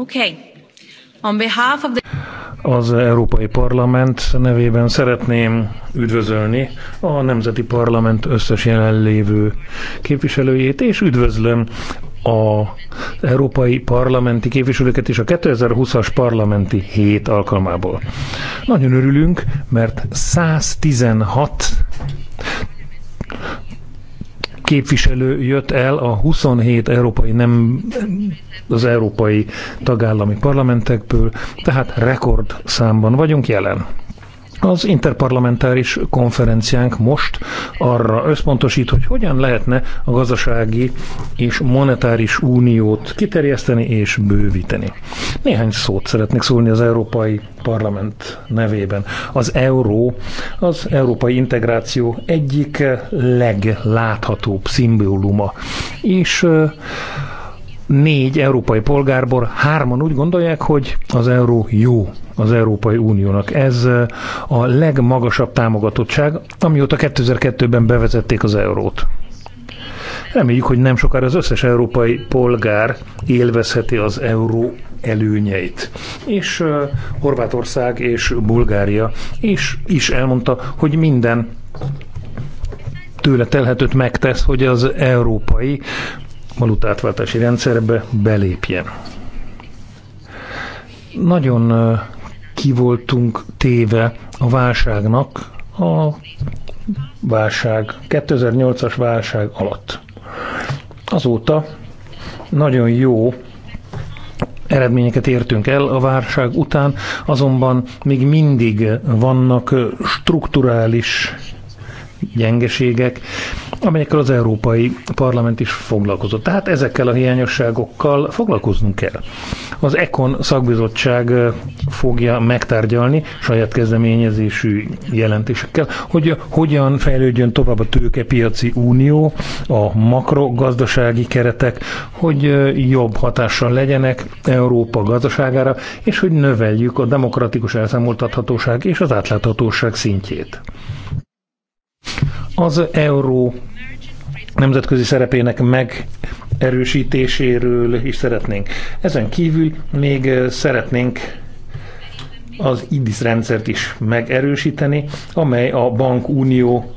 Okay. On behalf of the... Az Európai Parlament nevében szeretném üdvözölni a Nemzeti Parlament összes jelenlévő képviselőjét, és üdvözlöm a európai parlamenti képviselőket is a 2020-as parlamenti hét alkalmából. Nagyon örülünk, mert 116 képviselő jött el a 27 európai, nem az európai tagállami parlamentekből, tehát rekord számban vagyunk jelen. Az interparlamentáris konferenciánk most arra összpontosít, hogy hogyan lehetne a gazdasági és monetáris uniót kiterjeszteni és bővíteni. Néhány szót szeretnék szólni az Európai Parlament nevében. Az euró az európai integráció egyik legláthatóbb szimbóluma. És négy európai polgárból hárman úgy gondolják, hogy az euró jó az Európai Uniónak. Ez eh, a legmagasabb támogatottság, amióta 2002-ben bevezették az eurót. Reméljük, hogy nem sokára az összes európai polgár élvezheti az euró előnyeit. És uh, Horvátország és Bulgária is is elmondta, hogy minden tőle telhetőt megtesz, hogy az európai valutátváltási rendszerbe belépjen. Nagyon kivoltunk téve a válságnak a válság, 2008-as válság alatt. Azóta nagyon jó eredményeket értünk el a válság után, azonban még mindig vannak strukturális gyengeségek, amelyekkel az Európai Parlament is foglalkozott. Tehát ezekkel a hiányosságokkal foglalkoznunk kell. Az ECON szakbizottság fogja megtárgyalni saját kezdeményezésű jelentésekkel, hogy hogyan fejlődjön tovább a tőkepiaci unió, a makrogazdasági keretek, hogy jobb hatással legyenek Európa gazdaságára, és hogy növeljük a demokratikus elszámoltathatóság és az átláthatóság szintjét. Az euró nemzetközi szerepének megerősítéséről is szeretnénk. Ezen kívül még szeretnénk az IDIS rendszert is megerősíteni, amely a bankunió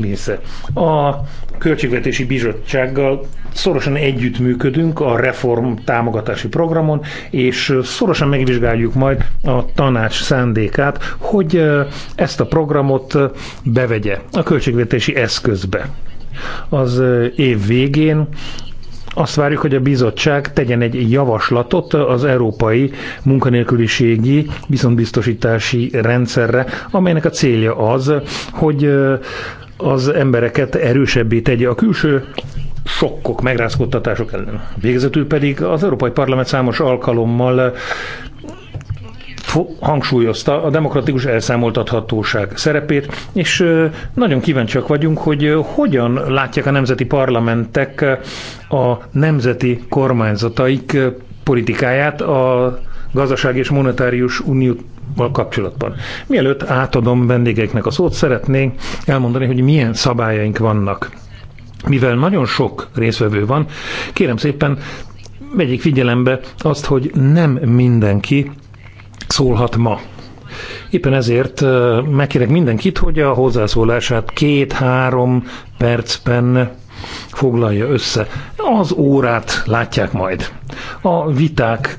része. A Költségvetési Bizottsággal szorosan együttműködünk a reform támogatási programon, és szorosan megvizsgáljuk majd a tanács szándékát, hogy ezt a programot bevegye a költségvetési eszközbe. Az év végén azt várjuk, hogy a bizottság tegyen egy javaslatot az európai munkanélküliségi viszontbiztosítási rendszerre, amelynek a célja az, hogy az embereket erősebbé tegye a külső sokkok, megrázkodtatások ellen. Végezetül pedig az Európai Parlament számos alkalommal hangsúlyozta a demokratikus elszámoltathatóság szerepét, és nagyon kíváncsiak vagyunk, hogy hogyan látják a nemzeti parlamentek a nemzeti kormányzataik politikáját a gazdaság és monetárius unió kapcsolatban. Mielőtt átadom vendégeknek a szót, szeretnénk elmondani, hogy milyen szabályaink vannak. Mivel nagyon sok részvevő van, kérem szépen vegyék figyelembe azt, hogy nem mindenki szólhat ma. Éppen ezért megkérek mindenkit, hogy a hozzászólását két-három percben foglalja össze. Az órát látják majd. A viták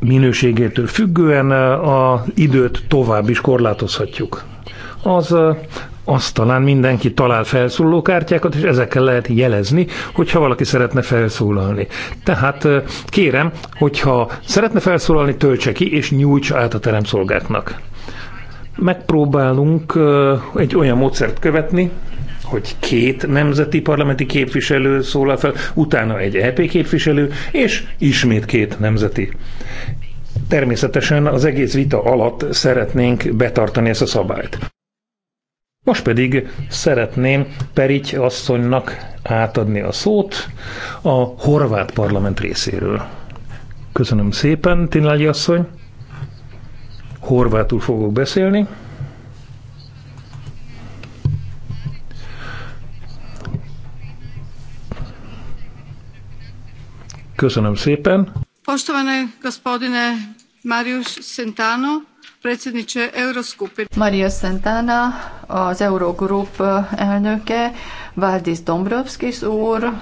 minőségétől függően eh, a időt tovább is korlátozhatjuk. Az eh, azt talán mindenki talál kártyákat és ezekkel lehet jelezni, hogyha valaki szeretne felszólalni. Tehát eh, kérem, hogyha szeretne felszólalni, töltse ki, és nyújtsa át a teremszolgáknak. Megpróbálunk egy olyan módszert követni, hogy két nemzeti parlamenti képviselő szólal fel, utána egy EP képviselő, és ismét két nemzeti. Természetesen az egész vita alatt szeretnénk betartani ezt a szabályt. Most pedig szeretném Perics asszonynak átadni a szót a horvát parlament részéről. Köszönöm szépen, Tinlágyi asszony. Horvátul fogok beszélni. Köszönöm szépen. Poštovane gospodine Marius Centano, predsjedniče Euroskupi. Marius Centana, az Eurogroup elnöke, Valdis Dombrovskis úr,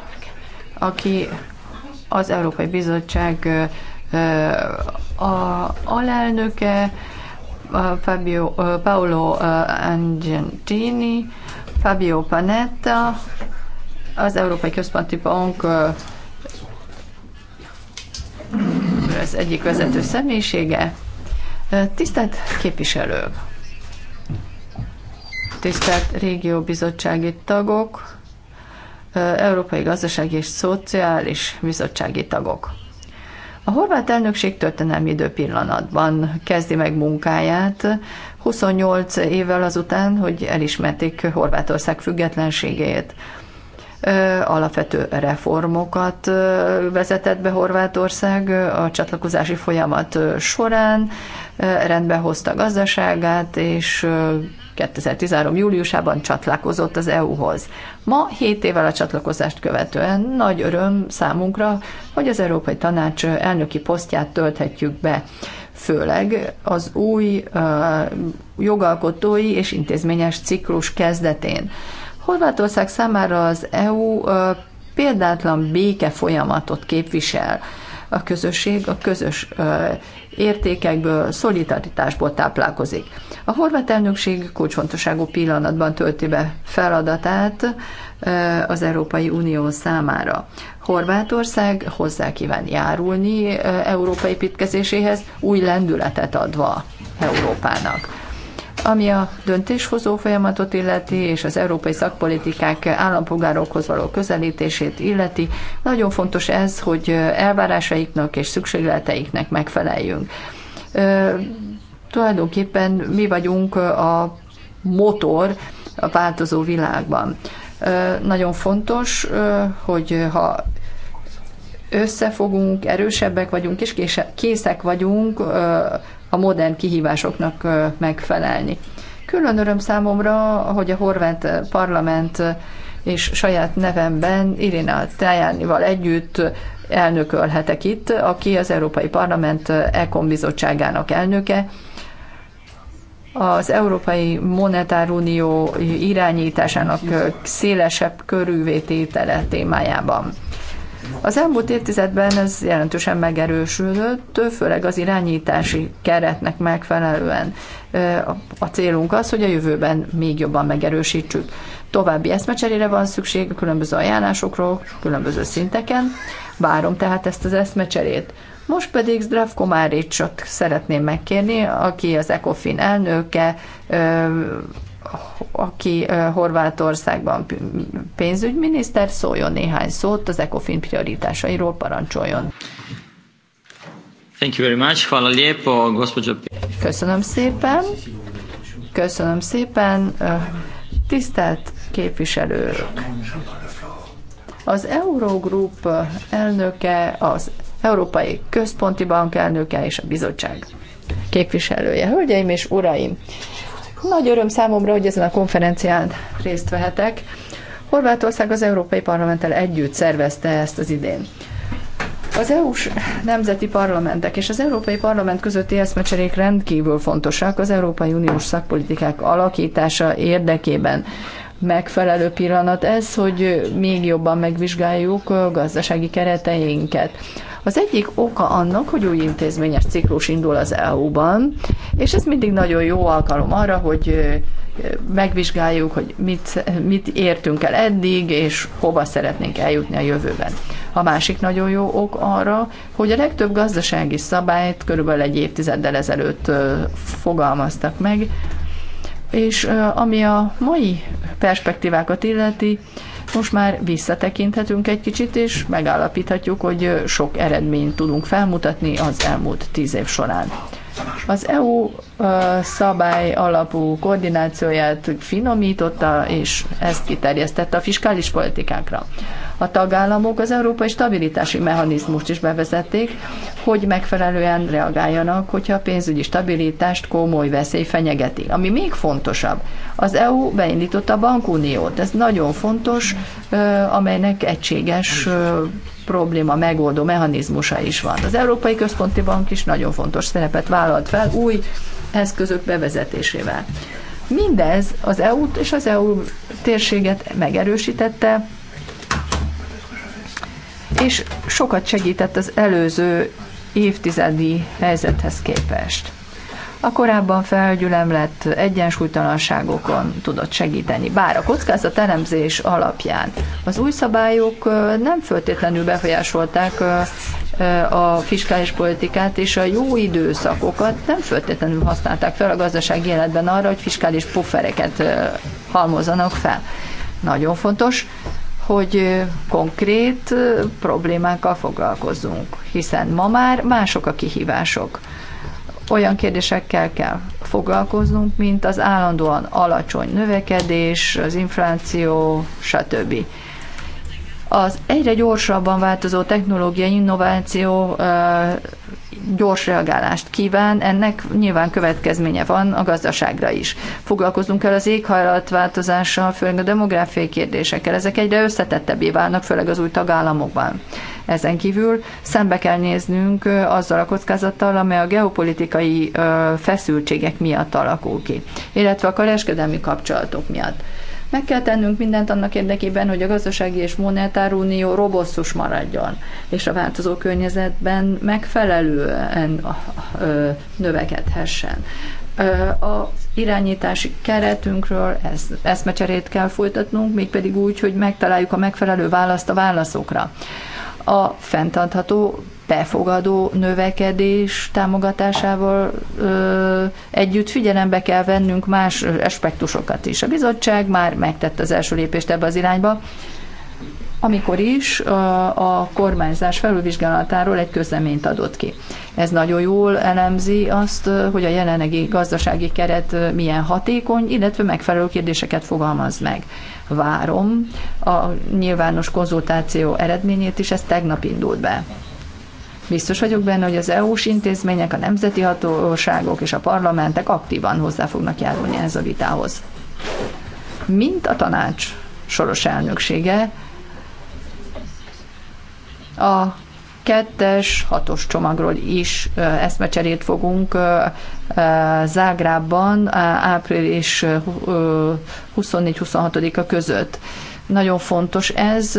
aki az Európai Bizottság a alelnöke, Fabio, Paolo Angentini, Fabio Panetta, az Európai Központi Bank az egyik vezető személyisége. Tisztelt képviselők! Tisztelt régióbizottsági tagok! Európai Gazdasági és Szociális Bizottsági tagok! A horvát elnökség történelmi időpillanatban kezdi meg munkáját, 28 évvel azután, hogy elismerték Horvátország függetlenségét alapvető reformokat vezetett be Horvátország a csatlakozási folyamat során, rendbe hozta gazdaságát, és 2013. júliusában csatlakozott az EU-hoz. Ma, 7 évvel a csatlakozást követően nagy öröm számunkra, hogy az Európai Tanács elnöki posztját tölthetjük be főleg az új jogalkotói és intézményes ciklus kezdetén. Horvátország számára az EU példátlan béke folyamatot képvisel. A közösség a közös értékekből, szolidaritásból táplálkozik. A horvát elnökség kulcsfontosságú pillanatban tölti be feladatát az Európai Unió számára. Horvátország hozzá kíván járulni európai építkezéséhez, új lendületet adva Európának. Ami a döntéshozó folyamatot illeti, és az európai szakpolitikák állampolgárokhoz való közelítését illeti, nagyon fontos ez, hogy elvárásaiknak és szükségleteiknek megfeleljünk. Tulajdonképpen mi vagyunk a motor a változó világban. Nagyon fontos, hogy ha összefogunk, erősebbek vagyunk, és készek vagyunk a modern kihívásoknak megfelelni. Külön öröm számomra, hogy a horvát parlament és saját nevemben Irina Tajánival együtt elnökölhetek itt, aki az Európai Parlament Ekon bizottságának elnöke. Az Európai Unió irányításának szélesebb körűvé témájában. Az elmúlt évtizedben ez jelentősen megerősödött, főleg az irányítási keretnek megfelelően. A célunk az, hogy a jövőben még jobban megerősítsük. További eszmecserére van szükség a különböző ajánlásokról, különböző szinteken. Várom tehát ezt az eszmecserét. Most pedig Zdravko Máricsot szeretném megkérni, aki az ECOFIN elnöke, aki Horvátországban pénzügyminiszter, szóljon néhány szót az ECOFIN prioritásairól, parancsoljon. Thank you very much. Hvala lijepo, gospođo. Köszönöm szépen. Köszönöm szépen. Tisztelt képviselők! Az Eurogroup elnöke, az Európai Központi Bank elnöke és a bizottság képviselője. Hölgyeim és uraim! Nagy öröm számomra, hogy ezen a konferencián részt vehetek. Horvátország az Európai Parlamenttel együtt szervezte ezt az idén. Az EU-s nemzeti parlamentek és az Európai Parlament közötti eszmecserék rendkívül fontosak az Európai Uniós szakpolitikák alakítása érdekében. Megfelelő pillanat ez, hogy még jobban megvizsgáljuk a gazdasági kereteinket. Az egyik oka annak, hogy új intézményes ciklus indul az EU-ban, és ez mindig nagyon jó alkalom arra, hogy megvizsgáljuk, hogy mit, mit értünk el eddig, és hova szeretnénk eljutni a jövőben. A másik nagyon jó ok arra, hogy a legtöbb gazdasági szabályt körülbelül egy évtizeddel ezelőtt fogalmaztak meg, és ami a mai perspektívákat illeti, most már visszatekinthetünk egy kicsit, és megállapíthatjuk, hogy sok eredményt tudunk felmutatni az elmúlt tíz év során. Az EU szabály alapú koordinációját finomította, és ezt kiterjesztette a fiskális politikákra. A tagállamok az európai stabilitási mechanizmust is bevezették, hogy megfelelően reagáljanak, hogyha a pénzügyi stabilitást komoly veszély fenyegeti. Ami még fontosabb, az EU beindította a bankuniót. Ez nagyon fontos, amelynek egységes probléma megoldó mechanizmusa is van. Az Európai Központi Bank is nagyon fontos szerepet vállalt fel új eszközök bevezetésével. Mindez az EU-t és az EU térséget megerősítette, és sokat segített az előző évtizedi helyzethez képest. A korábban felgyülemlett egyensúlytalanságokon tudott segíteni, bár a kockázat elemzés alapján az új szabályok nem föltétlenül befolyásolták a fiskális politikát és a jó időszakokat nem föltétlenül használták fel a gazdasági életben arra, hogy fiskális puffereket halmozanak fel. Nagyon fontos, hogy konkrét problémákkal foglalkozzunk, hiszen ma már mások a kihívások. Olyan kérdésekkel kell foglalkoznunk, mint az állandóan alacsony növekedés, az infláció, stb. Az egyre gyorsabban változó technológiai innováció gyors reagálást kíván, ennek nyilván következménye van a gazdaságra is. Foglalkozunk el az éghajlatváltozással, főleg a demográfiai kérdésekkel. Ezek egyre összetettebbé válnak, főleg az új tagállamokban. Ezen kívül szembe kell néznünk azzal a kockázattal, amely a geopolitikai feszültségek miatt alakul ki, illetve a kereskedelmi kapcsolatok miatt. Meg kell tennünk mindent annak érdekében, hogy a gazdasági és monetárunió robosztus maradjon, és a változó környezetben megfelelően növekedhessen. A irányítási keretünkről ez, eszmecserét kell folytatnunk, mégpedig úgy, hogy megtaláljuk a megfelelő választ a válaszokra. A fenntartható befogadó növekedés támogatásával ö, együtt figyelembe kell vennünk más aspektusokat is. A bizottság már megtett az első lépést ebbe az irányba, amikor is a, a kormányzás felülvizsgálatáról egy közleményt adott ki. Ez nagyon jól elemzi azt, hogy a jelenlegi gazdasági keret milyen hatékony, illetve megfelelő kérdéseket fogalmaz meg. Várom a nyilvános konzultáció eredményét is, ez tegnap indult be. Biztos vagyok benne, hogy az EU-s intézmények, a nemzeti hatóságok és a parlamentek aktívan hozzá fognak járulni ehhez a vitához. Mint a tanács soros elnöksége, a kettes, hatos csomagról is eszmecserét fogunk Zágrában április 24-26-a között. Nagyon fontos ez,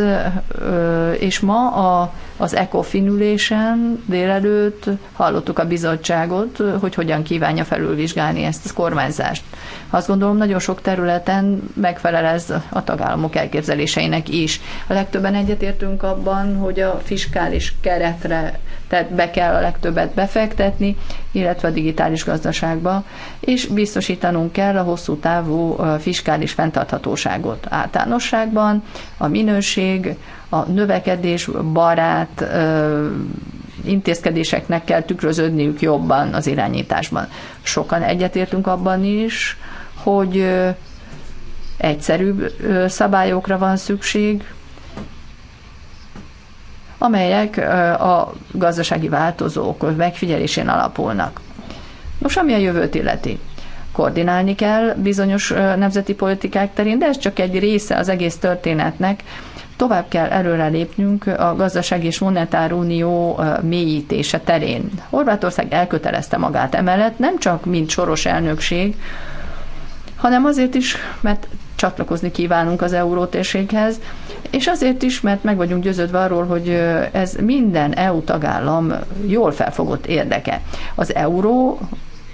és ma a az ECOFIN ülésen délelőtt hallottuk a bizottságot, hogy hogyan kívánja felülvizsgálni ezt a kormányzást. Azt gondolom, nagyon sok területen megfelel ez a tagállamok elképzeléseinek is. A legtöbben egyetértünk abban, hogy a fiskális keretre tehát be kell a legtöbbet befektetni, illetve a digitális gazdaságba, és biztosítanunk kell a hosszú távú fiskális fenntarthatóságot általánosságban, a minőség, a növekedés barát intézkedéseknek kell tükröződniük jobban az irányításban. Sokan egyetértünk abban is, hogy egyszerűbb szabályokra van szükség, amelyek a gazdasági változók megfigyelésén alapulnak. Nos, ami a jövőt illeti. Koordinálni kell bizonyos nemzeti politikák terén, de ez csak egy része az egész történetnek, Tovább kell előrelépnünk a gazdaság és monetár unió mélyítése terén. Horvátország elkötelezte magát emellett, nem csak mint soros elnökség, hanem azért is, mert csatlakozni kívánunk az eurótérséghez, és azért is, mert meg vagyunk győződve arról, hogy ez minden EU tagállam jól felfogott érdeke. Az euró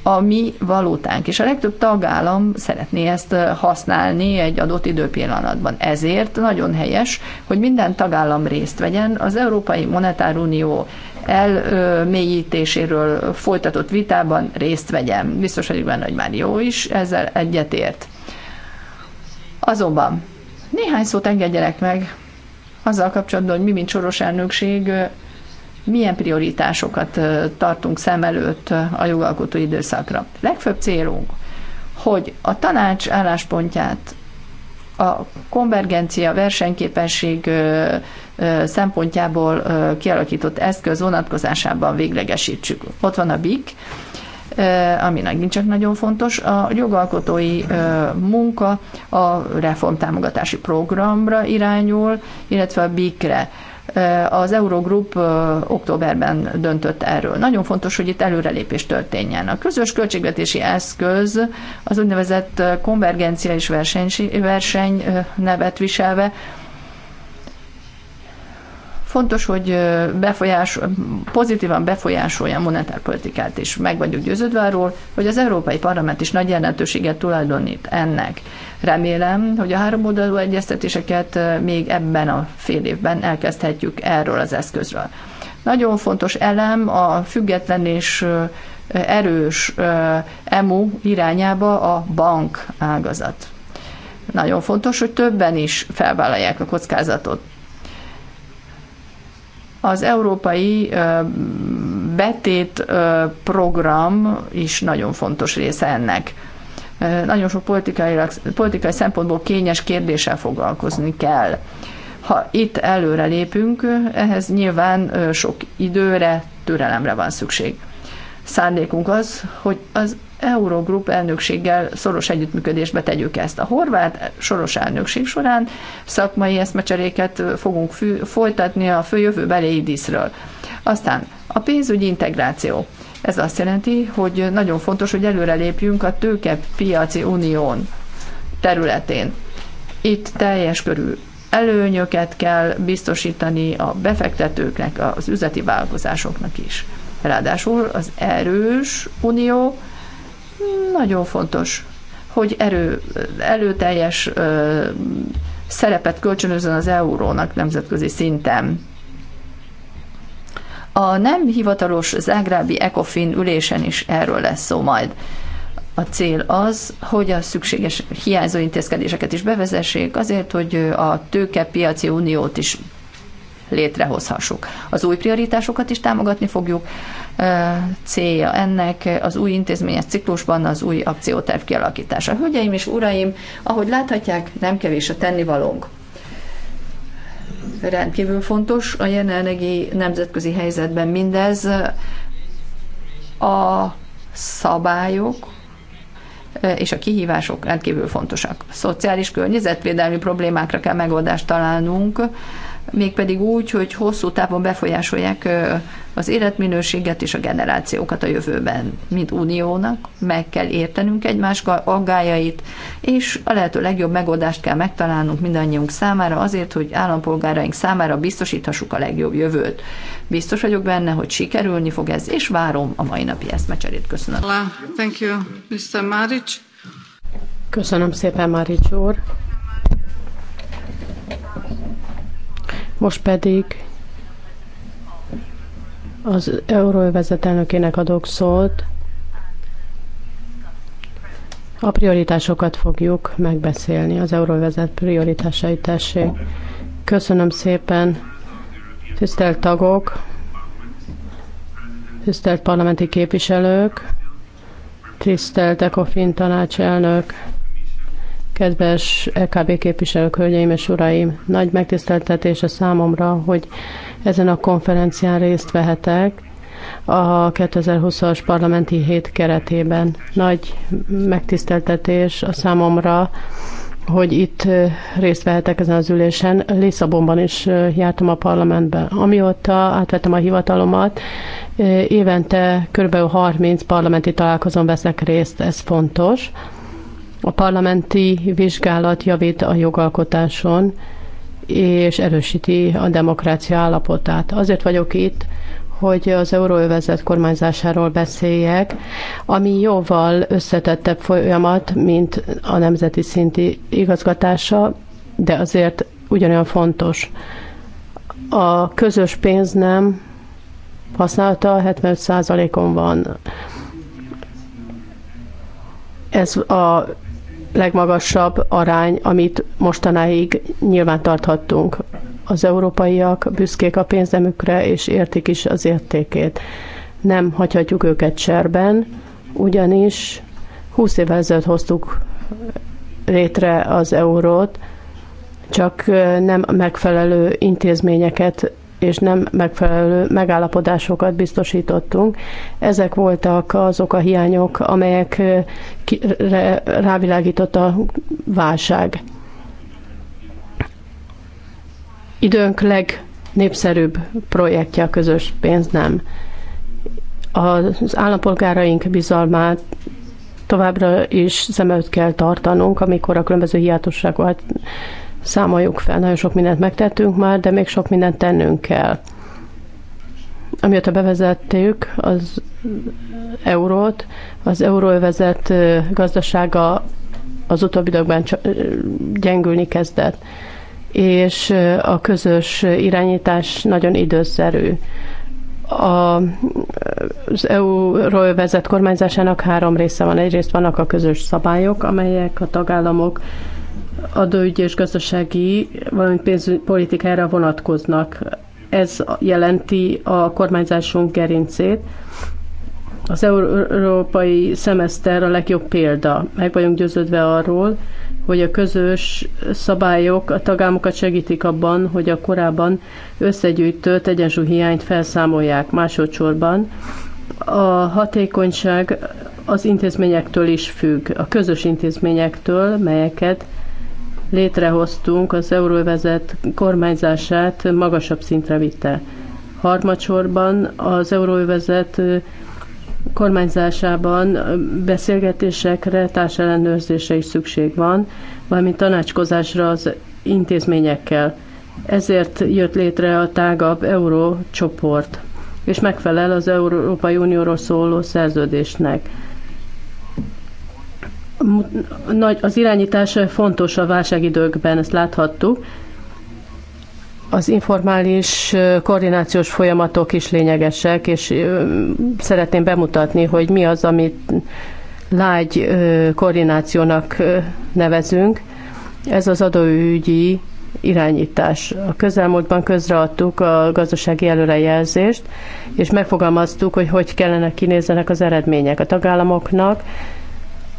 a mi valótánk És a legtöbb tagállam szeretné ezt használni egy adott időpillanatban. Ezért nagyon helyes, hogy minden tagállam részt vegyen az Európai Monetárunió elmélyítéséről folytatott vitában részt vegyen. Biztos vagyok benne, hogy már jó is ezzel egyetért. Azonban néhány szót engedjenek meg azzal kapcsolatban, hogy mi, mint soros elnökség, milyen prioritásokat tartunk szem előtt a jogalkotó időszakra. Legfőbb célunk, hogy a tanács álláspontját a konvergencia versenyképesség szempontjából kialakított eszköz vonatkozásában véglegesítsük. Ott van a BIK, ami megint csak nagyon fontos, a jogalkotói munka a reformtámogatási programra irányul, illetve a BIK-re. Eh, az Eurogroup eh, októberben döntött erről. Nagyon fontos, hogy itt előrelépés történjen. A közös költségvetési eszköz az úgynevezett eh, konvergencia és verseny, verseny nevet viselve Fontos, hogy befolyás, pozitívan befolyásolja a monetárpolitikát és Meg vagyok győződve arról, hogy az Európai Parlament is nagy jelentőséget tulajdonít ennek. Remélem, hogy a oldalú egyeztetéseket még ebben a fél évben elkezdhetjük erről az eszközről. Nagyon fontos elem a független és erős EMU irányába a bank ágazat. Nagyon fontos, hogy többen is felvállalják a kockázatot. Az európai betét program is nagyon fontos része ennek. Nagyon sok politikai, politikai szempontból kényes kérdéssel foglalkozni kell. Ha itt előre lépünk, ehhez nyilván sok időre, türelemre van szükség. Szándékunk az, hogy az Eurogroup elnökséggel szoros együttműködésbe tegyük ezt. A horvát soros elnökség során szakmai eszmecseréket fogunk fü- folytatni a főjövőbeli idíszről. Aztán a pénzügyi integráció. Ez azt jelenti, hogy nagyon fontos, hogy előrelépjünk a tőkepiaci unión területén. Itt teljes körű előnyöket kell biztosítani a befektetőknek, az üzleti vállalkozásoknak is. Ráadásul az erős unió nagyon fontos, hogy erő, előteljes ö, szerepet kölcsönözön az eurónak nemzetközi szinten. A nem hivatalos zágrábi ECOFIN ülésen is erről lesz szó majd. A cél az, hogy a szükséges hiányzó intézkedéseket is bevezessék, azért, hogy a tőkepiaci uniót is létrehozhassuk. Az új prioritásokat is támogatni fogjuk, célja ennek az új intézményes ciklusban az új akcióterv kialakítása. Hölgyeim és uraim, ahogy láthatják, nem kevés a tennivalónk. Rendkívül fontos a jelenlegi nemzetközi helyzetben mindez. A szabályok, és a kihívások rendkívül fontosak. Szociális környezetvédelmi problémákra kell megoldást találnunk, mégpedig úgy, hogy hosszú távon befolyásolják az életminőséget és a generációkat a jövőben. Mint uniónak meg kell értenünk egymás aggájait, és a lehető legjobb megoldást kell megtalálnunk mindannyiunk számára azért, hogy állampolgáraink számára biztosíthassuk a legjobb jövőt. Biztos vagyok benne, hogy sikerülni fog ez, és várom a mai napi eszmecserét. Köszönöm. Thank you, Mr. Maric. Köszönöm szépen, Marics úr. Most pedig az euróövezet elnökének adok szót. A prioritásokat fogjuk megbeszélni, az euróvezet prioritásai tessék. Köszönöm szépen, tisztelt tagok, tisztelt parlamenti képviselők, tisztelt ECOFIN tanácselnök, Kedves LKB képviselők, hölgyeim és uraim, nagy megtiszteltetés a számomra, hogy ezen a konferencián részt vehetek a 2020-as parlamenti hét keretében. Nagy megtiszteltetés a számomra, hogy itt részt vehetek ezen az ülésen. Lisszabonban is jártam a parlamentben. Amióta átvettem a hivatalomat, évente kb. 30 parlamenti találkozón vesznek részt, ez fontos. A parlamenti vizsgálat javít a jogalkotáson, és erősíti a demokrácia állapotát. Azért vagyok itt, hogy az euróövezet kormányzásáról beszéljek, ami jóval összetettebb folyamat, mint a nemzeti szinti igazgatása, de azért ugyanolyan fontos. A közös pénz nem használata 75%-on van. Ez a legmagasabb arány, amit mostanáig nyilván tarthattunk. Az európaiak büszkék a pénzemükre, és értik is az értékét. Nem hagyhatjuk őket cserben, ugyanis 20 évvel ezelőtt hoztuk létre az eurót, csak nem megfelelő intézményeket és nem megfelelő megállapodásokat biztosítottunk. Ezek voltak azok a hiányok, amelyek rávilágított a válság. Időnk legnépszerűbb projektje a közös pénz nem. Az állampolgáraink bizalmát továbbra is szem előtt kell tartanunk, amikor a különböző hiátosságokat számoljuk fel. Nagyon sok mindent megtettünk már, de még sok mindent tennünk kell. Amióta bevezették az eurót, az euróövezet gazdasága az utóbbi időkben gyengülni kezdett, és a közös irányítás nagyon időszerű. A, az EU-ról vezet kormányzásának három része van. Egyrészt vannak a közös szabályok, amelyek a tagállamok adóügyi és gazdasági, valamint pénzpolitikára vonatkoznak. Ez jelenti a kormányzásunk gerincét. Az európai szemeszter a legjobb példa. Meg vagyunk győződve arról, hogy a közös szabályok a tagállamokat segítik abban, hogy a korábban összegyűjtött hiányt felszámolják másodszorban. A hatékonyság az intézményektől is függ, a közös intézményektől, melyeket létrehoztunk, az euróvezet kormányzását magasabb szintre vitte. Harmadsorban az euróvezet kormányzásában beszélgetésekre, társellenőrzésre is szükség van, valamint tanácskozásra az intézményekkel. Ezért jött létre a tágabb eurócsoport, és megfelel az Európai Unióról szóló szerződésnek nagy, az irányítás fontos a válságidőkben, ezt láthattuk. Az informális koordinációs folyamatok is lényegesek, és szeretném bemutatni, hogy mi az, amit lágy koordinációnak nevezünk. Ez az adóügyi irányítás. A közelmúltban közreadtuk a gazdasági előrejelzést, és megfogalmaztuk, hogy hogy kellene kinézzenek az eredmények a tagállamoknak,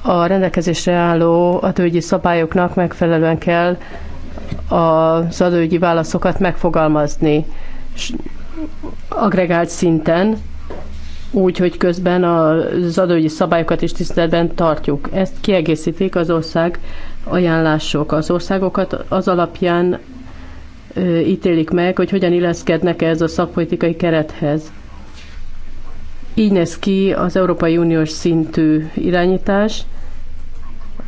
a rendelkezésre álló adóügyi szabályoknak megfelelően kell az adóügyi válaszokat megfogalmazni agregált szinten, úgy, hogy közben az adóügyi szabályokat is tiszteletben tartjuk. Ezt kiegészítik az ország ajánlások. Az országokat az alapján ítélik meg, hogy hogyan illeszkednek ez a szakpolitikai kerethez. Így néz ki az Európai Uniós szintű irányítás,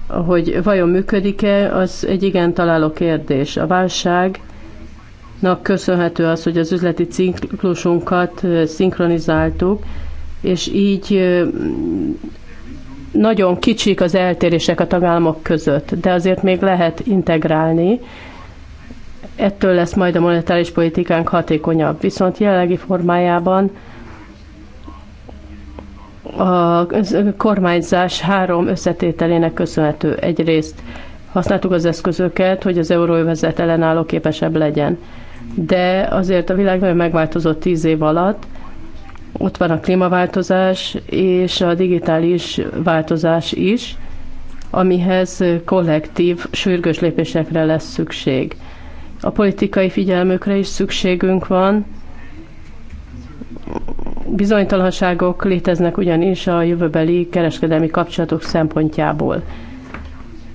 hogy vajon működik-e, az egy igen találó kérdés. A válságnak köszönhető az, hogy az üzleti ciklusunkat szinkronizáltuk, és így nagyon kicsik az eltérések a tagállamok között, de azért még lehet integrálni. Ettől lesz majd a monetáris politikánk hatékonyabb. Viszont jelenlegi formájában a kormányzás három összetételének köszönhető. Egyrészt használtuk az eszközöket, hogy az euróövezet ellenálló képesebb legyen. De azért a világ nagyon megváltozott tíz év alatt, ott van a klímaváltozás és a digitális változás is, amihez kollektív, sürgős lépésekre lesz szükség. A politikai figyelmükre is szükségünk van, Bizonytalanságok léteznek ugyanis a jövőbeli kereskedelmi kapcsolatok szempontjából.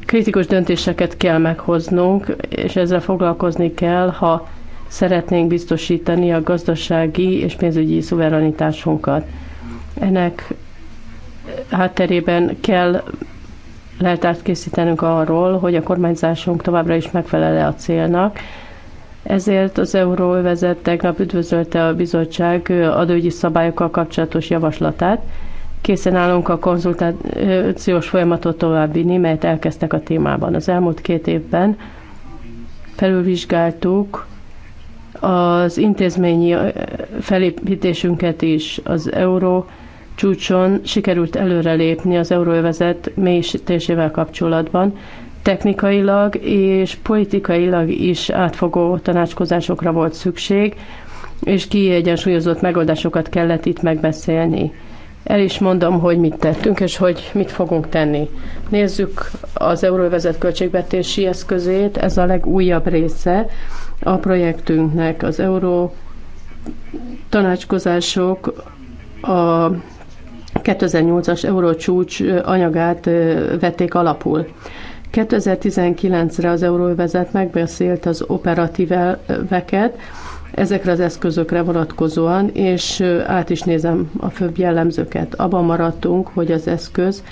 Kritikus döntéseket kell meghoznunk, és ezzel foglalkozni kell, ha szeretnénk biztosítani a gazdasági és pénzügyi szuverenitásunkat. Ennek hátterében kell leltárt készítenünk arról, hogy a kormányzásunk továbbra is megfelele a célnak, ezért az Euróövezet tegnap üdvözölte a bizottság adógyi szabályokkal kapcsolatos javaslatát. Készen állunk a konzultációs folyamatot továbbvinni, melyet elkezdtek a témában. Az elmúlt két évben felülvizsgáltuk az intézményi felépítésünket is az euró csúcson sikerült előrelépni az euróövezet mélyítésével kapcsolatban, technikailag és politikailag is átfogó tanácskozásokra volt szükség, és kiegyensúlyozott megoldásokat kellett itt megbeszélni. El is mondom, hogy mit tettünk, és hogy mit fogunk tenni. Nézzük az euróvezet költségvetési eszközét, ez a legújabb része a projektünknek. Az euró tanácskozások a 2008-as eurócsúcs anyagát vették alapul. 2019-re az Euróvezet megbeszélt az operatív elveket, ezekre az eszközökre vonatkozóan, és át is nézem a főbb jellemzőket. Abban maradtunk, hogy az eszköz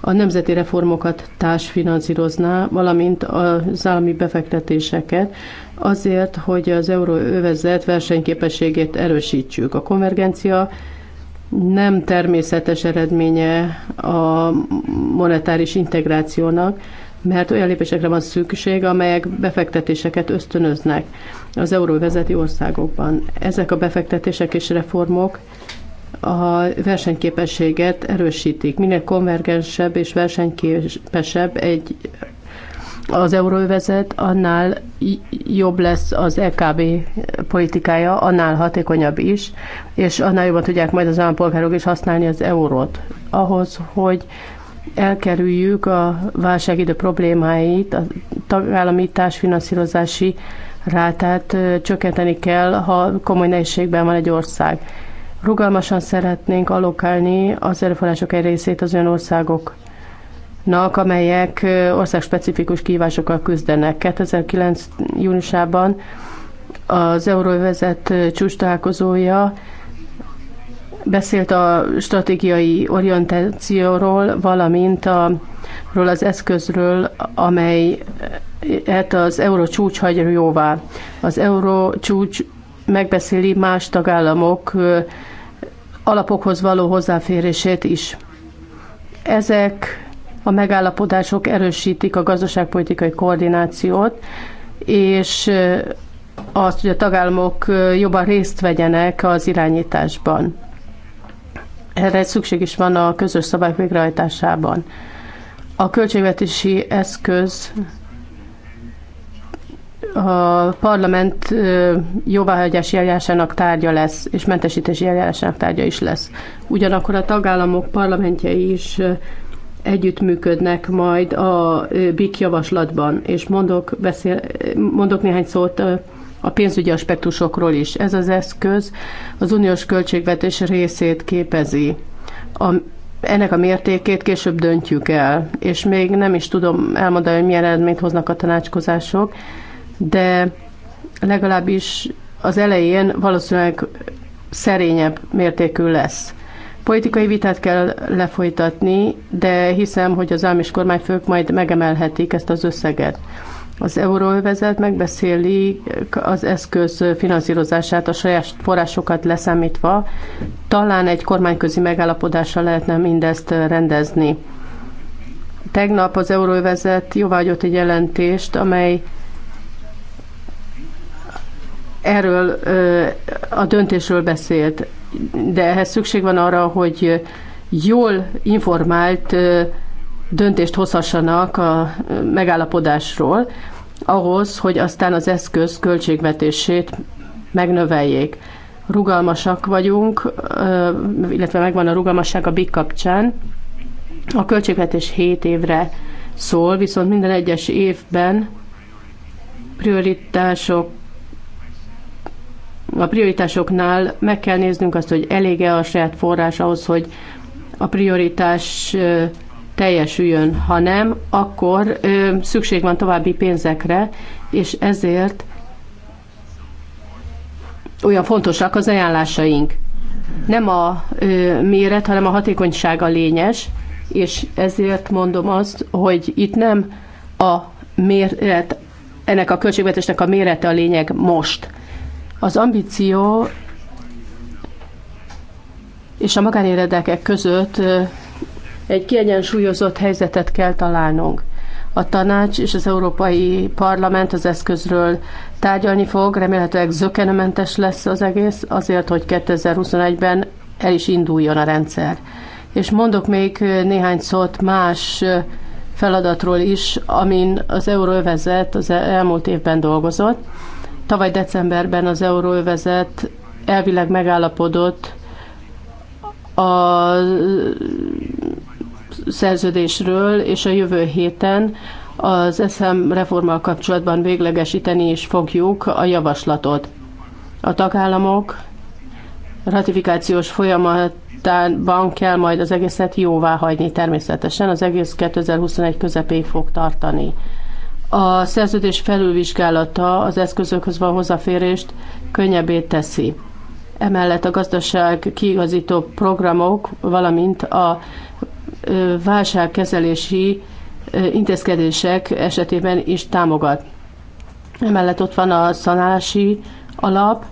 a nemzeti reformokat társfinanszírozná, valamint az állami befektetéseket, azért, hogy az euróövezet versenyképességét erősítsük. A konvergencia nem természetes eredménye a monetáris integrációnak, mert olyan lépésekre van szükség, amelyek befektetéseket ösztönöznek az euróvezeti országokban. Ezek a befektetések és reformok a versenyképességet erősítik. Minél konvergensebb és versenyképesebb egy az euróvezet, annál jobb lesz az EKB politikája, annál hatékonyabb is, és annál jobban tudják majd az állampolgárok is használni az eurót. Ahhoz, hogy elkerüljük a válság idő problémáit, a tagállami társfinanszírozási rátát csökkenteni kell, ha komoly nehézségben van egy ország. Rugalmasan szeretnénk allokálni az erőforrások egy részét az olyan országok nak, amelyek országspecifikus kívásokkal küzdenek. 2009. júniusában az euróvezet csúcs találkozója Beszélt a stratégiai orientációról, valamint a, ról az eszközről, amely hát az euró csúcs jóvá. Az euró csúcs megbeszéli más tagállamok alapokhoz való hozzáférését is. Ezek a megállapodások erősítik a gazdaságpolitikai koordinációt, és azt, hogy a tagállamok jobban részt vegyenek az irányításban. Erre egy szükség is van a közös szabályok végrehajtásában. A költségvetési eszköz a parlament jóváhagyási eljárásának tárgya lesz, és mentesítési eljárásának tárgya is lesz. Ugyanakkor a tagállamok parlamentjei is együttműködnek majd a BIK javaslatban, és mondok, beszél, mondok néhány szót a pénzügyi aspektusokról is. Ez az eszköz az uniós költségvetés részét képezi. A, ennek a mértékét később döntjük el, és még nem is tudom elmondani, hogy milyen eredményt hoznak a tanácskozások, de legalábbis az elején valószínűleg szerényebb mértékű lesz. Politikai vitát kell lefolytatni, de hiszem, hogy az állam és kormányfők majd megemelhetik ezt az összeget. Az euróövezet megbeszéli az eszköz finanszírozását, a saját forrásokat leszámítva. Talán egy kormányközi megállapodással lehetne mindezt rendezni. Tegnap az euróövezet jóvágyott egy jelentést, amely erről a döntésről beszélt, de ehhez szükség van arra, hogy jól informált döntést hozhassanak a megállapodásról, ahhoz, hogy aztán az eszköz költségvetését megnöveljék. Rugalmasak vagyunk, illetve megvan a rugalmasság a BIK kapcsán. A költségvetés 7 évre szól, viszont minden egyes évben prioritások a prioritásoknál meg kell néznünk azt, hogy elég-e a saját forrás ahhoz, hogy a prioritás teljesüljön, hanem akkor ö, szükség van további pénzekre, és ezért olyan fontosak az ajánlásaink. Nem a ö, méret, hanem a hatékonyság a lényes, és ezért mondom azt, hogy itt nem a méret, ennek a költségvetésnek a mérete a lényeg most. Az ambíció és a magánéredekek között egy kiegyensúlyozott helyzetet kell találnunk. A tanács és az Európai Parlament az eszközről tárgyalni fog, remélhetőleg zökenementes lesz az egész, azért, hogy 2021-ben el is induljon a rendszer. És mondok még néhány szót más feladatról is, amin az Euróövezet az elmúlt évben dolgozott. Tavaly decemberben az Euróövezet elvileg megállapodott a szerződésről, és a jövő héten az SZM reformmal kapcsolatban véglegesíteni is fogjuk a javaslatot. A tagállamok ratifikációs folyamatában kell majd az egészet jóvá hagyni természetesen, az egész 2021 közepéig fog tartani. A szerződés felülvizsgálata az eszközökhöz van hozzáférést könnyebbé teszi. Emellett a gazdaság kiigazító programok, valamint a válságkezelési intézkedések esetében is támogat. Emellett ott van a szanálási alap,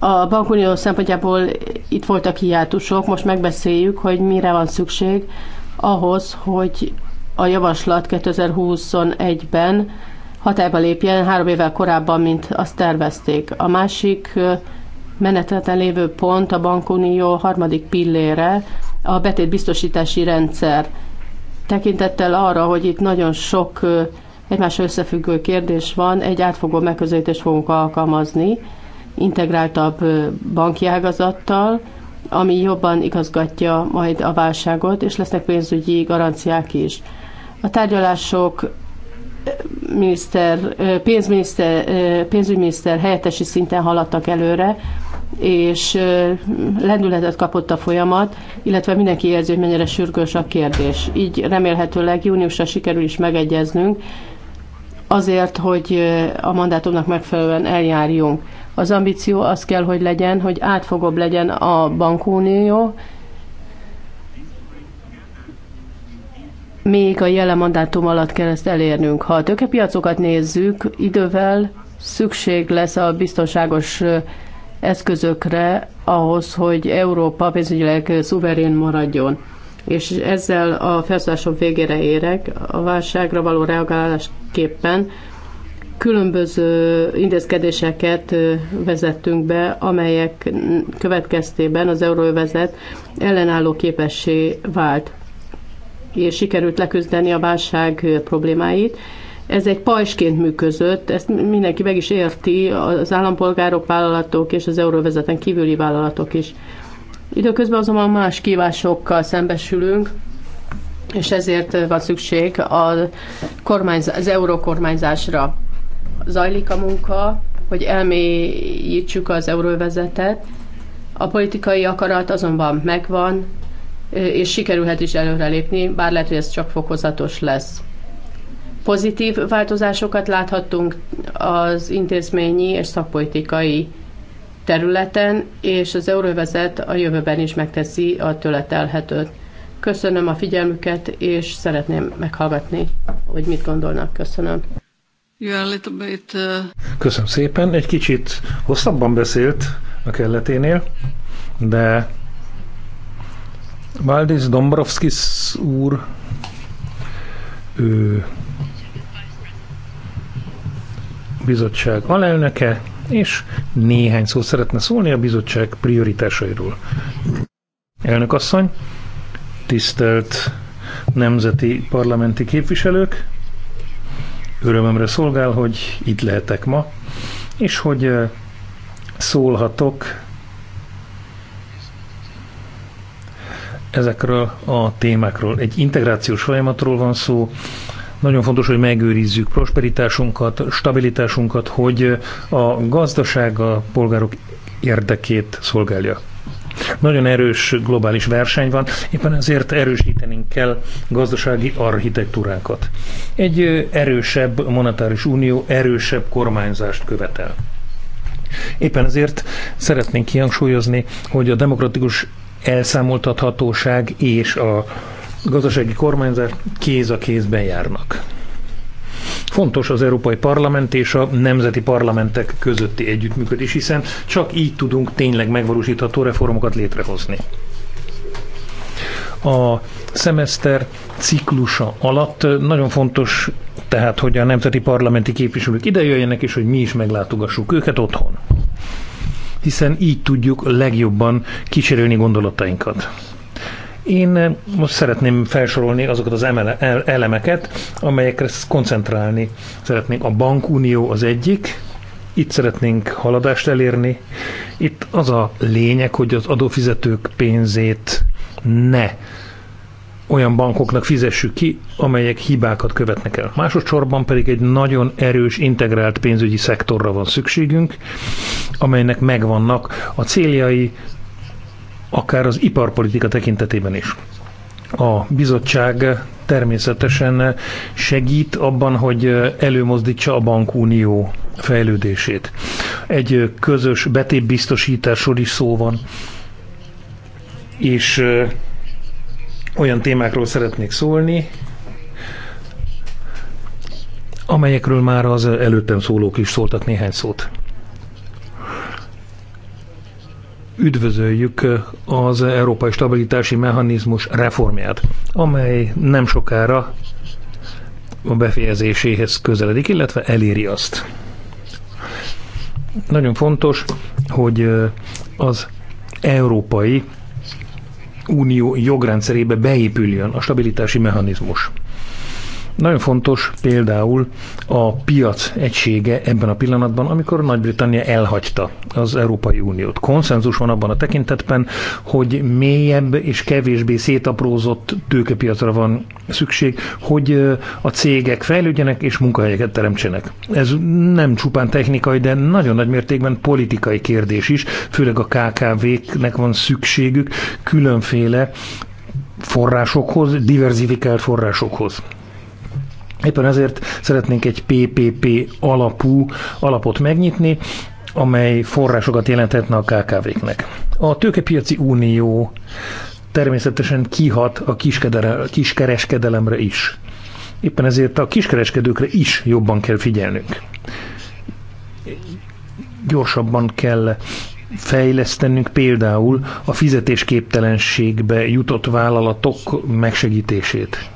a bankunió szempontjából itt voltak hiátusok, most megbeszéljük, hogy mire van szükség ahhoz, hogy a javaslat 2021-ben hatályba lépjen három évvel korábban, mint azt tervezték. A másik menetleten lévő pont a bankunió harmadik pillére, a betétbiztosítási rendszer. Tekintettel arra, hogy itt nagyon sok egymással összefüggő kérdés van, egy átfogó megközelítést fogunk alkalmazni, integráltabb banki ágazattal, ami jobban igazgatja majd a válságot, és lesznek pénzügyi garanciák is. A tárgyalások miniszter, pénzminiszter, pénzügyminiszter helyettesi szinten haladtak előre, és lendületet kapott a folyamat, illetve mindenki érzi, hogy mennyire sürgős a kérdés. Így remélhetőleg júniusra sikerül is megegyeznünk, azért, hogy a mandátumnak megfelelően eljárjunk. Az ambíció az kell, hogy legyen, hogy átfogóbb legyen a bankunió, még a jelen mandátum alatt kell ezt elérnünk. Ha a tőkepiacokat nézzük, idővel szükség lesz a biztonságos eszközökre ahhoz, hogy Európa pénzügyileg szuverén maradjon. És ezzel a felszállásom végére érek, a válságra való reagálásképpen különböző intézkedéseket vezettünk be, amelyek következtében az euróvezet ellenálló képessé vált és sikerült leküzdeni a válság problémáit. Ez egy pajsként működött, ezt mindenki meg is érti, az állampolgárok, vállalatok és az euróvezeten kívüli vállalatok is. Időközben azonban más kívásokkal szembesülünk, és ezért van szükség a kormányz, az eurókormányzásra. Zajlik a munka, hogy elmélyítsük az euróvezetet, a politikai akarat azonban megvan, és sikerülhet is előrelépni, bár lehet, hogy ez csak fokozatos lesz. Pozitív változásokat láthattunk az intézményi és szakpolitikai területen, és az euróvezet a jövőben is megteszi a tőle telhetőt. Köszönöm a figyelmüket, és szeretném meghallgatni, hogy mit gondolnak. Köszönöm. Uh, Köszönöm szépen. Egy kicsit hosszabban beszélt a kelleténél, de Valdis Dombrovskis úr, ő bizottság alelnöke, és néhány szót szeretne szólni a bizottság prioritásairól. Elnök asszony, tisztelt nemzeti parlamenti képviselők, örömömre szolgál, hogy itt lehetek ma, és hogy eh, szólhatok ezekről a témákról. Egy integrációs folyamatról van szó, nagyon fontos, hogy megőrizzük prosperitásunkat, stabilitásunkat, hogy a gazdaság a polgárok érdekét szolgálja. Nagyon erős globális verseny van, éppen ezért erősítenünk kell gazdasági architektúránkat. Egy erősebb monetáris unió erősebb kormányzást követel. Éppen ezért szeretnénk kihangsúlyozni, hogy a demokratikus elszámoltathatóság és a gazdasági kormányzás kéz a kézben járnak. Fontos az Európai Parlament és a nemzeti parlamentek közötti együttműködés, hiszen csak így tudunk tényleg megvalósítható reformokat létrehozni. A szemeszter ciklusa alatt nagyon fontos tehát, hogy a nemzeti parlamenti képviselők idejöjjenek, és hogy mi is meglátogassuk őket otthon hiszen így tudjuk legjobban kísérelni gondolatainkat. Én eh, most szeretném felsorolni azokat az elemeket, amelyekre koncentrálni szeretnénk. A bankunió az egyik, itt szeretnénk haladást elérni. Itt az a lényeg, hogy az adófizetők pénzét ne olyan bankoknak fizessük ki, amelyek hibákat követnek el. Másodszorban pedig egy nagyon erős, integrált pénzügyi szektorra van szükségünk, amelynek megvannak a céljai, akár az iparpolitika tekintetében is. A bizottság természetesen segít abban, hogy előmozdítsa a bankunió fejlődését. Egy közös betétbiztosításról is szó van, és olyan témákról szeretnék szólni, amelyekről már az előttem szólók is szóltak néhány szót. Üdvözöljük az Európai Stabilitási Mechanizmus reformját, amely nem sokára a befejezéséhez közeledik, illetve eléri azt. Nagyon fontos, hogy az európai Unió jogrendszerébe beépüljön a stabilitási mechanizmus. Nagyon fontos például a piac egysége ebben a pillanatban, amikor Nagy-Britannia elhagyta az Európai Uniót. Konszenzus van abban a tekintetben, hogy mélyebb és kevésbé szétaprózott tőkepiacra van szükség, hogy a cégek fejlődjenek és munkahelyeket teremtsenek. Ez nem csupán technikai, de nagyon nagy mértékben politikai kérdés is, főleg a KKV-knek van szükségük különféle forrásokhoz, diverzifikált forrásokhoz. Éppen ezért szeretnénk egy PPP alapú alapot megnyitni, amely forrásokat jelenthetne a KKV-knek. A tőkepiaci unió természetesen kihat a kiskereskedelemre is. Éppen ezért a kiskereskedőkre is jobban kell figyelnünk. Gyorsabban kell fejlesztenünk például a fizetésképtelenségbe jutott vállalatok megsegítését.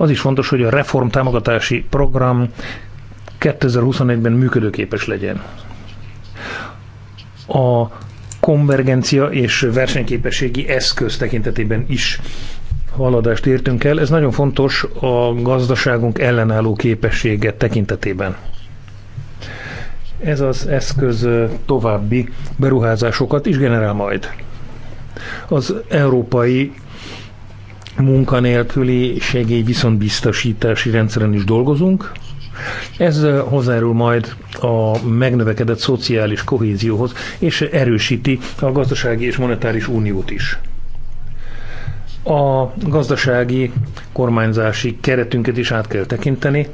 Az is fontos, hogy a reform támogatási program 2021-ben működőképes legyen. A konvergencia és versenyképességi eszköz tekintetében is haladást értünk el. Ez nagyon fontos a gazdaságunk ellenálló képessége tekintetében. Ez az eszköz további beruházásokat is generál majd. Az európai munkanélküli segély viszontbiztosítási rendszeren is dolgozunk. Ez hozzájárul majd a megnövekedett szociális kohézióhoz, és erősíti a gazdasági és monetáris uniót is. A gazdasági kormányzási keretünket is át kell tekinteni,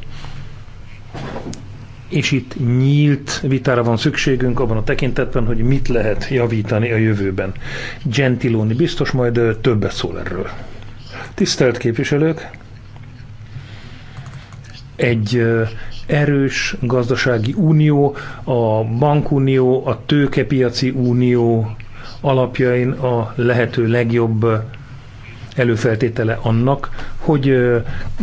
és itt nyílt vitára van szükségünk abban a tekintetben, hogy mit lehet javítani a jövőben. Gentiloni biztos majd többet szól erről. Tisztelt képviselők! Egy erős gazdasági unió, a bankunió, a tőkepiaci unió alapjain a lehető legjobb előfeltétele annak, hogy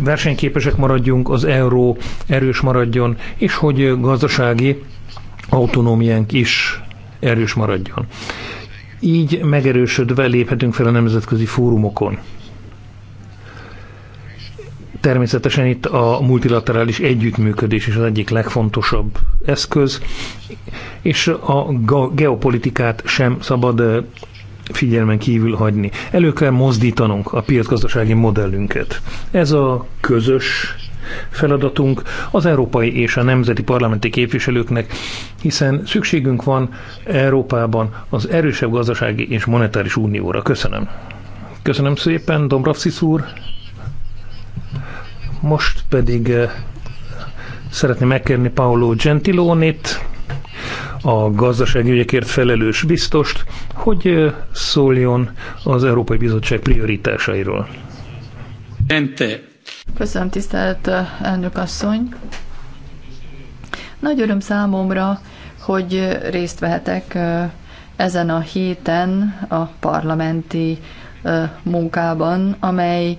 versenyképesek maradjunk, az euró erős maradjon, és hogy gazdasági autonómiánk is erős maradjon. Így megerősödve léphetünk fel a nemzetközi fórumokon. Természetesen itt a multilaterális együttműködés is az egyik legfontosabb eszköz, és a geopolitikát sem szabad figyelmen kívül hagyni. Elő kell mozdítanunk a piacgazdasági modellünket. Ez a közös feladatunk az európai és a nemzeti parlamenti képviselőknek, hiszen szükségünk van Európában az erősebb gazdasági és monetáris unióra. Köszönöm. Köszönöm szépen, Dombrovszis úr. Most pedig eh, szeretném megkérni Paolo Gentilonit, a gazdasági ügyekért felelős biztost, hogy eh, szóljon az Európai Bizottság prioritásairól. Köszönöm, tisztelt eh, elnök asszony! Nagy öröm számomra, hogy részt vehetek ezen a héten a parlamenti munkában, amely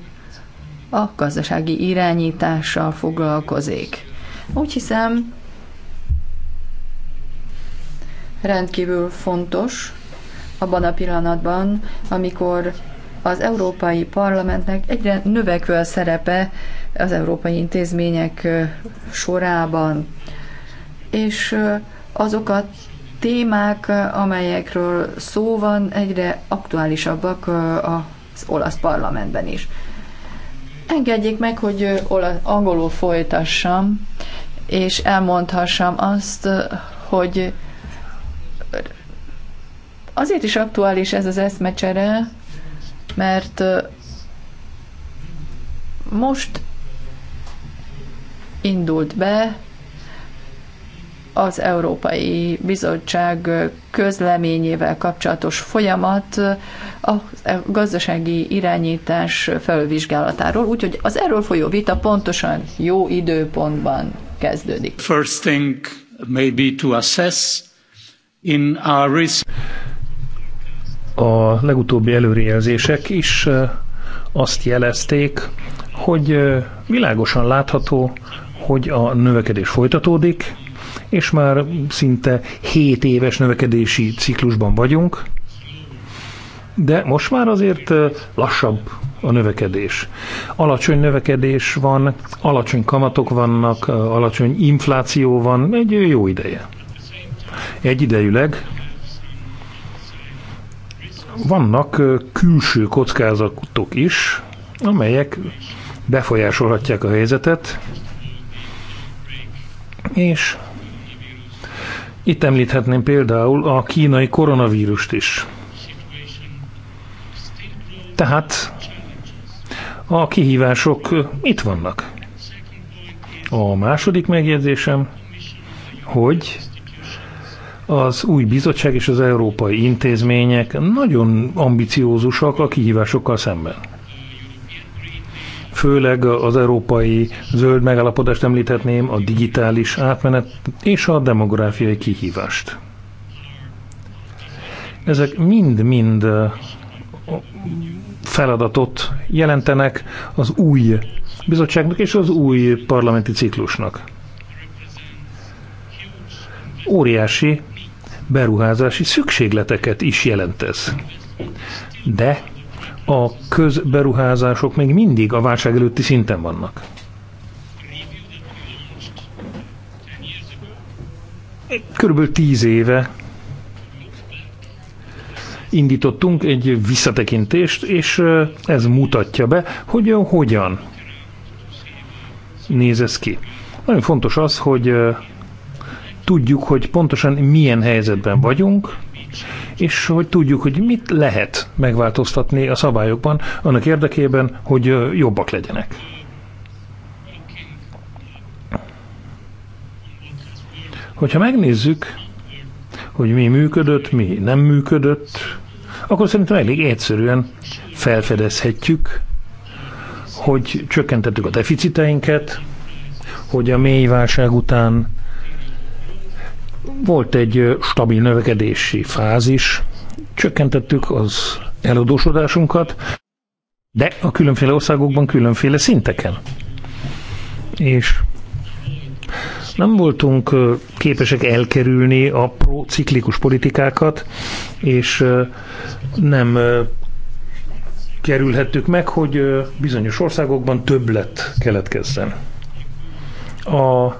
a gazdasági irányítással foglalkozik. Úgy hiszem, rendkívül fontos abban a pillanatban, amikor az Európai Parlamentnek egyre növekvő a szerepe az európai intézmények sorában. És azok a témák, amelyekről szó van, egyre aktuálisabbak az olasz parlamentben is. Engedjék meg, hogy angolul folytassam, és elmondhassam azt, hogy azért is aktuális ez az eszmecsere, mert most indult be az Európai Bizottság közleményével kapcsolatos folyamat a gazdasági irányítás felvizsgálatáról, úgyhogy az erről folyó vita pontosan jó időpontban kezdődik. First thing maybe to assess in our risk. A legutóbbi előrejelzések is azt jelezték, hogy világosan látható, hogy a növekedés folytatódik, és már szinte 7 éves növekedési ciklusban vagyunk, de most már azért lassabb a növekedés. Alacsony növekedés van, alacsony kamatok vannak, alacsony infláció van, egy jó ideje. Egyidejűleg vannak külső kockázatok is, amelyek befolyásolhatják a helyzetet, és itt említhetném például a kínai koronavírust is. Tehát a kihívások itt vannak. A második megjegyzésem, hogy az új bizottság és az európai intézmények nagyon ambiciózusak a kihívásokkal szemben főleg az európai zöld megállapodást említhetném, a digitális átmenet és a demográfiai kihívást. Ezek mind-mind feladatot jelentenek az új bizottságnak és az új parlamenti ciklusnak. Óriási beruházási szükségleteket is jelent ez. De a közberuházások még mindig a válság előtti szinten vannak. Körülbelül tíz éve indítottunk egy visszatekintést, és ez mutatja be, hogy hogyan néz ez ki. Nagyon fontos az, hogy tudjuk, hogy pontosan milyen helyzetben vagyunk, és hogy tudjuk, hogy mit lehet megváltoztatni a szabályokban annak érdekében, hogy jobbak legyenek. Hogyha megnézzük, hogy mi működött, mi nem működött, akkor szerintem elég egyszerűen felfedezhetjük, hogy csökkentettük a deficiteinket, hogy a mély válság után volt egy stabil növekedési fázis, csökkentettük az eladósodásunkat, de a különféle országokban különféle szinteken. És nem voltunk képesek elkerülni a prociklikus politikákat, és nem kerülhettük meg, hogy bizonyos országokban többlet keletkezzen. A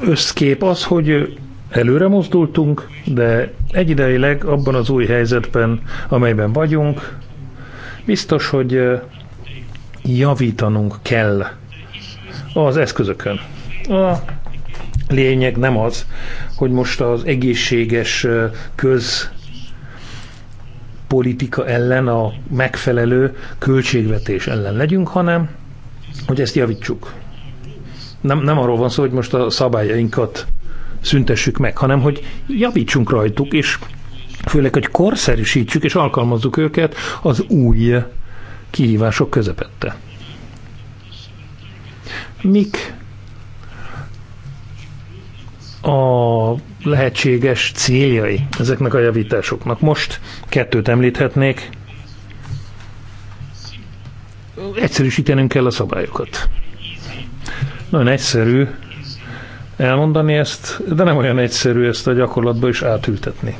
összkép az, hogy előre mozdultunk, de egyidejileg abban az új helyzetben, amelyben vagyunk, biztos, hogy javítanunk kell az eszközökön. A lényeg nem az, hogy most az egészséges köz politika ellen, a megfelelő költségvetés ellen legyünk, hanem hogy ezt javítsuk nem, nem arról van szó, hogy most a szabályainkat szüntessük meg, hanem hogy javítsunk rajtuk, és főleg, hogy korszerűsítsük és alkalmazzuk őket az új kihívások közepette. Mik a lehetséges céljai ezeknek a javításoknak? Most kettőt említhetnék. Egyszerűsítenünk kell a szabályokat. Nagyon egyszerű elmondani ezt, de nem olyan egyszerű ezt a gyakorlatba is átültetni.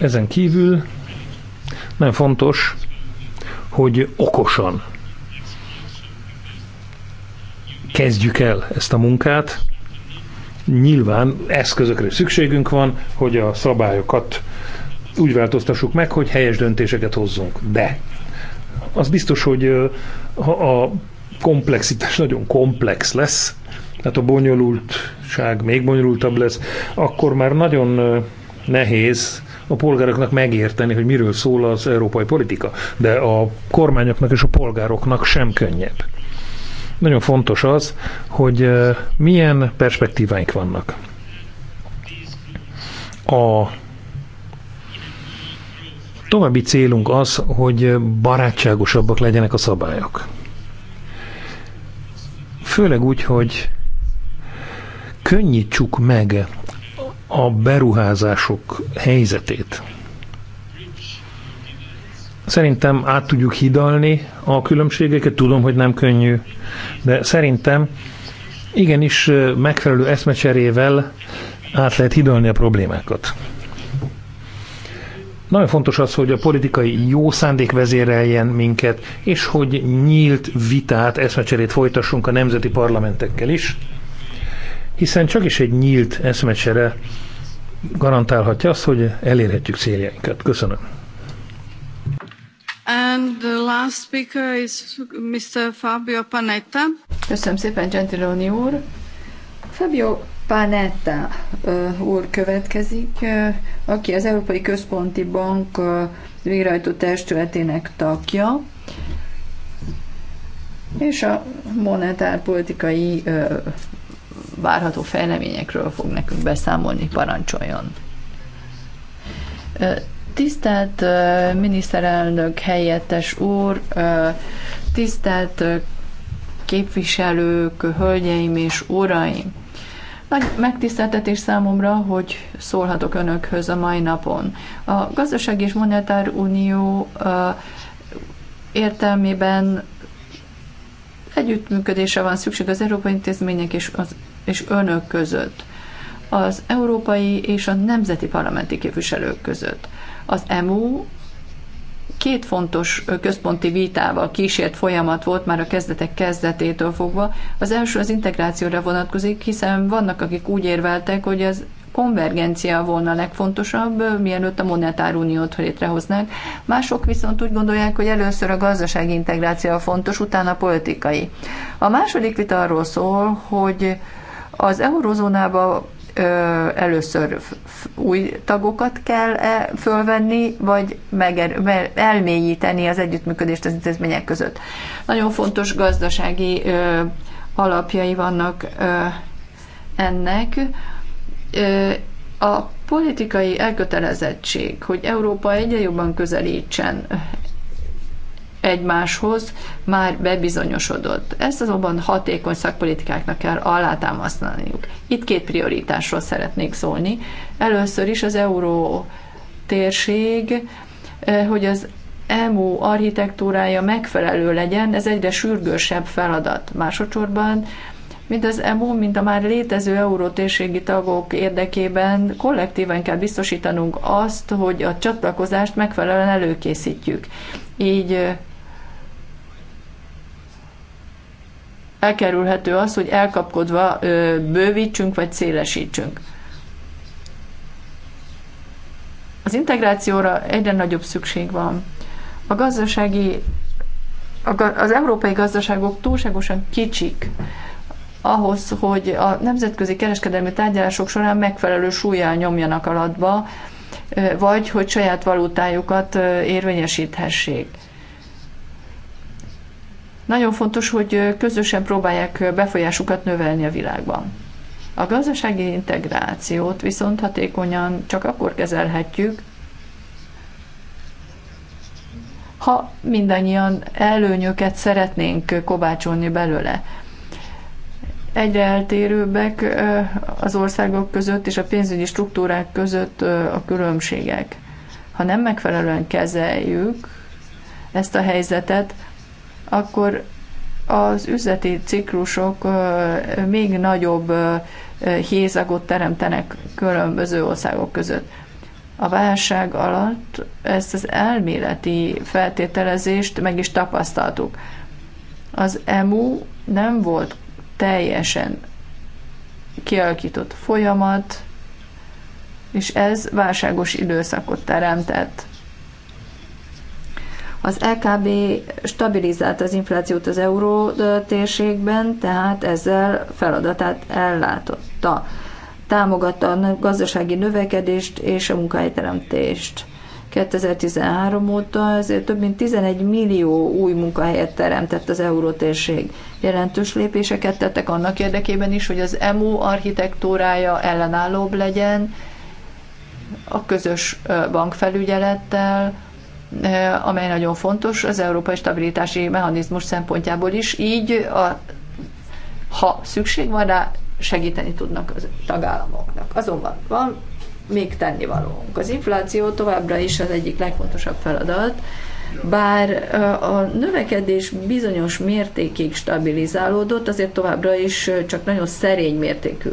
Ezen kívül nem fontos, hogy okosan kezdjük el ezt a munkát. Nyilván eszközökre szükségünk van, hogy a szabályokat úgy változtassuk meg, hogy helyes döntéseket hozzunk. De az biztos, hogy ha a komplexitás nagyon komplex lesz, tehát a bonyolultság még bonyolultabb lesz, akkor már nagyon nehéz a polgároknak megérteni, hogy miről szól az európai politika, de a kormányoknak és a polgároknak sem könnyebb. Nagyon fontos az, hogy milyen perspektíváink vannak. A további célunk az, hogy barátságosabbak legyenek a szabályok. Főleg úgy, hogy könnyítsük meg a beruházások helyzetét. Szerintem át tudjuk hidalni a különbségeket, tudom, hogy nem könnyű, de szerintem igenis megfelelő eszmecserével át lehet hidalni a problémákat. Nagyon fontos az, hogy a politikai jó szándék vezéreljen minket, és hogy nyílt vitát, eszmecserét folytassunk a nemzeti parlamentekkel is, hiszen csak is egy nyílt eszmecsere garantálhatja azt, hogy elérhetjük céljainkat. Köszönöm. And the last speaker is Mr. Fabio Panetta. Köszönöm szépen, Gentiloni úr. Fabio Panetta úr következik, aki az Európai Központi Bank végrehajtó testületének tagja, és a monetárpolitikai várható fejleményekről fog nekünk beszámolni, parancsoljon. Tisztelt miniszterelnök helyettes úr, tisztelt képviselők, hölgyeim és uraim! Nagy megtiszteltetés számomra, hogy szólhatok önökhöz a mai napon. A Gazdaság és Monetár Unió értelmében együttműködésre van szükség az európai intézmények és, az, és önök között, az európai és a nemzeti parlamenti képviselők között. Az EMU két fontos központi vitával kísért folyamat volt már a kezdetek kezdetétől fogva. Az első az integrációra vonatkozik, hiszen vannak, akik úgy érveltek, hogy az konvergencia volna a legfontosabb, mielőtt a uniót létrehoznák. Mások viszont úgy gondolják, hogy először a gazdasági integráció a fontos, utána a politikai. A második vita arról szól, hogy az eurozónába először új tagokat kell -e fölvenni, vagy meger- elmélyíteni az együttműködést az intézmények között. Nagyon fontos gazdasági ö, alapjai vannak ö, ennek. Ö, a politikai elkötelezettség, hogy Európa egyre jobban közelítsen egymáshoz már bebizonyosodott. Ezt azonban hatékony szakpolitikáknak kell alátámasztaniuk. Itt két prioritásról szeretnék szólni. Először is az euró térség, eh, hogy az EMU architektúrája megfelelő legyen, ez egyre sürgősebb feladat. Másodszorban mint az EMU, mint a már létező eurótérségi tagok érdekében kollektíven kell biztosítanunk azt, hogy a csatlakozást megfelelően előkészítjük. Így eh, elkerülhető az, hogy elkapkodva bővítsünk vagy szélesítsünk. Az integrációra egyre nagyobb szükség van. A gazdasági, az európai gazdaságok túlságosan kicsik ahhoz, hogy a nemzetközi kereskedelmi tárgyalások során megfelelő súlyjal nyomjanak alatba, vagy hogy saját valutájukat érvényesíthessék. Nagyon fontos, hogy közösen próbálják befolyásukat növelni a világban. A gazdasági integrációt viszont hatékonyan csak akkor kezelhetjük, ha mindannyian előnyöket szeretnénk kovácsolni belőle. Egyre eltérőbbek az országok között és a pénzügyi struktúrák között a különbségek. Ha nem megfelelően kezeljük ezt a helyzetet, akkor az üzleti ciklusok még nagyobb hézagot teremtenek különböző országok között. A válság alatt ezt az elméleti feltételezést meg is tapasztaltuk. Az EMU nem volt teljesen kialakított folyamat, és ez válságos időszakot teremtett. Az LKB stabilizálta az inflációt az euró térségben, tehát ezzel feladatát ellátotta. Támogatta a gazdasági növekedést és a munkahelyteremtést. 2013 óta ezért több mint 11 millió új munkahelyet teremtett az eurótérség. Jelentős lépéseket tettek annak érdekében is, hogy az EMU architektúrája ellenállóbb legyen, a közös bankfelügyelettel, Eh, amely nagyon fontos az európai stabilitási mechanizmus szempontjából is, így a, ha szükség van rá, segíteni tudnak az tagállamoknak. Azonban van még tennivalónk. Az infláció továbbra is az egyik legfontosabb feladat, bár eh, a növekedés bizonyos mértékig stabilizálódott, azért továbbra is eh, csak nagyon szerény mértékű.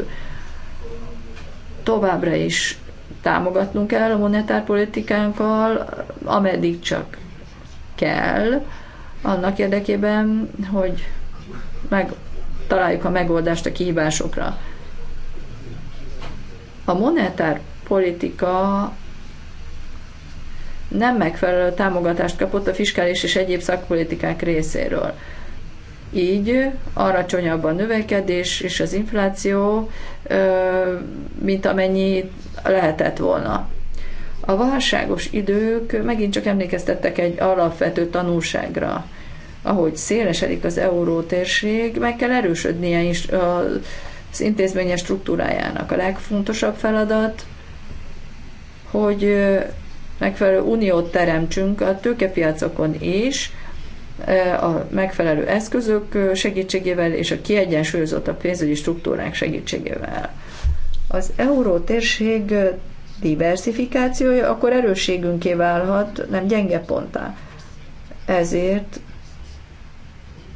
Továbbra is támogatnunk kell a monetárpolitikánkkal, ameddig csak kell, annak érdekében, hogy meg találjuk a megoldást a kihívásokra. A monetár politika nem megfelelő támogatást kapott a fiskális és egyéb szakpolitikák részéről. Így alacsonyabb a növekedés és az infláció, mint amennyi lehetett volna. A válságos idők megint csak emlékeztettek egy alapvető tanulságra. Ahogy szélesedik az eurótérség, meg kell erősödnie is az intézményes struktúrájának. A legfontosabb feladat, hogy megfelelő uniót teremtsünk a tőkepiacokon is, a megfelelő eszközök segítségével és a kiegyensúlyozott a pénzügyi struktúrák segítségével az euró térség diversifikációja, akkor erősségünké válhat, nem gyenge pontá. Ezért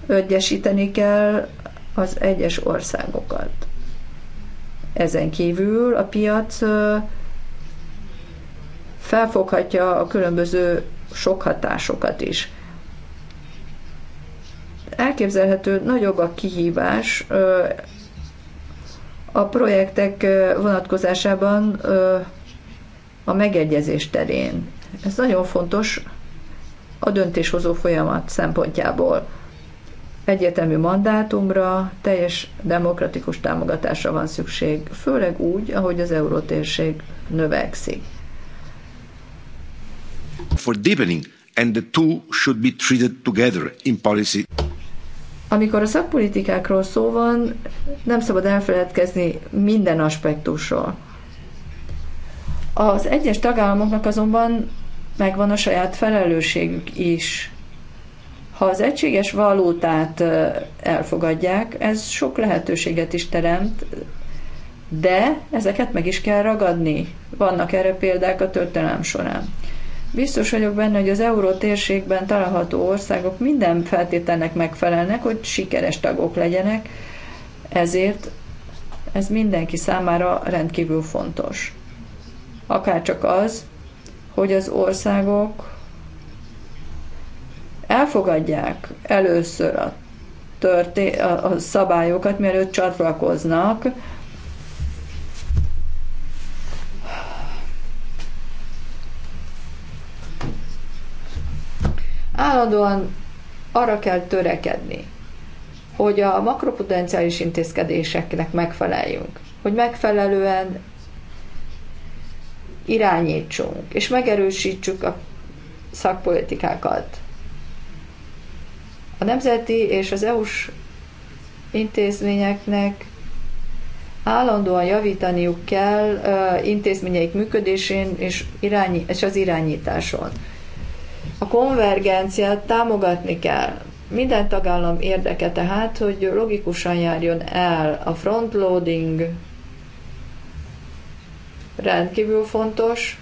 ögyesíteni kell az egyes országokat. Ezen kívül a piac felfoghatja a különböző sok hatásokat is. Elképzelhető nagyobb a kihívás a projektek vonatkozásában a megegyezés terén. Ez nagyon fontos a döntéshozó folyamat szempontjából. Egyetemű mandátumra, teljes demokratikus támogatásra van szükség, főleg úgy, ahogy az eurótérség növekszik. For deepening and the two should be treated together in policy. Amikor a szakpolitikákról szó van, nem szabad elfeledkezni minden aspektusról. Az egyes tagállamoknak azonban megvan a saját felelősségük is. Ha az egységes valótát elfogadják, ez sok lehetőséget is teremt, de ezeket meg is kell ragadni. Vannak erre példák a történelem során. Biztos vagyok benne, hogy az térségben található országok minden feltételnek megfelelnek, hogy sikeres tagok legyenek, ezért ez mindenki számára rendkívül fontos. Akár csak az, hogy az országok elfogadják először a, történ- a szabályokat, mielőtt csatlakoznak, Állandóan arra kell törekedni, hogy a makropotenciális intézkedéseknek megfeleljünk, hogy megfelelően irányítsunk, és megerősítsük a szakpolitikákat. A nemzeti és az EU-s intézményeknek állandóan javítaniuk kell intézményeik működésén és, irányi, és az irányításon. A konvergenciát támogatni kell. Minden tagállam érdeke tehát, hogy logikusan járjon el. A frontloading rendkívül fontos,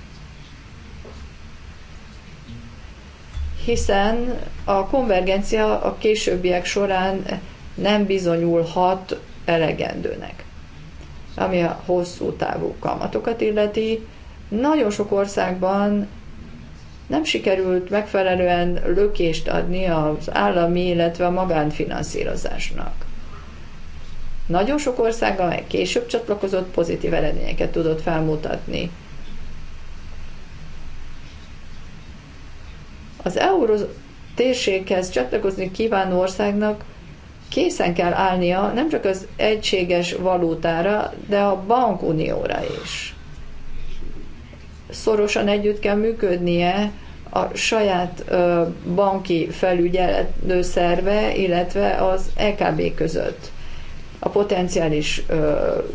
hiszen a konvergencia a későbbiek során nem bizonyulhat elegendőnek. Ami a hosszú távú kamatokat illeti, nagyon sok országban nem sikerült megfelelően lökést adni az állami, illetve a magánfinanszírozásnak. Nagyon sok országa amely később csatlakozott, pozitív eredményeket tudott felmutatni. Az euró térséghez csatlakozni kívánó országnak készen kell állnia nem csak az egységes valótára, de a bankunióra is szorosan együtt kell működnie a saját banki felügyelő szerve, illetve az EKB között. A potenciális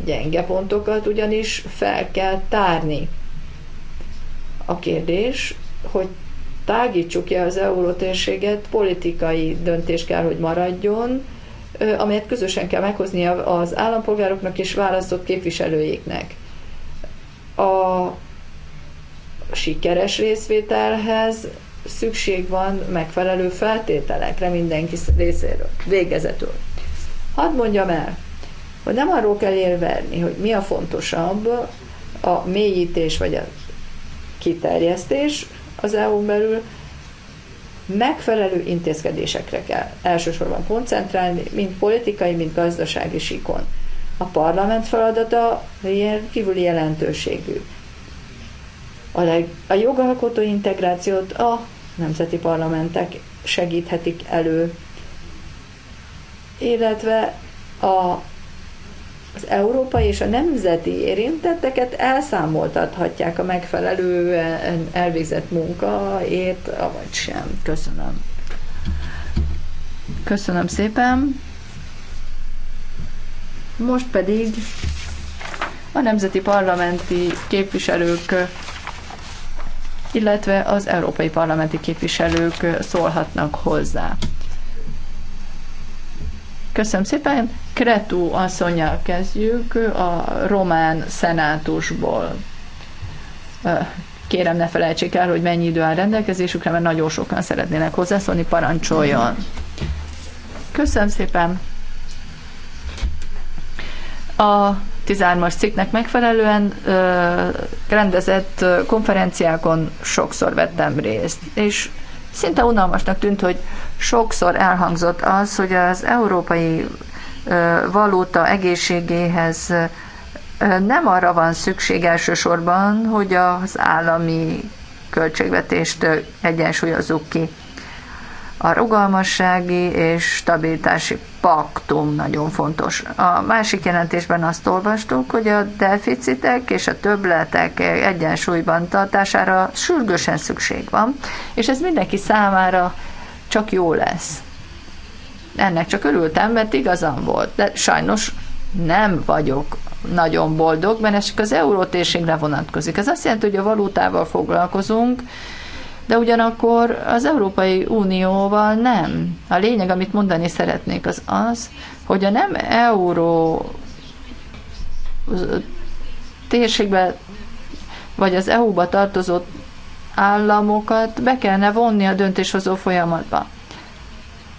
gyenge pontokat ugyanis fel kell tárni. A kérdés, hogy tágítsuk-e az eurótérséget, politikai döntés kell, hogy maradjon, amelyet közösen kell meghozni az állampolgároknak és választott képviselőiknek. sikeres részvételhez szükség van megfelelő feltételekre mindenki részéről, végezetül. Hadd mondjam el, hogy nem arról kell érvelni, hogy mi a fontosabb, a mélyítés vagy a kiterjesztés az EU-n belül, megfelelő intézkedésekre kell elsősorban koncentrálni, mind politikai, mind gazdasági síkon. A parlament feladata ilyen kívüli jelentőségű. A, leg, a jogalkotó integrációt a nemzeti parlamentek segíthetik elő, illetve a az európai és a nemzeti érintetteket elszámoltathatják a megfelelő elvégzett munkaért, vagy sem. Köszönöm. Köszönöm szépen. Most pedig a nemzeti parlamenti képviselők illetve az európai parlamenti képviselők szólhatnak hozzá. Köszönöm szépen. Kretu asszonyjal kezdjük a román szenátusból. Kérem, ne felejtsék el, hogy mennyi idő áll rendelkezésükre, mert nagyon sokan szeretnének hozzászólni, parancsoljon. Köszönöm szépen. A 13-as cikknek megfelelően rendezett konferenciákon sokszor vettem részt, és szinte unalmasnak tűnt, hogy sokszor elhangzott az, hogy az európai valóta egészségéhez nem arra van szükség elsősorban, hogy az állami költségvetést egyensúlyozzuk ki. A rugalmassági és stabilitási paktum nagyon fontos. A másik jelentésben azt olvastuk, hogy a deficitek és a többletek egyensúlyban tartására sürgősen szükség van, és ez mindenki számára csak jó lesz. Ennek csak örültem, mert igazam volt, de sajnos nem vagyok nagyon boldog, mert ez csak az eurótérségre vonatkozik. Ez azt jelenti, hogy a valutával foglalkozunk, de ugyanakkor az Európai Unióval nem. A lényeg, amit mondani szeretnék, az az, hogy a nem euró térségbe vagy az EU-ba tartozó államokat be kellene vonni a döntéshozó folyamatba.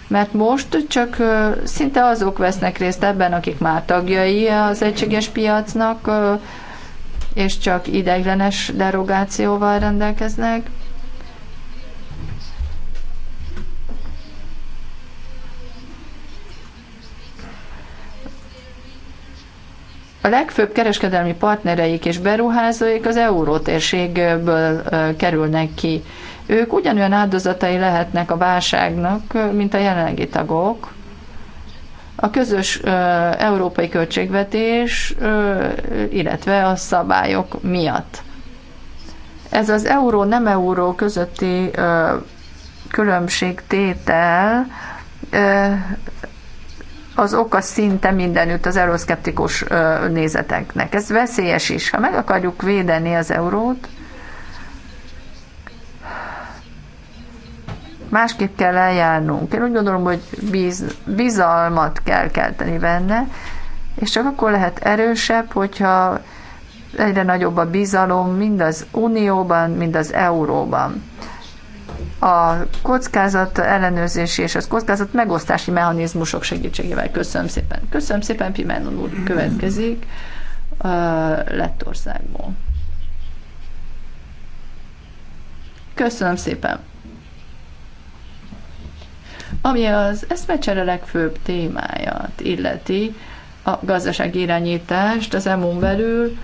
Mert most csak szinte azok vesznek részt ebben, akik már tagjai az egységes piacnak, és csak ideiglenes derogációval rendelkeznek. A legfőbb kereskedelmi partnereik és beruházóik az eurótérségből kerülnek ki. Ők ugyanolyan áldozatai lehetnek a válságnak, mint a jelenlegi tagok. A közös európai költségvetés, illetve a szabályok miatt. Ez az euró nem euró közötti különbségtétel az oka szinte mindenütt az euroszkeptikus nézeteknek. Ez veszélyes is. Ha meg akarjuk védeni az eurót, másképp kell eljárnunk. Én úgy gondolom, hogy biz, bizalmat kell kelteni benne, és csak akkor lehet erősebb, hogyha egyre nagyobb a bizalom mind az Unióban, mind az Euróban a kockázat ellenőrzési és az kockázat megosztási mechanizmusok segítségével. Köszönöm szépen. Köszönöm szépen, Pimenon úr következik uh, Lettországból. Köszönöm szépen. Ami az eszmecsere legfőbb témáját illeti, a gazdaság irányítást az EMU-n belül,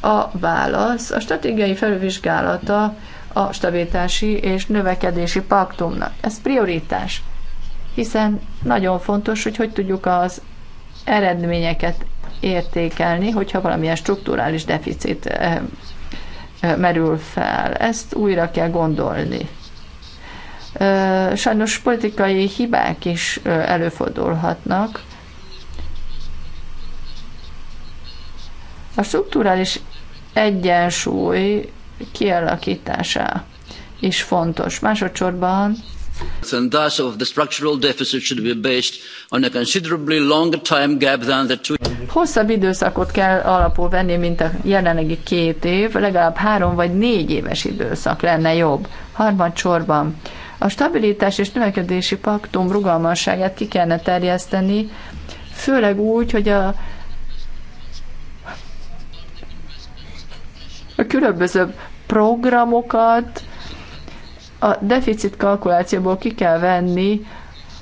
a válasz, a stratégiai felvizsgálata a stabilitási és növekedési paktumnak. Ez prioritás, hiszen nagyon fontos, hogy hogy tudjuk az eredményeket értékelni, hogyha valamilyen strukturális deficit eh, eh, merül fel. Ezt újra kell gondolni. Eh, sajnos politikai hibák is előfordulhatnak. A strukturális egyensúly kialakítása is fontos. Másodszorban and thus of the structural deficit should be based on a considerably longer time gap than the two Hosszabb időszakot kell alapul venni, mint a jelenlegi két év, legalább három vagy négy éves időszak lenne jobb. Harmadsorban a stabilitás és növekedési paktum rugalmasságát ki kellene terjeszteni, főleg úgy, hogy a a különböző programokat a deficit kalkulációból ki kell venni,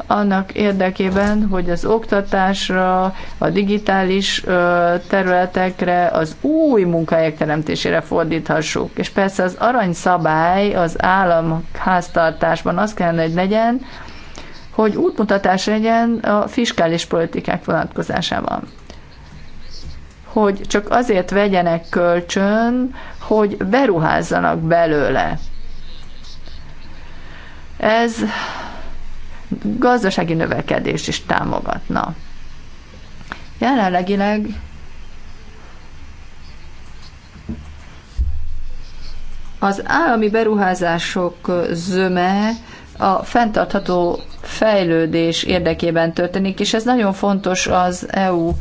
annak érdekében, hogy az oktatásra, a digitális területekre, az új munkahelyek teremtésére fordíthassuk. És persze az aranyszabály az állam háztartásban az kellene, hogy legyen, hogy útmutatás legyen a fiskális politikák vonatkozásában hogy csak azért vegyenek kölcsön, hogy beruházzanak belőle. Ez gazdasági növekedés is támogatna. Jelenlegileg az állami beruházások zöme a fenntartható fejlődés érdekében történik, és ez nagyon fontos az EU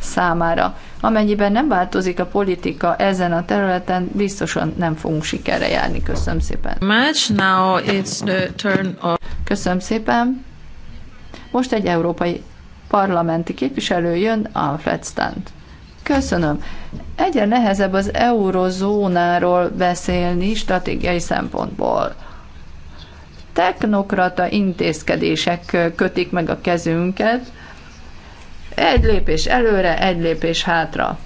számára. Amennyiben nem változik a politika ezen a területen, biztosan nem fogunk sikerre járni. Köszönöm szépen. Now it's the turn of... Köszönöm szépen. Most egy európai parlamenti képviselő jön, Alfred Stant. Köszönöm. Egyre nehezebb az eurozónáról beszélni stratégiai szempontból. Technokrata intézkedések kötik meg a kezünket, egy lépés előre, egy lépés hátra.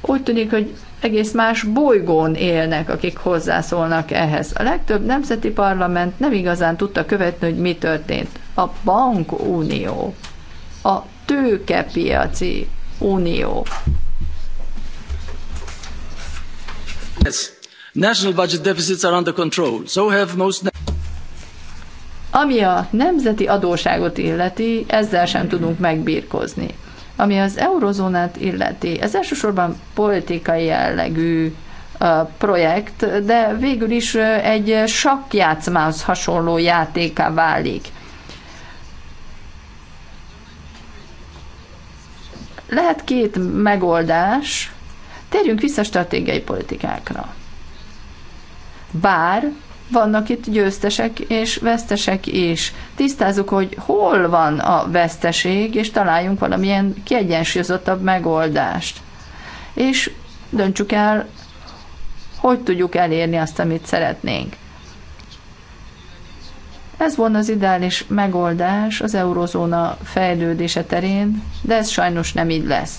Úgy tűnik, hogy egész más bolygón élnek, akik hozzászólnak ehhez. A legtöbb nemzeti parlament nem igazán tudta követni, hogy mi történt. A bankunió, a tőkepiaci unió. Yes. National budget deficits are under control. So have most ami a nemzeti adóságot illeti, ezzel sem tudunk megbírkozni. Ami az eurozónát illeti, ez elsősorban politikai jellegű projekt, de végül is egy sakkjátszmához hasonló játéká válik. Lehet két megoldás, térjünk vissza stratégiai politikákra. Bár vannak itt győztesek és vesztesek is. Tisztázzuk, hogy hol van a veszteség, és találjunk valamilyen kiegyensúlyozottabb megoldást. És döntsük el, hogy tudjuk elérni azt, amit szeretnénk. Ez volna az ideális megoldás az eurozóna fejlődése terén, de ez sajnos nem így lesz.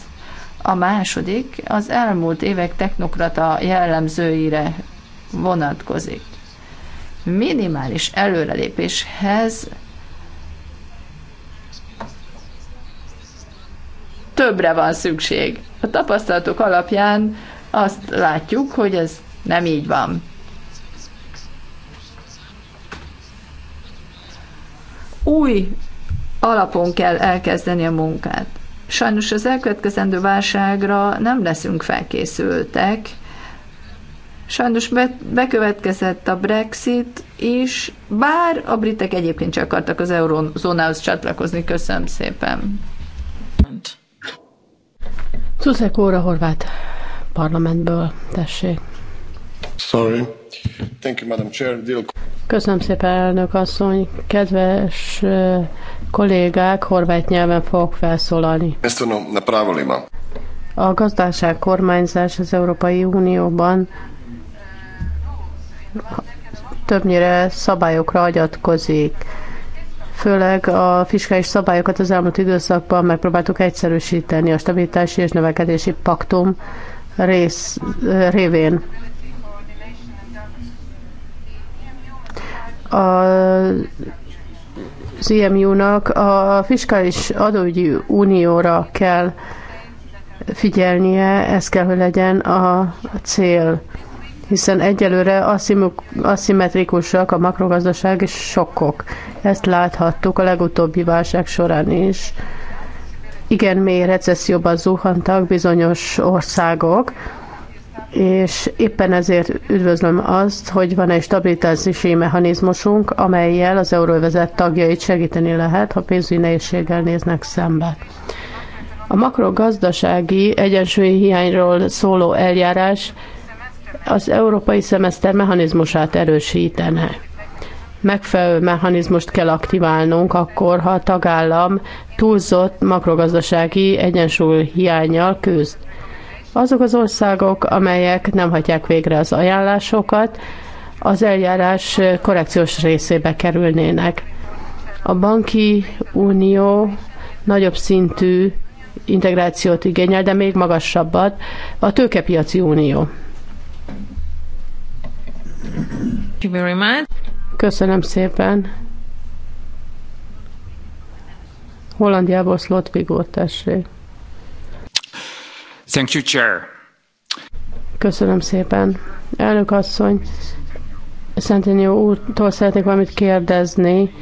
A második az elmúlt évek technokrata jellemzőire vonatkozik minimális előrelépéshez többre van szükség. A tapasztalatok alapján azt látjuk, hogy ez nem így van. Új alapon kell elkezdeni a munkát. Sajnos az elkövetkezendő válságra nem leszünk felkészültek, Sajnos be, bekövetkezett a Brexit is, bár a britek egyébként csak akartak az eurozónához csatlakozni. Köszönöm szépen. Szuszek óra horvát parlamentből, tessék. Sorry. Thank you, Madam Chair. Deal... Köszönöm szépen, elnök asszony. Kedves kollégák, horvát nyelven fogok felszólalni. Ezt tudom, ne A gazdaság kormányzás az Európai Unióban többnyire szabályokra agyatkozik. Főleg a fiskális szabályokat az elmúlt időszakban megpróbáltuk egyszerűsíteni a stabilitási és növekedési paktum rész, révén. A az IMU-nak a fiskális adóügyi unióra kell figyelnie, ez kell, hogy legyen a cél hiszen egyelőre aszimmetrikusak a makrogazdasági sokkok. Ezt láthattuk a legutóbbi válság során is. Igen, mély recesszióba zuhantak bizonyos országok, és éppen ezért üdvözlöm azt, hogy van egy stabilitási mechanizmusunk, amelyel az euróvezet tagjait segíteni lehet, ha pénzügyi nehézséggel néznek szembe. A makrogazdasági hiányról szóló eljárás az európai szemeszter mechanizmusát erősítene. Megfelelő mechanizmust kell aktiválnunk akkor, ha a tagállam túlzott makrogazdasági egyensúly hiányjal küzd. Azok az országok, amelyek nem hagyják végre az ajánlásokat, az eljárás korrekciós részébe kerülnének. A banki unió nagyobb szintű integrációt igényel, de még magasabbat a tőkepiaci unió. Thank you very much. Köszönöm szépen. Hollandiából Slotwigót tessék. Thank you, Chair. Köszönöm szépen. Elnök asszony, Szentenió úrtól szeretnék valamit kérdezni.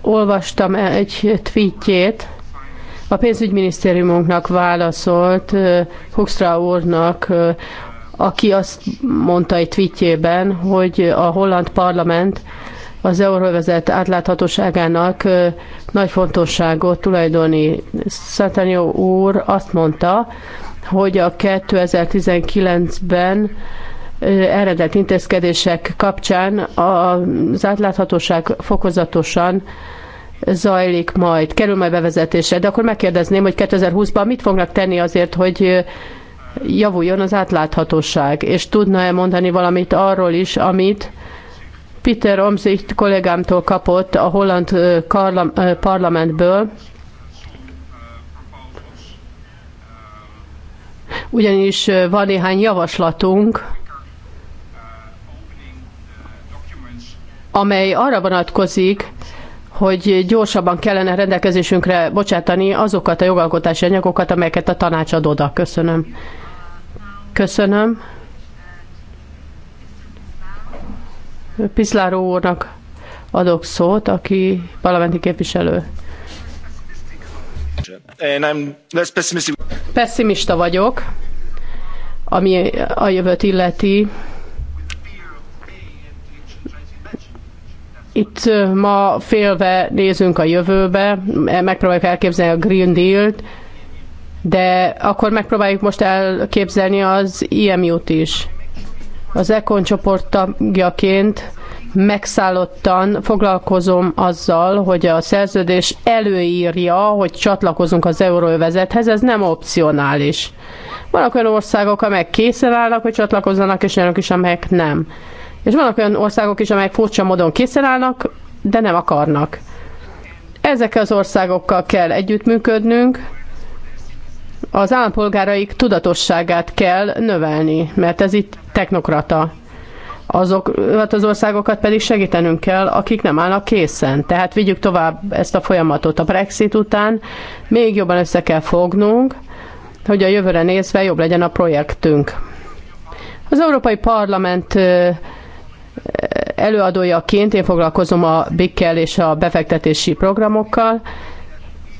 Olvastam e- egy tweetjét, a pénzügyminisztériumunknak válaszolt Huxtra úrnak aki azt mondta egy tweetjében, hogy a holland parlament az euróvezet átláthatóságának nagy fontosságot tulajdoni. Szentanyó úr azt mondta, hogy a 2019-ben eredet intézkedések kapcsán az átláthatóság fokozatosan zajlik majd, kerül majd bevezetésre, de akkor megkérdezném, hogy 2020-ban mit fognak tenni azért, hogy javuljon az átláthatóság, és tudna-e mondani valamit arról is, amit Peter Omzicht kollégámtól kapott a holland parlamentből, ugyanis van néhány javaslatunk, amely arra vonatkozik, hogy gyorsabban kellene rendelkezésünkre bocsátani azokat a jogalkotási anyagokat, amelyeket a tanács oda. Köszönöm. Köszönöm. Piszláró úrnak adok szót, aki parlamenti képviselő. Pessimista vagyok, ami a jövőt illeti. Itt ma félve nézünk a jövőbe, megpróbáljuk elképzelni a Green Deal-t, de akkor megpróbáljuk most elképzelni az IMU-t is. Az Econ csoport tagjaként megszállottan foglalkozom azzal, hogy a szerződés előírja, hogy csatlakozunk az euróvezethez, ez nem opcionális. Vannak olyan országok, amelyek készen állnak, hogy csatlakozzanak, és olyanok is, amelyek nem. És vannak olyan országok is, amelyek furcsa módon készen állnak, de nem akarnak. Ezekkel az országokkal kell együttműködnünk, az állampolgáraik tudatosságát kell növelni, mert ez itt technokrata hát az országokat pedig segítenünk kell, akik nem állnak készen. Tehát vigyük tovább ezt a folyamatot a Brexit után, még jobban össze kell fognunk, hogy a jövőre nézve jobb legyen a projektünk. Az Európai Parlament előadójaként én foglalkozom a BIK-kel és a befektetési programokkal,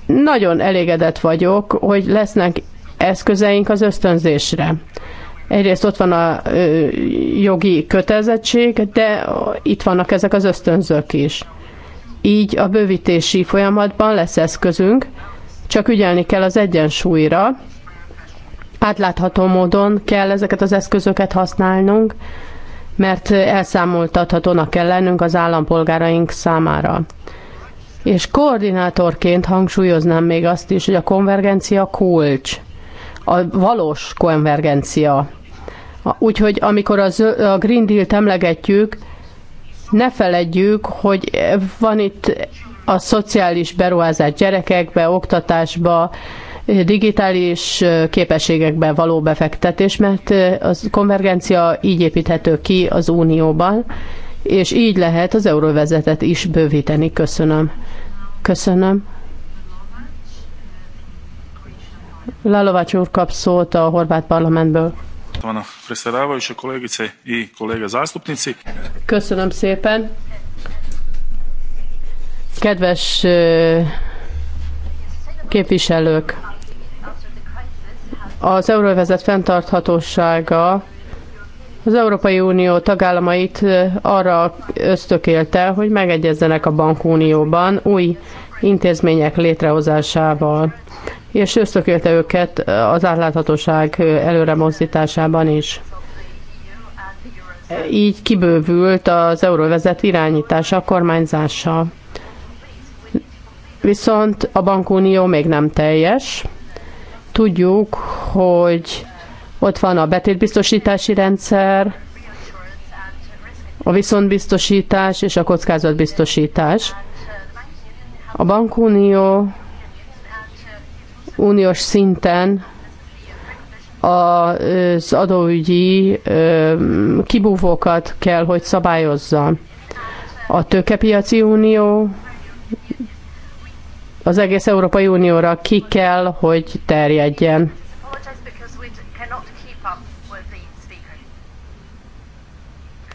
nagyon elégedett vagyok, hogy lesznek eszközeink az ösztönzésre. Egyrészt ott van a ö, jogi kötelezettség, de itt vannak ezek az ösztönzők is. Így a bővítési folyamatban lesz eszközünk, csak ügyelni kell az egyensúlyra, átlátható módon kell ezeket az eszközöket használnunk, mert elszámoltathatónak kell lennünk az állampolgáraink számára. És koordinátorként hangsúlyoznám még azt is, hogy a konvergencia kulcs, a valós konvergencia. Úgyhogy amikor a Green Deal-t emlegetjük, ne feledjük, hogy van itt a szociális beruházás gyerekekbe, oktatásba, digitális képességekbe való befektetés, mert a konvergencia így építhető ki az Unióban, és így lehet az euróvezetet is bővíteni. Köszönöm. Köszönöm. Lalovacs úr kap szót a horvát parlamentből. Köszönöm szépen. Kedves képviselők, az euróvezet fenntarthatósága az Európai Unió tagállamait arra ösztökélte, hogy megegyezzenek a bankunióban új intézmények létrehozásával, és ösztökélte őket az átláthatóság előre mozdításában is. Így kibővült az euróvezet irányítása a kormányzása. Viszont a bankunió még nem teljes. Tudjuk, hogy ott van a betétbiztosítási rendszer, a viszontbiztosítás és a kockázatbiztosítás. A bankunió uniós szinten az adóügyi kibúvókat kell, hogy szabályozza. A tőkepiaci unió az egész Európai Unióra ki kell, hogy terjedjen.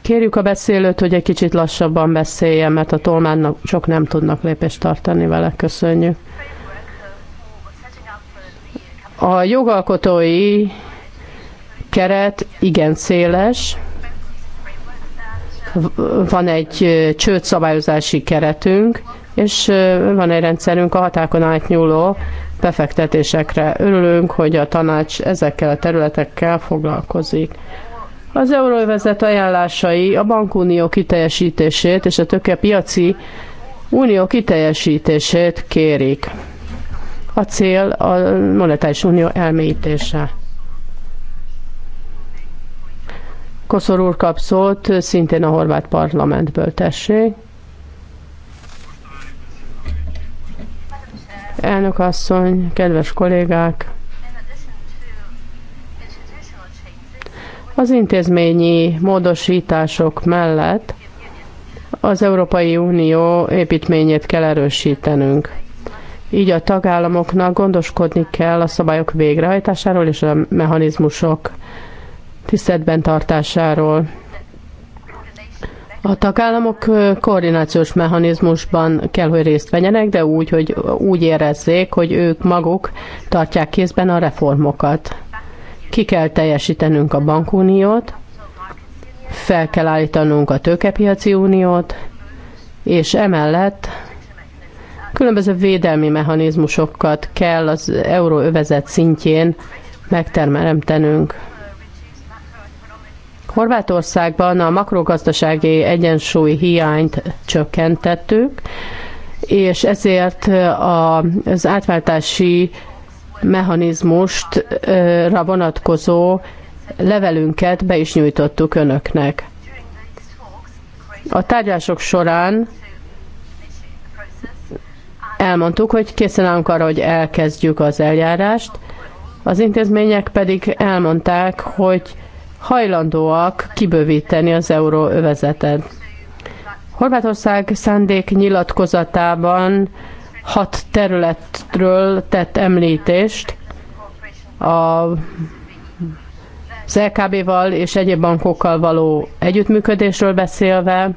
Kérjük a beszélőt, hogy egy kicsit lassabban beszéljen, mert a tolmánnak sok nem tudnak lépést tartani vele. Köszönjük. A jogalkotói keret igen széles. Van egy csődszabályozási keretünk, és van egy rendszerünk a hatákon átnyúló befektetésekre. Örülünk, hogy a tanács ezekkel a területekkel foglalkozik. Az euróvezet ajánlásai a bankunió kiteljesítését és a piaci unió kiteljesítését kérik. A cél a monetáris unió elmélyítése. Koszor úr kap szót, szintén a horvát parlamentből tessék. Elnök asszony, kedves kollégák! Az intézményi módosítások mellett az Európai Unió építményét kell erősítenünk. Így a tagállamoknak gondoskodni kell a szabályok végrehajtásáról és a mechanizmusok tiszteletben tartásáról. A tagállamok koordinációs mechanizmusban kell, hogy részt vegyenek, de úgy, hogy úgy érezzék, hogy ők maguk tartják kézben a reformokat. Ki kell teljesítenünk a bankuniót, fel kell állítanunk a tőkepiaci uniót, és emellett különböző védelmi mechanizmusokat kell az euróövezet szintjén megteremtenünk. Horvátországban a makrogazdasági egyensúly hiányt csökkentettük, és ezért az átváltási mechanizmustra vonatkozó levelünket be is nyújtottuk önöknek. A tárgyások során elmondtuk, hogy készen állunk arra, hogy elkezdjük az eljárást, az intézmények pedig elmondták, hogy hajlandóak kibővíteni az euróövezetet. Horvátország szándék nyilatkozatában hat területről tett említést a az LKB-val és egyéb bankokkal való együttműködésről beszélve,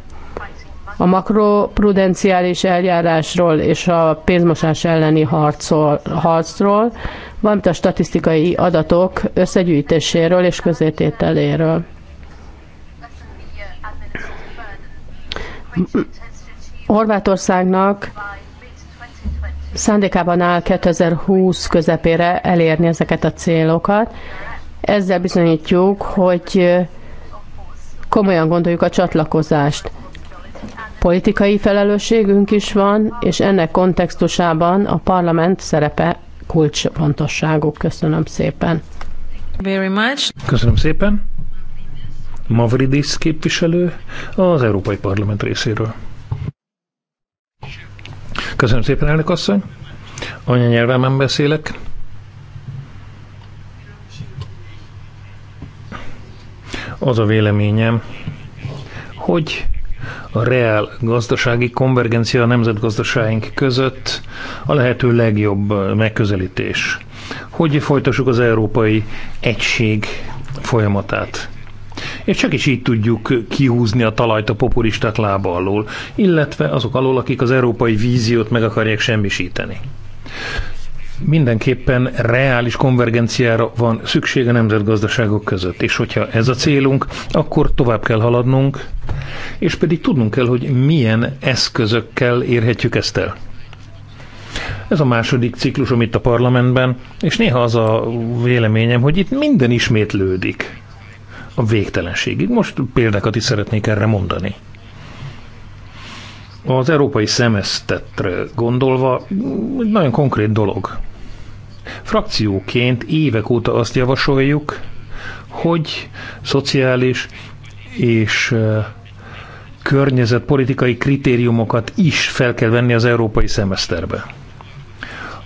a makroprudenciális eljárásról és a pénzmosás elleni harcol, harcról, valamint a statisztikai adatok összegyűjtéséről és közétételéről. Horvátországnak szándékában áll 2020 közepére elérni ezeket a célokat. Ezzel bizonyítjuk, hogy komolyan gondoljuk a csatlakozást. Politikai felelősségünk is van, és ennek kontextusában a parlament szerepe kulcsfontosságú. Köszönöm szépen. Very much. Köszönöm szépen. Mavridis képviselő az Európai Parlament részéről. Köszönöm szépen, elnök asszony. Anyanyelvemen beszélek. Az a véleményem, hogy a reál gazdasági konvergencia a nemzetgazdasáink között a lehető legjobb megközelítés. Hogy folytassuk az európai egység folyamatát és csak is így tudjuk kihúzni a talajt a populisták lába alól, illetve azok alól, akik az európai víziót meg akarják semmisíteni. Mindenképpen reális konvergenciára van szükség a nemzetgazdaságok között, és hogyha ez a célunk, akkor tovább kell haladnunk, és pedig tudnunk kell, hogy milyen eszközökkel érhetjük ezt el. Ez a második ciklusom itt a parlamentben, és néha az a véleményem, hogy itt minden ismétlődik a végtelenségig. Most példákat is szeretnék erre mondani. Az európai szemesztetre gondolva egy nagyon konkrét dolog. Frakcióként évek óta azt javasoljuk, hogy szociális és környezetpolitikai kritériumokat is fel kell venni az európai szemeszterbe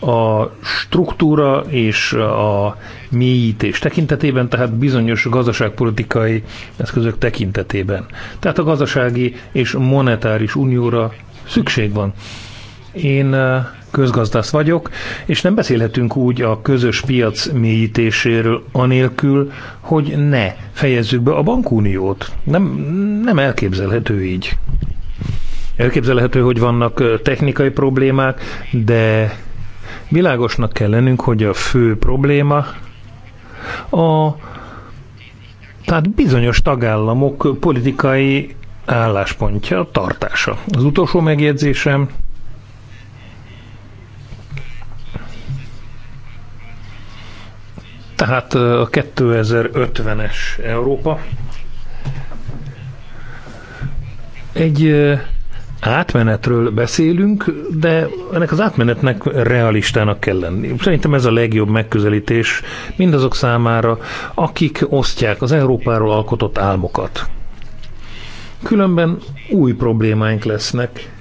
a struktúra és a mélyítés tekintetében, tehát bizonyos gazdaságpolitikai eszközök tekintetében. Tehát a gazdasági és monetáris unióra szükség van. Én eh, közgazdász vagyok, és nem beszélhetünk úgy a közös piac mélyítéséről anélkül, hogy ne fejezzük be a bankuniót. Nem, nem elképzelhető így. Elképzelhető, hogy vannak eh, technikai problémák, de Világosnak kell lennünk, hogy a fő probléma a tehát bizonyos tagállamok politikai álláspontja, tartása. Az utolsó megjegyzésem, tehát a 2050-es Európa egy átmenetről beszélünk, de ennek az átmenetnek realistának kell lenni. Szerintem ez a legjobb megközelítés mindazok számára, akik osztják az Európáról alkotott álmokat. Különben új problémáink lesznek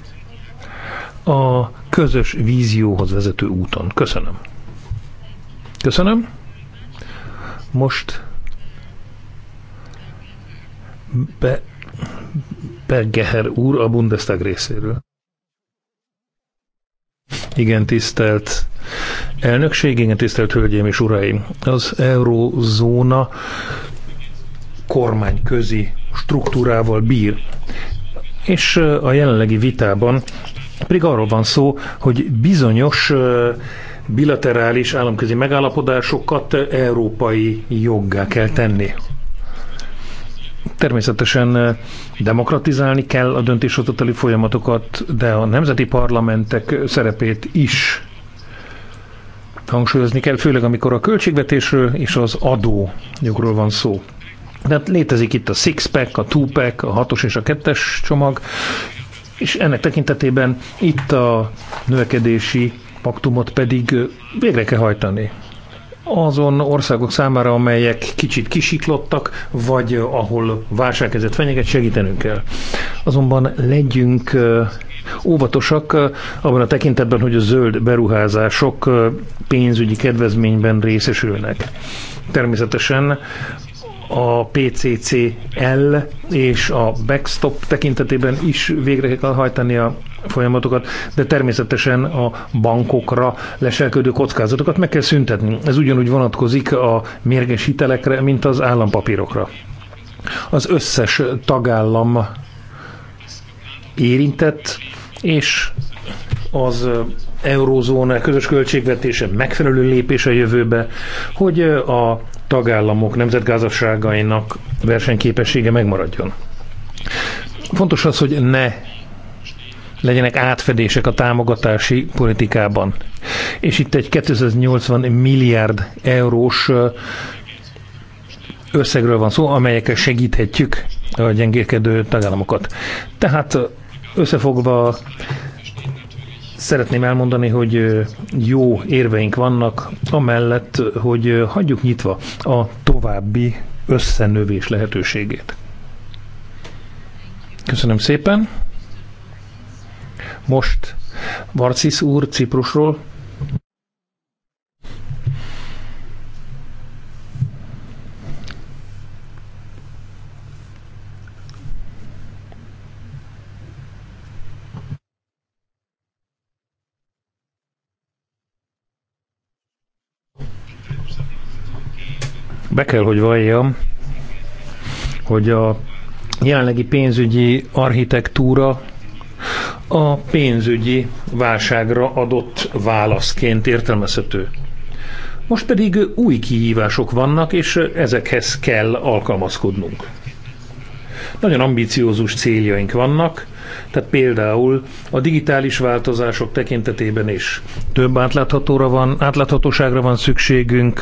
a közös vízióhoz vezető úton. Köszönöm. Köszönöm. Most be, Geher úr a Bundestag részéről. Igen, tisztelt elnökség, igen, tisztelt hölgyeim és uraim. Az eurozóna kormányközi struktúrával bír. És a jelenlegi vitában pedig arról van szó, hogy bizonyos bilaterális államközi megállapodásokat európai joggá kell tenni. Természetesen eh, demokratizálni kell a döntéshozatali folyamatokat, de a nemzeti parlamentek szerepét is hangsúlyozni kell, főleg amikor a költségvetésről és az adójogról van szó. De hát létezik itt a six-pack, a two-pack, a hatos és a kettes csomag, és ennek tekintetében itt a növekedési paktumot pedig eh, végre kell hajtani azon országok számára, amelyek kicsit kisiklottak, vagy eh, ahol válságkezett fenyeget, segítenünk kell. Azonban legyünk eh, óvatosak eh, abban a tekintetben, hogy a zöld beruházások pénzügyi kedvezményben részesülnek. Természetesen a PCCL és a backstop tekintetében is végre kell hajtani a folyamatokat, de természetesen a bankokra leselkedő kockázatokat meg kell szüntetni. Ez ugyanúgy vonatkozik a mérges hitelekre, mint az állampapírokra. Az összes tagállam érintett, és az eurózóna közös költségvetése megfelelő lépés a jövőbe, hogy a tagállamok nemzetgazdaságainak versenyképessége megmaradjon. Fontos az, hogy ne legyenek átfedések a támogatási politikában. És itt egy 280 milliárd eurós összegről van szó, amelyekkel segíthetjük a gyengélkedő tagállamokat. Tehát összefogva szeretném elmondani, hogy jó érveink vannak, amellett, hogy hagyjuk nyitva a további összenövés lehetőségét. Köszönöm szépen. Most Varcis úr Ciprusról. Be kell, hogy valljam, hogy a jelenlegi pénzügyi architektúra a pénzügyi válságra adott válaszként értelmezhető. Most pedig új kihívások vannak, és ezekhez kell alkalmazkodnunk. Nagyon ambiciózus céljaink vannak, tehát például a digitális változások tekintetében is több átláthatóra van, átláthatóságra van szükségünk,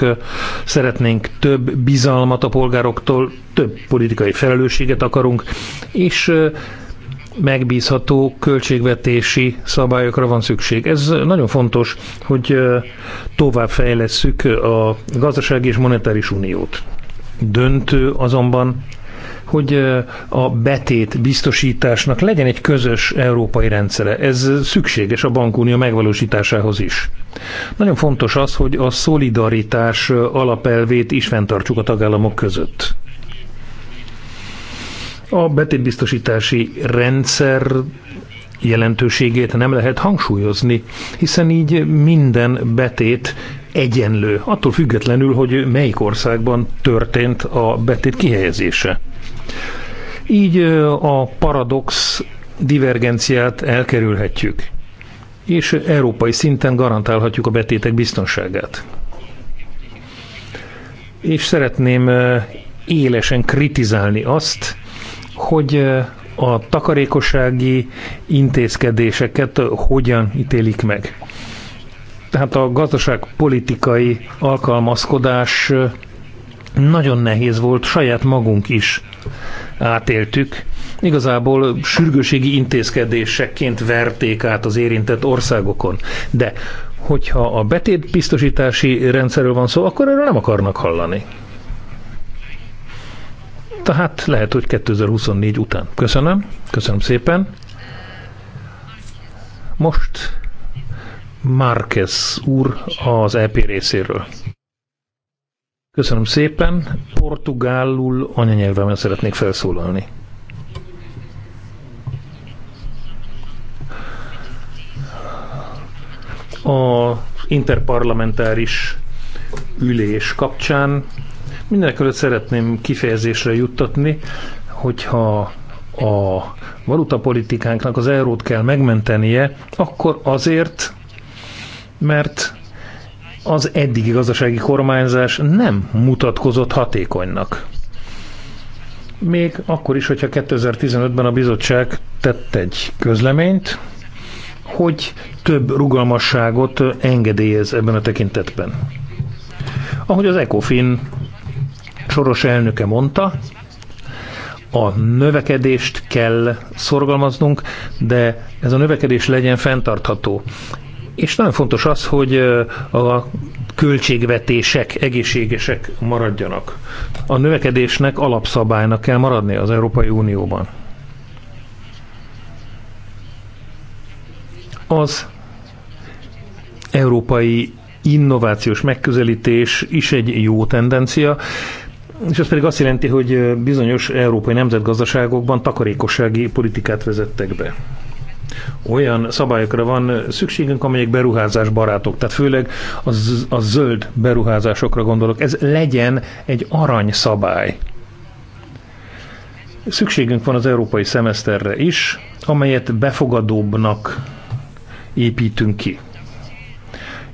szeretnénk több bizalmat a polgároktól, több politikai felelősséget akarunk, és megbízható költségvetési szabályokra van szükség. Ez nagyon fontos, hogy tovább fejlesszük a gazdasági és monetáris uniót. Döntő azonban hogy a betét biztosításnak legyen egy közös európai rendszere. Ez szükséges a bankunió megvalósításához is. Nagyon fontos az, hogy a szolidaritás alapelvét is fenntartsuk a tagállamok között. A betétbiztosítási rendszer jelentőségét nem lehet hangsúlyozni, hiszen így minden betét egyenlő, attól függetlenül, hogy melyik országban történt a betét kihelyezése. Így a paradox divergenciát elkerülhetjük, és európai szinten garantálhatjuk a betétek biztonságát. És szeretném élesen kritizálni azt, hogy a takarékossági intézkedéseket hogyan ítélik meg. Tehát a gazdaságpolitikai alkalmazkodás nagyon nehéz volt, saját magunk is átéltük. Igazából sürgőségi intézkedésekként verték át az érintett országokon. De hogyha a betétbiztosítási rendszerről van szó, akkor erről nem akarnak hallani tehát lehet, hogy 2024 után. Köszönöm, köszönöm szépen. Most Márquez úr az EP részéről. Köszönöm szépen. Portugálul anyanyelvemen szeretnék felszólalni. A interparlamentáris ülés kapcsán Mindenekelőtt szeretném kifejezésre juttatni, hogyha a valutapolitikánknak az eurót kell megmentenie, akkor azért, mert az eddigi gazdasági kormányzás nem mutatkozott hatékonynak. Még akkor is, hogyha 2015-ben a bizottság tett egy közleményt, hogy több rugalmasságot engedélyez ebben a tekintetben. Ahogy az ECOFIN Soros elnöke mondta, a növekedést kell szorgalmaznunk, de ez a növekedés legyen fenntartható. És nagyon fontos az, hogy a költségvetések egészségesek maradjanak. A növekedésnek alapszabálynak kell maradni az Európai Unióban. Az európai innovációs megközelítés is egy jó tendencia, és ez pedig azt jelenti, hogy bizonyos európai nemzetgazdaságokban takarékossági politikát vezettek be. Olyan szabályokra van szükségünk, amelyek beruházás barátok, tehát főleg a, a zöld beruházásokra gondolok. Ez legyen egy arany szabály. Szükségünk van az európai szemeszterre is, amelyet befogadóbbnak építünk ki.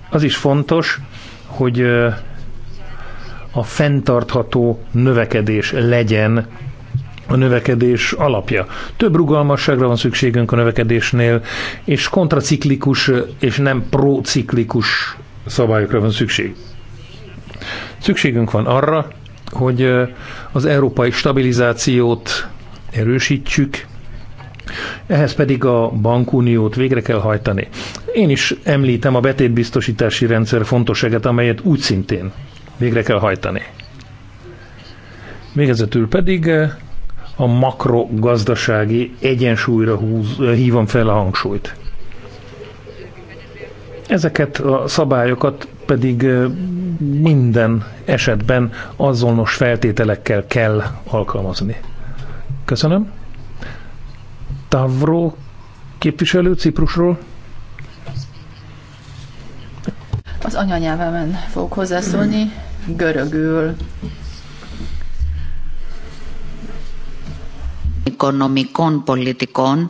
Az is fontos, hogy a fenntartható növekedés legyen a növekedés alapja. Több rugalmasságra van szükségünk a növekedésnél, és kontraciklikus és nem prociklikus szabályokra van szükség. Szükségünk van arra, hogy az európai stabilizációt erősítsük, ehhez pedig a bankuniót végre kell hajtani. Én is említem a betétbiztosítási rendszer fontosságát, amelyet úgy szintén végre kell hajtani. Végezetül pedig eh, a makrogazdasági egyensúlyra húz, eh, hívom fel a hangsúlyt. Ezeket a szabályokat pedig eh, minden esetben azonos feltételekkel kell alkalmazni. Köszönöm. Tavro képviselő Ciprusról. Az anyanyelvemen fogok hozzászólni, görögül. Ekonomikon, politikon,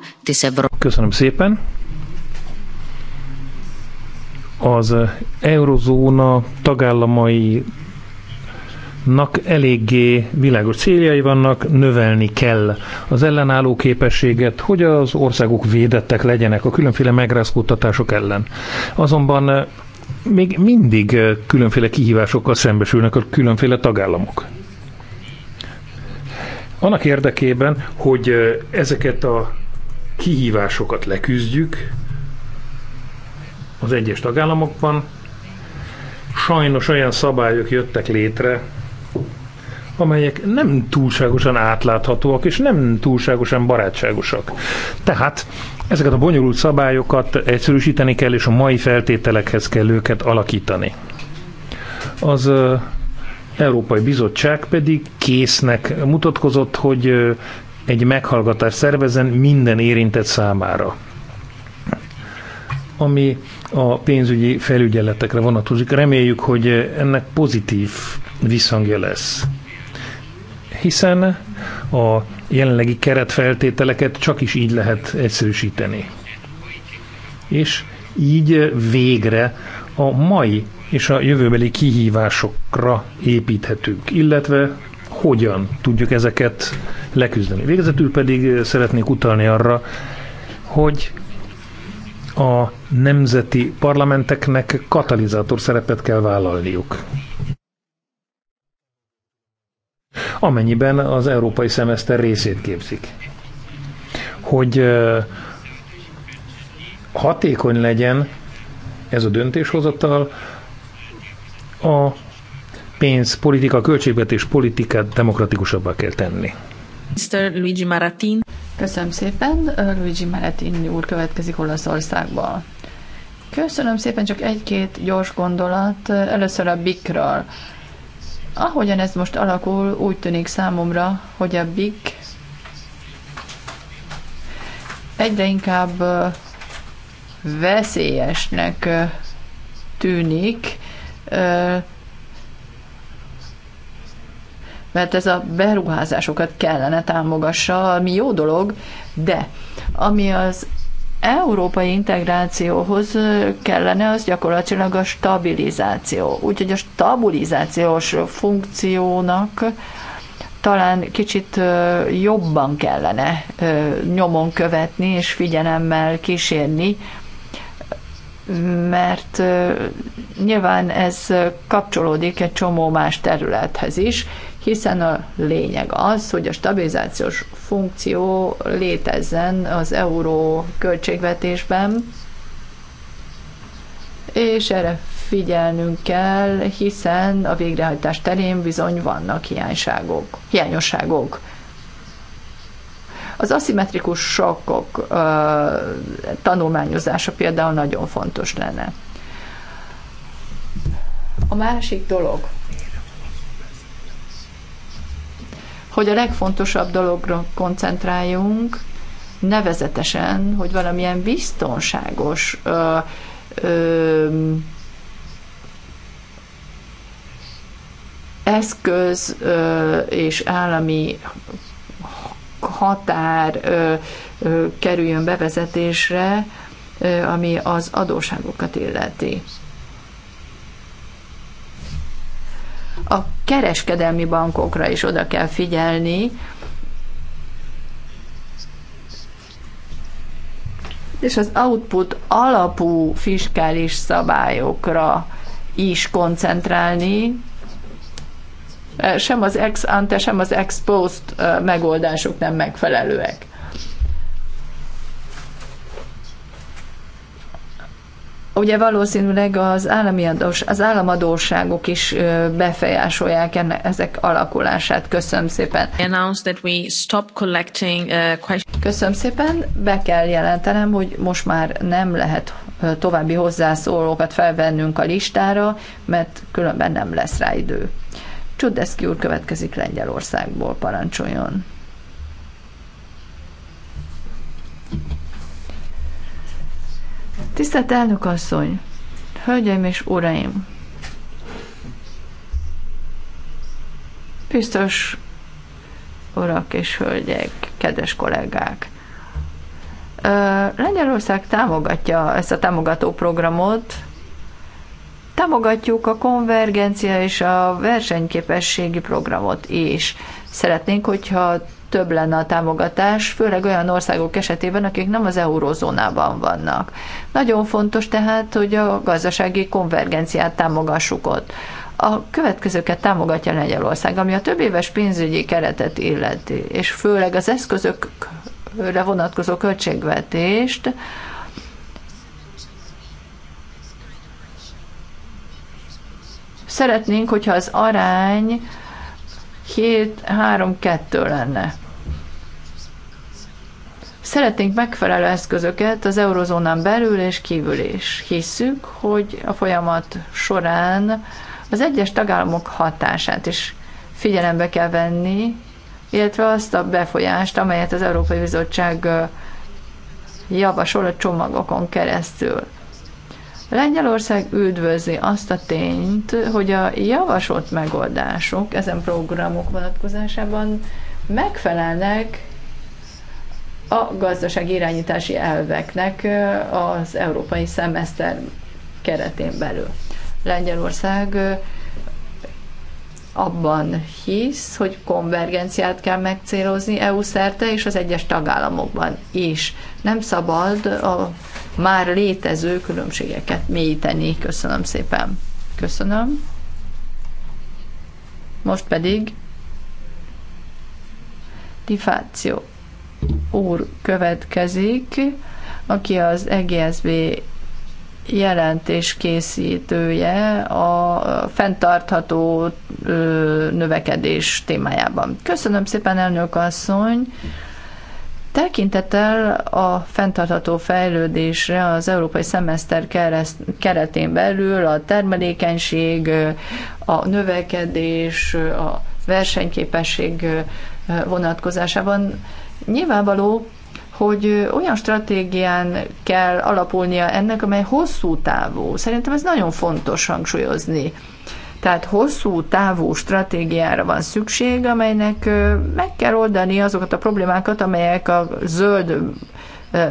Köszönöm szépen. Az eurozóna tagállamai eléggé világos céljai vannak, növelni kell az ellenálló képességet, hogy az országok védettek legyenek a különféle megrázkódtatások ellen. Azonban még mindig különféle kihívásokkal szembesülnek a különféle tagállamok. Annak érdekében, hogy ezeket a kihívásokat leküzdjük az egyes tagállamokban, sajnos olyan szabályok jöttek létre, amelyek nem túlságosan átláthatóak, és nem túlságosan barátságosak. Tehát Ezeket a bonyolult szabályokat egyszerűsíteni kell, és a mai feltételekhez kell őket alakítani. Az Európai Bizottság pedig késznek mutatkozott, hogy egy meghallgatást szervezen minden érintett számára. Ami a pénzügyi felügyeletekre vonatkozik. Reméljük, hogy ennek pozitív visszhangja lesz. Hiszen a jelenlegi keretfeltételeket csak is így lehet egyszerűsíteni. És így végre a mai és a jövőbeli kihívásokra építhetünk, illetve hogyan tudjuk ezeket leküzdeni. Végezetül pedig szeretnék utalni arra, hogy a nemzeti parlamenteknek katalizátor szerepet kell vállalniuk amennyiben az európai szemeszter részét képzik. Hogy hatékony legyen ez a döntéshozatal, a pénzpolitika, költségvetés politikát demokratikusabbá kell tenni. Mr. Luigi Maratin. Köszönöm szépen. Luigi Maratin úr következik Olaszországból. Köszönöm szépen, csak egy-két gyors gondolat. Először a BIK-ről. Ahogyan ez most alakul, úgy tűnik számomra, hogy a BIG egyre inkább veszélyesnek tűnik, mert ez a beruházásokat kellene támogassa, ami jó dolog, de ami az európai integrációhoz kellene az gyakorlatilag a stabilizáció. Úgyhogy a stabilizációs funkciónak talán kicsit jobban kellene nyomon követni és figyelemmel kísérni, mert nyilván ez kapcsolódik egy csomó más területhez is, hiszen a lényeg az, hogy a stabilizációs funkció létezzen az euró költségvetésben, és erre figyelnünk kell, hiszen a végrehajtás terén bizony vannak hiányságok, hiányosságok. Az aszimmetrikus sokkok uh, tanulmányozása például nagyon fontos lenne. A másik dolog, hogy a legfontosabb dologra koncentráljunk, nevezetesen, hogy valamilyen biztonságos ö, ö, eszköz ö, és állami határ ö, ö, kerüljön bevezetésre, ö, ami az adóságokat illeti. a kereskedelmi bankokra is oda kell figyelni, és az output alapú fiskális szabályokra is koncentrálni, sem az ex ante, sem az ex post megoldások nem megfelelőek. ugye valószínűleg az, állami adós, az államadóságok is befolyásolják ezek alakulását. Köszönöm szépen. Uh, Köszönöm szépen. Be kell jelentenem, hogy most már nem lehet további hozzászólókat felvennünk a listára, mert különben nem lesz rá idő. Csudeszki úr következik Lengyelországból, parancsoljon. Tisztelt elnök asszony, hölgyeim és uraim! Biztos urak és hölgyek, kedves kollégák! Lengyelország támogatja ezt a támogató programot. Támogatjuk a konvergencia és a versenyképességi programot is. Szeretnénk, hogyha több lenne a támogatás, főleg olyan országok esetében, akik nem az eurózónában vannak. Nagyon fontos tehát, hogy a gazdasági konvergenciát támogassuk ott. A következőket támogatja Lengyelország, ami a több éves pénzügyi keretet illeti, és főleg az eszközökre vonatkozó költségvetést, Szeretnénk, hogyha az arány 7-3-2 lenne. Szeretnénk megfelelő eszközöket az eurozónán belül és kívül is. hiszük, hogy a folyamat során az egyes tagállamok hatását is figyelembe kell venni, illetve azt a befolyást, amelyet az Európai Bizottság javasol a csomagokon keresztül. Lengyelország üdvözli azt a tényt, hogy a javasolt megoldások ezen programok vonatkozásában megfelelnek a gazdasági irányítási elveknek az európai szemeszter keretén belül. Lengyelország abban hisz, hogy konvergenciát kell megcélozni EU szerte és az egyes tagállamokban is. Nem szabad a már létező különbségeket mélyíteni. Köszönöm szépen. Köszönöm. Most pedig difáció úr következik, aki az EGSB jelentés készítője a fenntartható növekedés témájában. Köszönöm szépen, elnök asszony! Tekintettel a fenntartható fejlődésre az európai szemeszter kereszt, keretén belül a termelékenység, a növekedés, a versenyképesség vonatkozásában Nyilvánvaló, hogy olyan stratégián kell alapulnia ennek, amely hosszú távú. Szerintem ez nagyon fontos hangsúlyozni. Tehát hosszú távú stratégiára van szükség, amelynek meg kell oldani azokat a problémákat, amelyek a zöld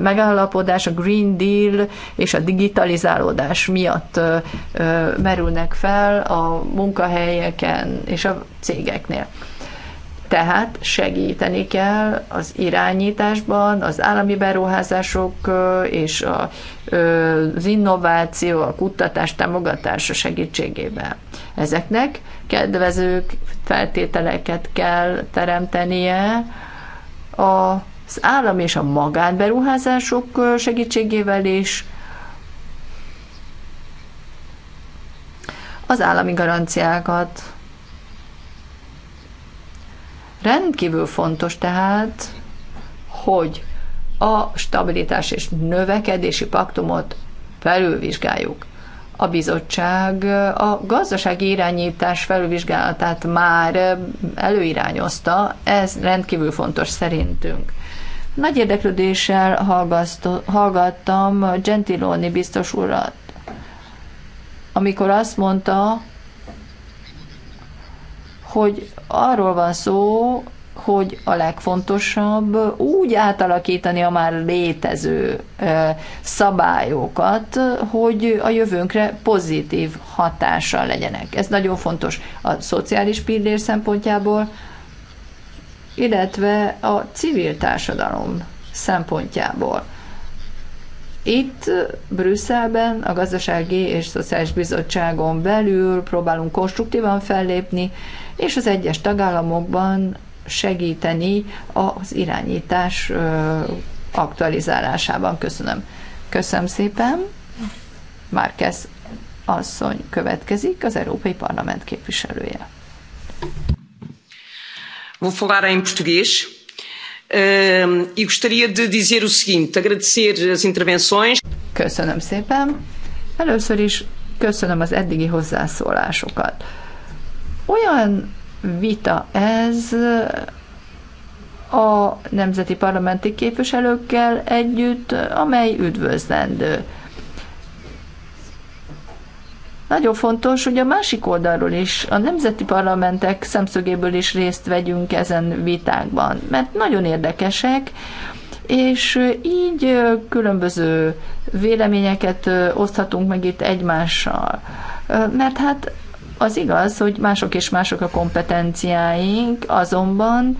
megállapodás, a Green Deal és a digitalizálódás miatt merülnek fel a munkahelyeken és a cégeknél. Tehát segíteni kell az irányításban, az állami beruházások és a, az innováció, a kutatás támogatása segítségével. Ezeknek kedvező feltételeket kell teremtenie az állam és a magánberuházások segítségével is, az állami garanciákat Rendkívül fontos tehát, hogy a stabilitás és növekedési paktumot felülvizsgáljuk. A bizottság a gazdasági irányítás felülvizsgálatát már előirányozta, ez rendkívül fontos szerintünk. Nagy érdeklődéssel hallgattam Gentiloni biztos urat, amikor azt mondta, hogy arról van szó, hogy a legfontosabb úgy átalakítani a már létező szabályokat, hogy a jövőnkre pozitív hatással legyenek. Ez nagyon fontos a szociális pillér szempontjából, illetve a civil társadalom szempontjából. Itt Brüsszelben, a Gazdasági és Szociális Bizottságon belül próbálunk konstruktívan fellépni, és az egyes tagállamokban segíteni az irányítás aktualizálásában. Köszönöm. Köszönöm szépen. Márkez asszony következik, az Európai Parlament képviselője. Vou falar em português uh, e gostaria de dizer o seguinte, agradecer as intervenções. Köszönöm szépen. Először is köszönöm az eddigi hozzászólásokat. Olyan vita ez a nemzeti parlamenti képviselőkkel együtt, amely üdvözlendő. Nagyon fontos, hogy a másik oldalról is, a nemzeti parlamentek szemszögéből is részt vegyünk ezen vitákban, mert nagyon érdekesek, és így különböző véleményeket oszthatunk meg itt egymással. Mert hát az igaz, hogy mások és mások a kompetenciáink, azonban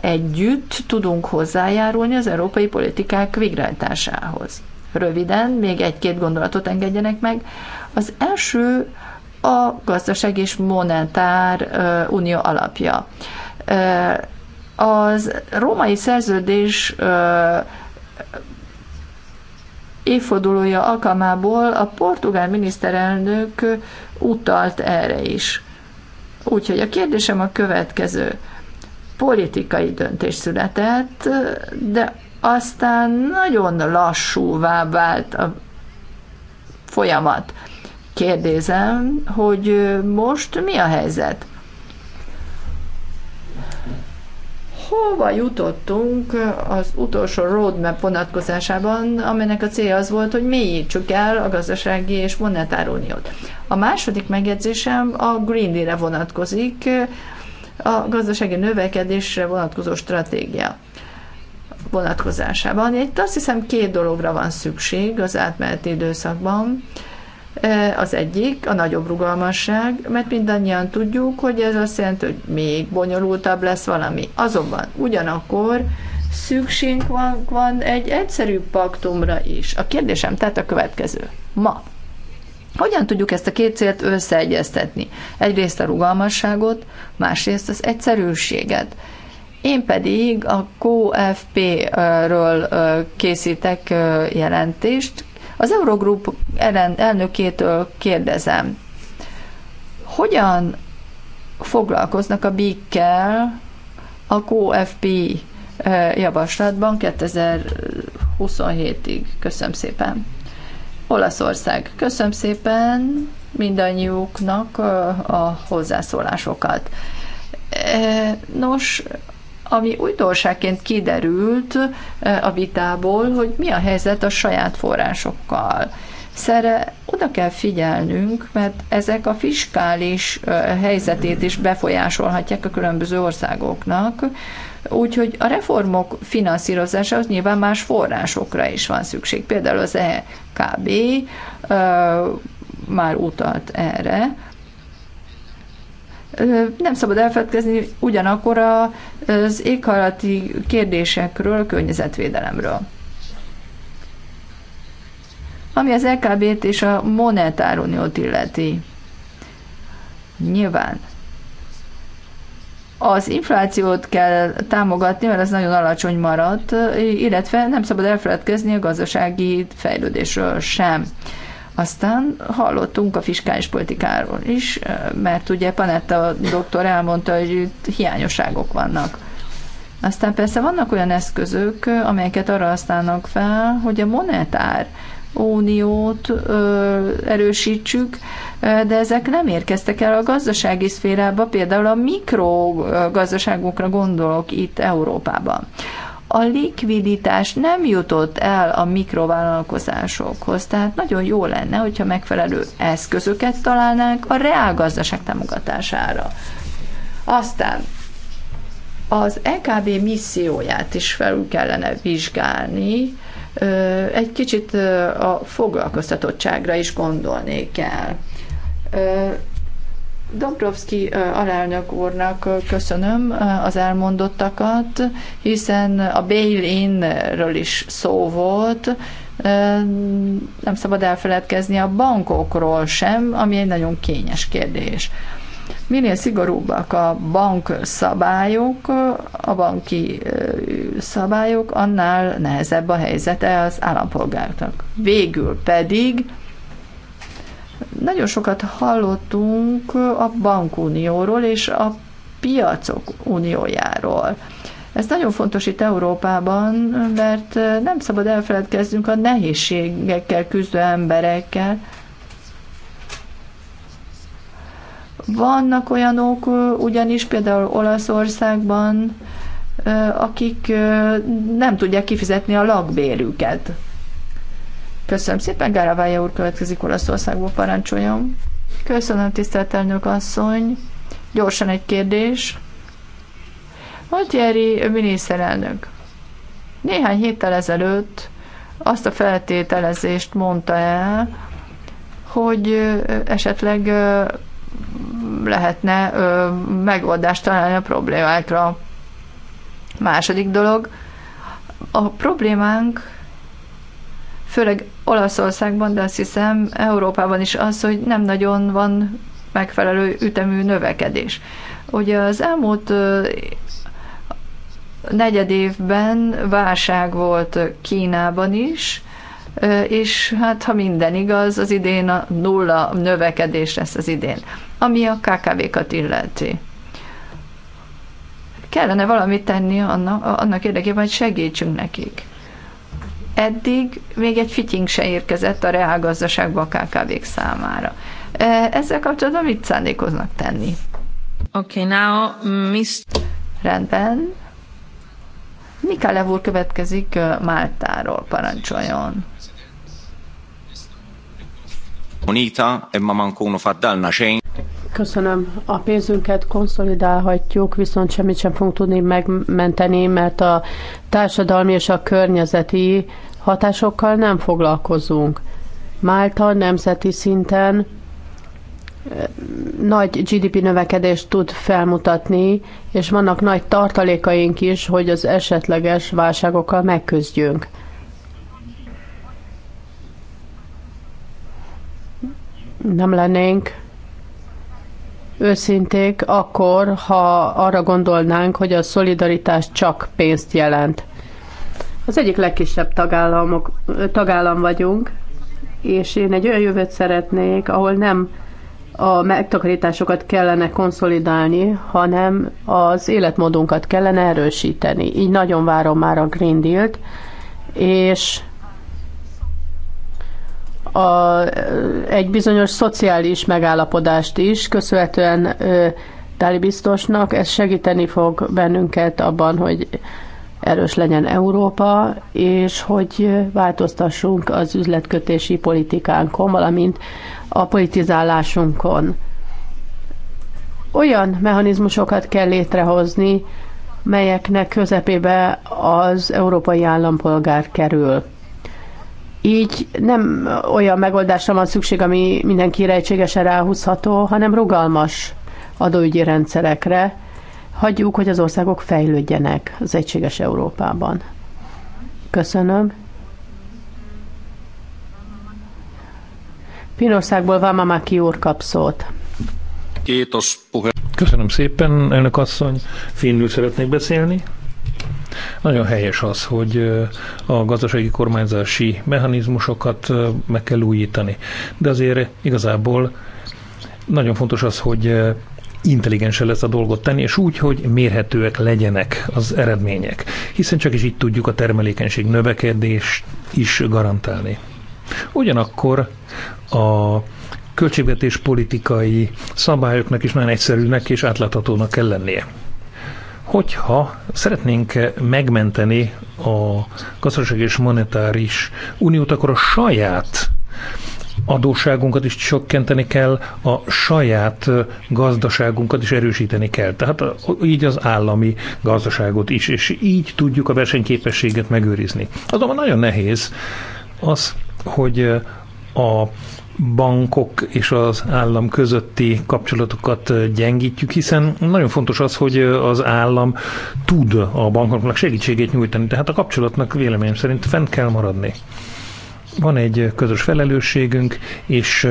együtt tudunk hozzájárulni az európai politikák végrehajtásához. Röviden, még egy-két gondolatot engedjenek meg. Az első a gazdaság és monetár unió alapja. Az római szerződés évfordulója alkalmából a portugál miniszterelnök utalt erre is. Úgyhogy a kérdésem a következő. Politikai döntés született, de aztán nagyon lassúvá vált a folyamat. Kérdezem, hogy most mi a helyzet? hova jutottunk az utolsó roadmap vonatkozásában, amelynek a célja az volt, hogy mélyítsük el a gazdasági és uniót. A második megjegyzésem a Green Deal-re vonatkozik, a gazdasági növekedésre vonatkozó stratégia vonatkozásában. Itt azt hiszem két dologra van szükség az átmeneti időszakban. Az egyik a nagyobb rugalmasság, mert mindannyian tudjuk, hogy ez azt jelenti, hogy még bonyolultabb lesz valami. Azonban ugyanakkor szükség van, van egy egyszerű paktumra is. A kérdésem tehát a következő. Ma hogyan tudjuk ezt a két célt összeegyeztetni? Egyrészt a rugalmasságot, másrészt az egyszerűséget. Én pedig a KFP-ről készítek jelentést, az Eurogroup elnökétől kérdezem, hogyan foglalkoznak a BIK-kel a KFP eh, javaslatban 2027-ig. Köszönöm szépen. Olaszország, köszönöm szépen mindannyiuknak eh, a hozzászólásokat. Eh, nos, ami újdonságként kiderült a vitából, hogy mi a helyzet a saját forrásokkal. Szerre oda kell figyelnünk, mert ezek a fiskális helyzetét is befolyásolhatják a különböző országoknak, úgyhogy a reformok finanszírozása az nyilván más forrásokra is van szükség. Például az EKB már utalt erre, nem szabad elfedkezni ugyanakkor az éghajlati kérdésekről, környezetvédelemről. Ami az LKB-t és a monetáruniót illeti. Nyilván az inflációt kell támogatni, mert ez nagyon alacsony maradt, illetve nem szabad elfeledkezni a gazdasági fejlődésről sem. Aztán hallottunk a fiskális politikáról is, eh, mert ugye Panetta doktor elmondta, hogy itt hiányosságok vannak. Aztán persze vannak olyan eszközök, eh, amelyeket arra használnak fel, hogy a monetár uniót ö, eh, erősítsük, de ezek nem érkeztek el a gazdasági szférába, például a mikrogazdaságokra gondolok itt Európában a likviditás nem jutott el a mikrovállalkozásokhoz. Tehát nagyon jó lenne, hogyha megfelelő eszközöket találnánk a reálgazdaság támogatására. Aztán az EKB misszióját is felül kellene vizsgálni, egy kicsit a foglalkoztatottságra is gondolni kell Dombrovszki alelnök úrnak köszönöm az elmondottakat, hiszen a bail-inről is szó volt, nem szabad elfeledkezni a bankokról sem, ami egy nagyon kényes kérdés. Minél szigorúbbak a bank szabályok, a banki szabályok, annál nehezebb a helyzete az állampolgárnak. Végül pedig nagyon sokat hallottunk a bankunióról és a piacok uniójáról. Ez nagyon fontos itt Európában, mert nem szabad elfeledkeznünk a nehézségekkel küzdő emberekkel. Vannak olyanok, ugyanis például Olaszországban, akik nem tudják kifizetni a lakbérüket. Köszönöm szépen, Gáravája úr következik Olaszországból, parancsoljon. Köszönöm, tisztelt elnök asszony. Gyorsan egy kérdés. Altieri miniszterelnök néhány héttel ezelőtt azt a feltételezést mondta el, hogy esetleg lehetne megoldást találni a problémákra. Második dolog, a problémánk főleg Olaszországban, de azt hiszem Európában is az, hogy nem nagyon van megfelelő ütemű növekedés. Ugye az elmúlt negyed évben válság volt Kínában is, és hát ha minden igaz, az idén a nulla növekedés lesz az idén, ami a KKV-kat illeti. Kellene valamit tenni annak, annak érdekében, hogy segítsünk nekik eddig még egy fityink se érkezett a reálgazdaságba a KKV-k számára. Ezzel kapcsolatban mit szándékoznak tenni? Oké, okay, now, Miss... Rendben. Mika Levúr következik Máltáról, parancsoljon. Monita, e ma manco uno fa dal nascente. Köszönöm. A pénzünket konszolidálhatjuk, viszont semmit sem fogunk tudni megmenteni, mert a társadalmi és a környezeti hatásokkal nem foglalkozunk. Málta nemzeti szinten eh, nagy GDP növekedést tud felmutatni, és vannak nagy tartalékaink is, hogy az esetleges válságokkal megküzdjünk. Nem lennénk őszinték akkor, ha arra gondolnánk, hogy a szolidaritás csak pénzt jelent. Az egyik legkisebb tagállamok, tagállam vagyunk, és én egy olyan jövőt szeretnék, ahol nem a megtakarításokat kellene konszolidálni, hanem az életmódunkat kellene erősíteni. Így nagyon várom már a Green Deal-t, és a, egy bizonyos szociális megállapodást is, köszönhetően Dáli biztosnak, ez segíteni fog bennünket abban, hogy erős legyen Európa, és hogy változtassunk az üzletkötési politikánkon, valamint a politizálásunkon. Olyan mechanizmusokat kell létrehozni, melyeknek közepébe az európai állampolgár kerül. Így nem olyan megoldásra van szükség, ami mindenki rejtségesen ráhúzható, hanem rugalmas adóügyi rendszerekre. Hagyjuk, hogy az országok fejlődjenek az egységes Európában. Köszönöm. Finországból Vamamaki úr kap szót. Köszönöm szépen, elnök asszony. Finnül szeretnék beszélni. Nagyon helyes az, hogy a gazdasági kormányzási mechanizmusokat meg kell újítani. De azért igazából nagyon fontos az, hogy intelligensen lesz a dolgot tenni, és úgy, hogy mérhetőek legyenek az eredmények. Hiszen csak is így tudjuk a termelékenység növekedést is garantálni. Ugyanakkor a költségvetés politikai szabályoknak is nagyon egyszerűnek és átláthatónak kell lennie. Hogyha szeretnénk megmenteni a gazdaság és monetáris uniót, akkor a saját adósságunkat is csökkenteni kell, a saját gazdaságunkat is erősíteni kell. Tehát így az állami gazdaságot is, és így tudjuk a versenyképességet megőrizni. Azonban nagyon nehéz az, hogy a bankok és az állam közötti kapcsolatokat gyengítjük, hiszen nagyon fontos az, hogy az állam tud a bankoknak segítségét nyújtani, tehát a kapcsolatnak véleményem szerint fent kell maradni. Van egy közös felelősségünk, és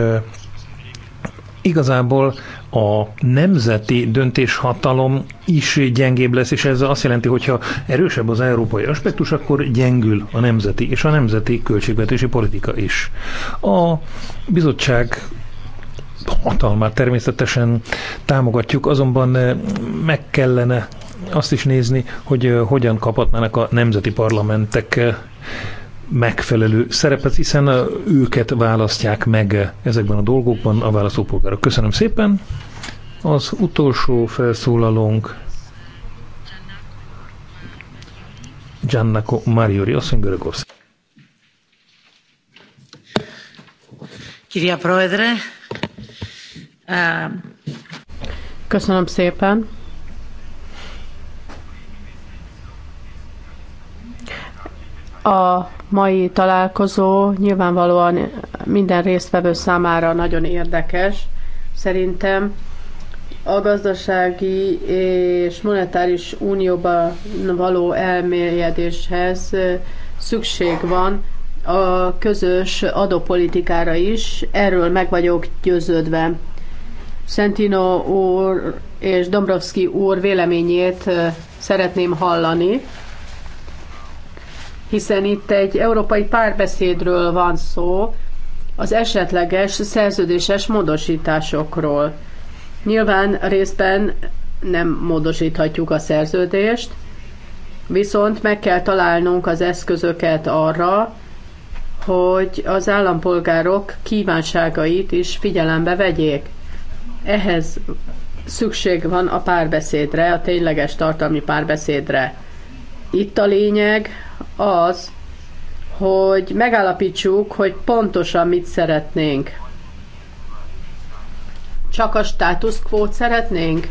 igazából a nemzeti döntéshatalom is gyengébb lesz, és ez azt jelenti, hogyha erősebb az európai aspektus, akkor gyengül a nemzeti és a nemzeti költségvetési politika is. A bizottság hatalmát természetesen támogatjuk, azonban eh, meg kellene azt is nézni, hogy eh, hogyan kaphatnának a nemzeti parlamentek eh, megfelelő szerepet, hiszen őket választják meg ezekben a dolgokban a választópolgárok. Köszönöm szépen! Az utolsó felszólalónk Giannako Mariori, mondja, Görögország. Kiria Proedre. Köszönöm szépen. A mai találkozó nyilvánvalóan minden résztvevő számára nagyon érdekes. Szerintem a gazdasági és monetáris unióban való elmélyedéshez szükség van a közös adópolitikára is, erről meg vagyok győződve. Szentino úr és Dombrovski úr véleményét szeretném hallani hiszen itt egy európai párbeszédről van szó, az esetleges szerződéses módosításokról. Nyilván részben nem módosíthatjuk a szerződést, viszont meg kell találnunk az eszközöket arra, hogy az állampolgárok kívánságait is figyelembe vegyék. Ehhez szükség van a párbeszédre, a tényleges tartalmi párbeszédre. Itt a lényeg, az, hogy megállapítsuk, hogy pontosan mit szeretnénk. Csak a status quo-t szeretnénk?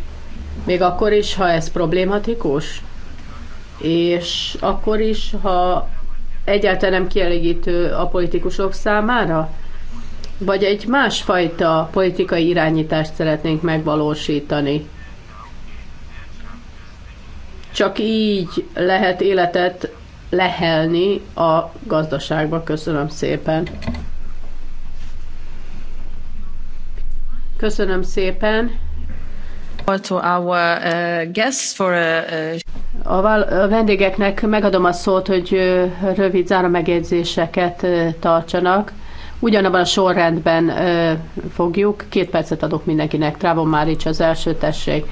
Még akkor is, ha ez problématikus? És akkor is, ha egyáltalán nem kielégítő a politikusok számára? Vagy egy másfajta politikai irányítást szeretnénk megvalósítani? Csak így lehet életet lehelni a gazdaságba. Köszönöm szépen. Köszönöm szépen. To our uh, guests for uh, uh, a, a vendégeknek megadom a szót, hogy rövid zára megjegyzéseket tartsanak. Ugyanabban a sorrendben fogjuk. Két percet adok mindenkinek. Trávon Márics az első tessék.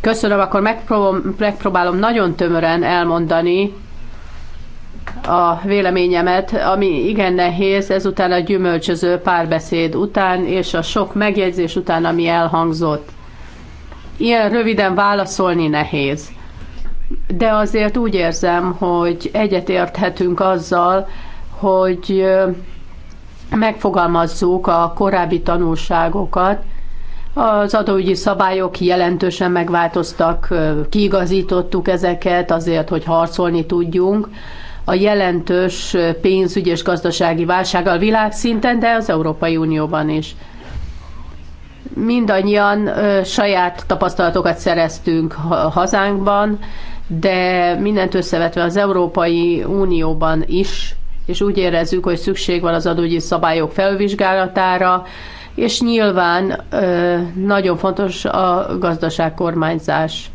Köszönöm, akkor megpróbálom, megpróbálom nagyon tömören elmondani, a véleményemet, ami igen nehéz, ezután a gyümölcsöző párbeszéd után, és a sok megjegyzés után, ami elhangzott. Ilyen röviden válaszolni nehéz. De azért úgy érzem, hogy egyetérthetünk azzal, hogy megfogalmazzuk a korábbi tanulságokat. Az adóügyi szabályok jelentősen megváltoztak, kiigazítottuk ezeket azért, hogy harcolni tudjunk a jelentős pénzügyi és gazdasági válsággal világszinten, de az Európai Unióban is. Mindannyian saját tapasztalatokat szereztünk hazánkban, de mindent összevetve az Európai Unióban is, és úgy érezzük, hogy szükség van az adógyi szabályok felvizsgálatára, és nyilván nagyon fontos a gazdaságkormányzás.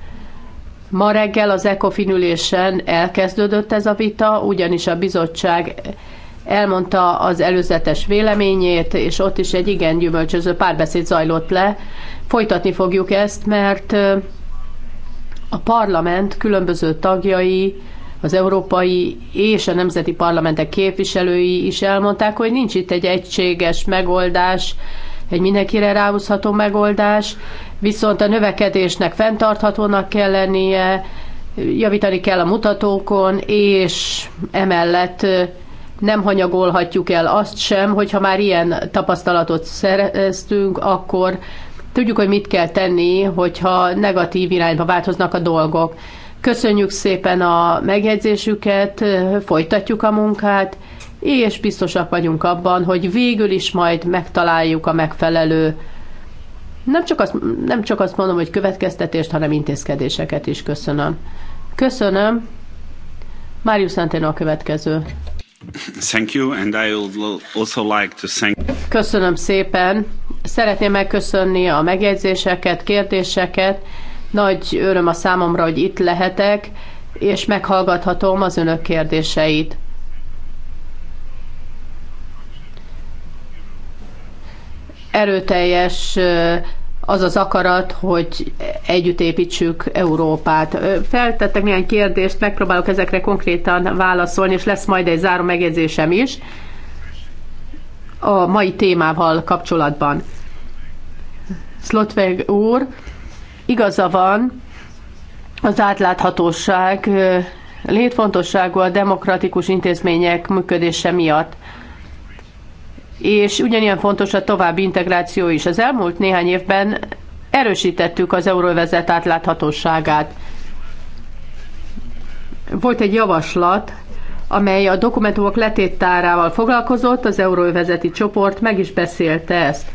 Ma reggel az ECOFIN ülésen elkezdődött ez a vita, ugyanis a bizottság elmondta az előzetes véleményét, és ott is egy igen gyümölcsöző párbeszéd zajlott le. Folytatni fogjuk ezt, mert a parlament különböző tagjai, az európai és a nemzeti parlamentek képviselői is elmondták, hogy nincs itt egy egységes megoldás, egy mindenkire ráhúzható megoldás, viszont a növekedésnek fenntarthatónak kell lennie, javítani kell a mutatókon, és emellett nem hanyagolhatjuk el azt sem, hogyha már ilyen tapasztalatot szereztünk, akkor tudjuk, hogy mit kell tenni, hogyha negatív irányba változnak a dolgok. Köszönjük szépen a megjegyzésüket, folytatjuk a munkát, és biztosak vagyunk abban, hogy végül is majd megtaláljuk a megfelelő nem csak, azt, nem csak azt mondom, hogy következtetést, hanem intézkedéseket is köszönöm. Köszönöm. Máriusz Szentén a következő. Thank you, and I would also like to thank... Köszönöm szépen. Szeretném megköszönni a megjegyzéseket, kérdéseket. Nagy öröm a számomra, hogy itt lehetek, és meghallgathatom az önök kérdéseit. erőteljes az az akarat, hogy együtt építsük Európát. Feltettek néhány kérdést, megpróbálok ezekre konkrétan válaszolni, és lesz majd egy záró megjegyzésem is a mai témával kapcsolatban. Slotveg úr, igaza van, az átláthatóság létfontosságú a demokratikus intézmények működése miatt és ugyanilyen fontos a további integráció is. Az elmúlt néhány évben erősítettük az euróvezet átláthatóságát. Volt egy javaslat, amely a dokumentumok letéttárával foglalkozott, az euróvezeti csoport meg is beszélte ezt.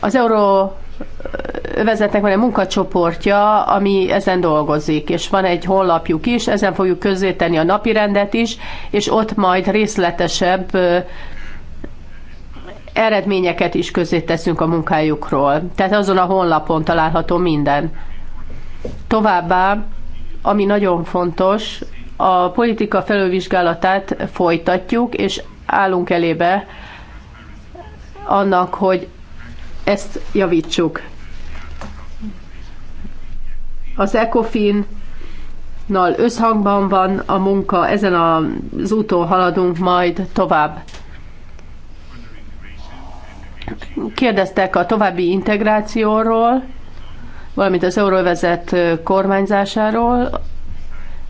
Az euró vezetnek van egy munkacsoportja, ami ezen dolgozik, és van egy honlapjuk is, ezen fogjuk közzétenni a napi rendet is, és ott majd részletesebb eredményeket is közé teszünk a munkájukról. Tehát azon a honlapon található minden. Továbbá, ami nagyon fontos, a politika felülvizsgálatát folytatjuk, és állunk elébe annak, hogy ezt javítsuk. Az ECOFIN összhangban van a munka, ezen az úton haladunk majd tovább. Kérdeztek a további integrációról, valamint az euróvezet kormányzásáról.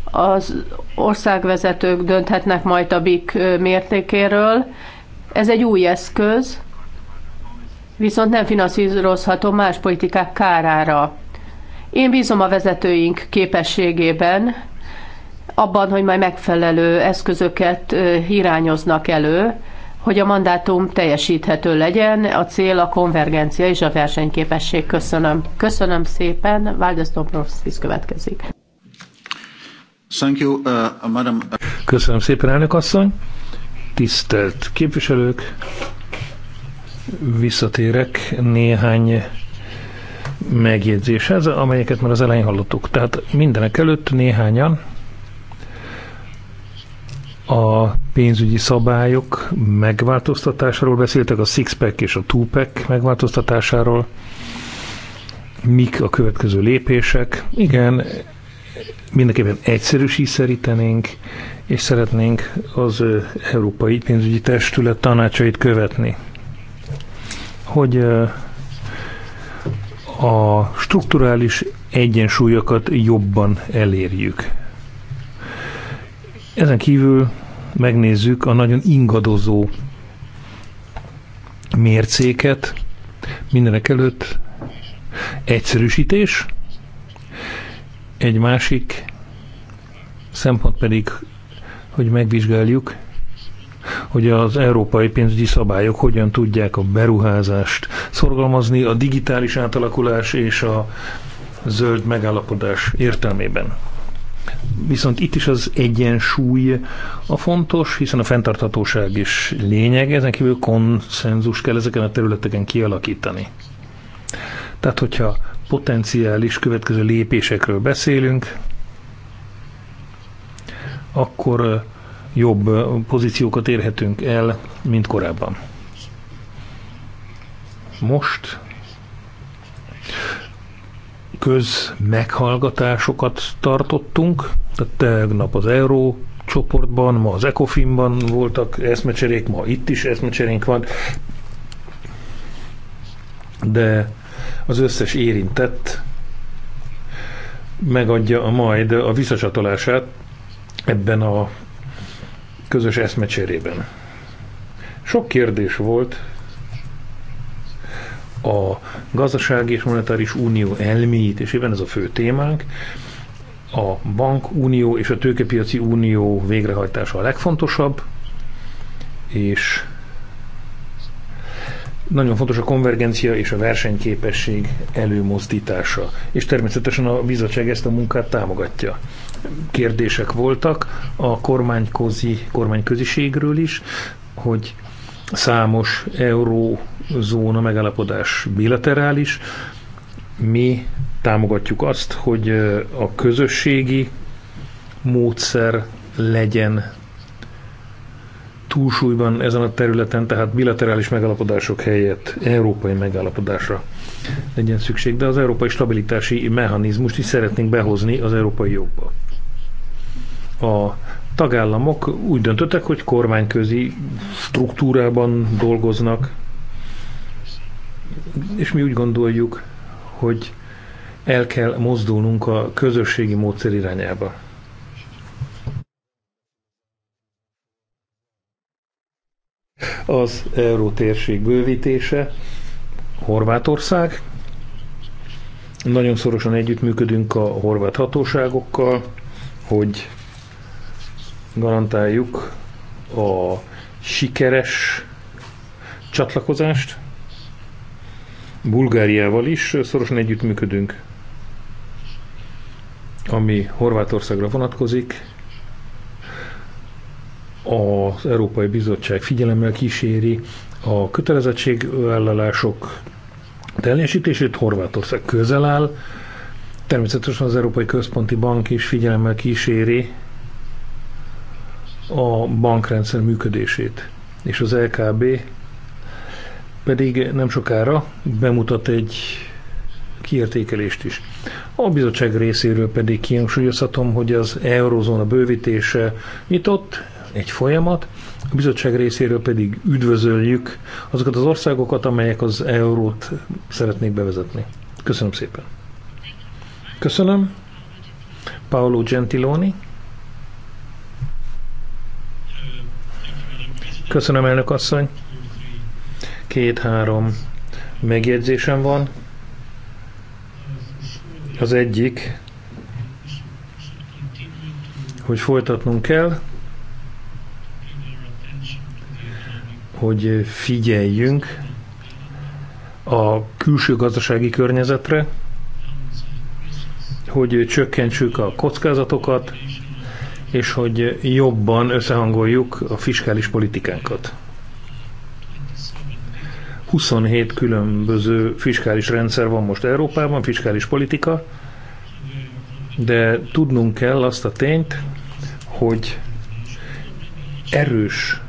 Az országvezetők dönthetnek majd a BIK mértékéről. Ez egy új eszköz, viszont nem finanszírozható más politikák kárára. Én bízom a vezetőink képességében, abban, hogy majd megfelelő eszközöket irányoznak elő, hogy a mandátum teljesíthető legyen, a cél a konvergencia és a versenyképesség. Köszönöm. Köszönöm szépen, Váldes Dombrovskis következik. Thank you, uh, madam. Köszönöm szépen, elnök asszony. Tisztelt képviselők, visszatérek néhány megjegyzéshez, amelyeket már az elején hallottuk. Tehát mindenek előtt néhányan a pénzügyi szabályok megváltoztatásáról beszéltek, a six-pack és a two-pack megváltoztatásáról. Mik a következő lépések? Igen, mindenképpen egyszerűsítenénk, és szeretnénk az Európai Pénzügyi Testület tanácsait követni. Hogy a strukturális egyensúlyokat jobban elérjük. Ezen kívül megnézzük a nagyon ingadozó mércéket. Mindenek előtt egyszerűsítés, egy másik szempont pedig, hogy megvizsgáljuk, hogy az európai pénzügyi szabályok hogyan tudják a beruházást szorgalmazni a digitális átalakulás és a zöld megállapodás értelmében. Viszont itt is az egyensúly a fontos, hiszen a fenntarthatóság is lényeg, ezen kívül konszenzus kell ezeken a területeken kialakítani. Tehát, hogyha potenciális következő lépésekről beszélünk, akkor jobb pozíciókat érhetünk el, mint korábban. Most közmeghallgatásokat tartottunk, tehát tegnap az Euró csoportban, ma az Ecofinban voltak eszmecserék, ma itt is eszmecserénk van, de az összes érintett megadja majd a visszacsatolását ebben a közös eszmecserében. Sok kérdés volt, a gazdasági és monetáris unió és éppen ez a fő témánk, a bankunió és a tőkepiaci unió végrehajtása a legfontosabb, és nagyon fontos a konvergencia és a versenyképesség előmozdítása. És természetesen a bizottság ezt a munkát támogatja. Kérdések voltak a kormányközi, kormányköziségről is, hogy számos euró zóna megállapodás bilaterális. Mi támogatjuk azt, hogy a közösségi módszer legyen túlsúlyban ezen a területen, tehát bilaterális megállapodások helyett európai megállapodásra legyen szükség, de az európai stabilitási mechanizmust is szeretnénk behozni az európai jogba. A tagállamok úgy döntöttek, hogy kormányközi struktúrában dolgoznak, és mi úgy gondoljuk, hogy el kell mozdulnunk a közösségi módszer irányába. Az euró térség bővítése, Horvátország, nagyon szorosan együttműködünk a horvát hatóságokkal, hogy garantáljuk a sikeres csatlakozást, Bulgáriával is szorosan együttműködünk, ami Horvátországra vonatkozik. Az Európai Bizottság figyelemmel kíséri a kötelezettségvállalások teljesítését. Horvátország közel áll, Természetesen az Európai Központi Bank is figyelemmel kíséri a bankrendszer működését, és az LKB pedig nem sokára bemutat egy kiértékelést is. A bizottság részéről pedig kihangsúlyozhatom, hogy az eurozóna bővítése nyitott, egy folyamat, a bizottság részéről pedig üdvözöljük azokat az országokat, amelyek az eurót szeretnék bevezetni. Köszönöm szépen. Köszönöm. Paolo Gentiloni. Köszönöm, elnök asszony. Két-három megjegyzésem van. Az egyik, hogy folytatnunk kell, hogy figyeljünk a külső gazdasági környezetre, hogy csökkentsük a kockázatokat, és hogy jobban összehangoljuk a fiskális politikánkat. 27 különböző fiskális rendszer van most Európában, fiskális politika, de tudnunk kell azt a tényt, hogy erős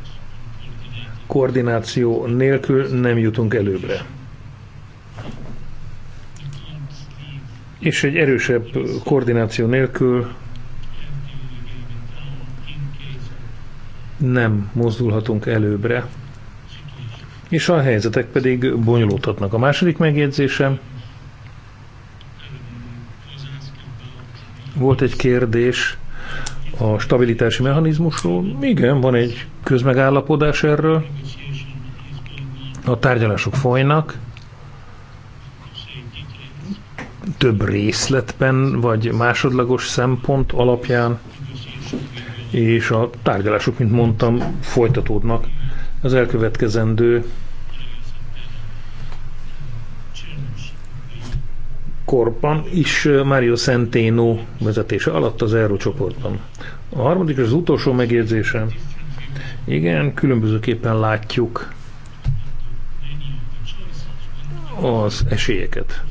koordináció nélkül nem jutunk előbbre. És egy erősebb koordináció nélkül nem mozdulhatunk előbbre és a helyzetek pedig bonyolódhatnak. A második megjegyzésem, volt egy kérdés a stabilitási mechanizmusról. Igen, van egy közmegállapodás erről. A tárgyalások folynak. Több részletben, vagy másodlagos szempont alapján. És a tárgyalások, mint mondtam, folytatódnak az elkövetkezendő korban is Mario Centeno vezetése alatt az csoportban. A harmadik és az utolsó megjegyzése. Igen, különbözőképpen látjuk az esélyeket.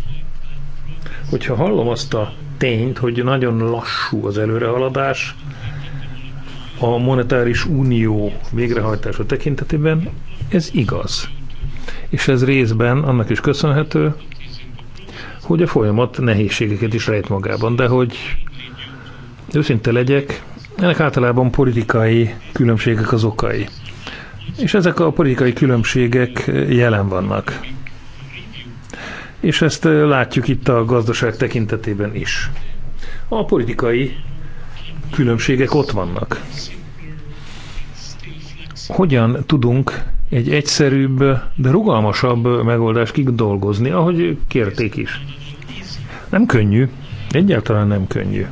Hogyha hallom azt a tényt, hogy nagyon lassú az előrehaladás a monetáris unió végrehajtása tekintetében, ez igaz. És ez részben annak is köszönhető, hogy a folyamat nehézségeket is rejt magában, de hogy őszinte legyek, ennek általában politikai különbségek az okai. És ezek a politikai különbségek jelen vannak. És ezt látjuk itt a gazdaság tekintetében is. A politikai különbségek ott vannak. Hogyan tudunk egy egyszerűbb, de rugalmasabb megoldást kidolgozni, ahogy kérték is. Nem könnyű, egyáltalán nem könnyű.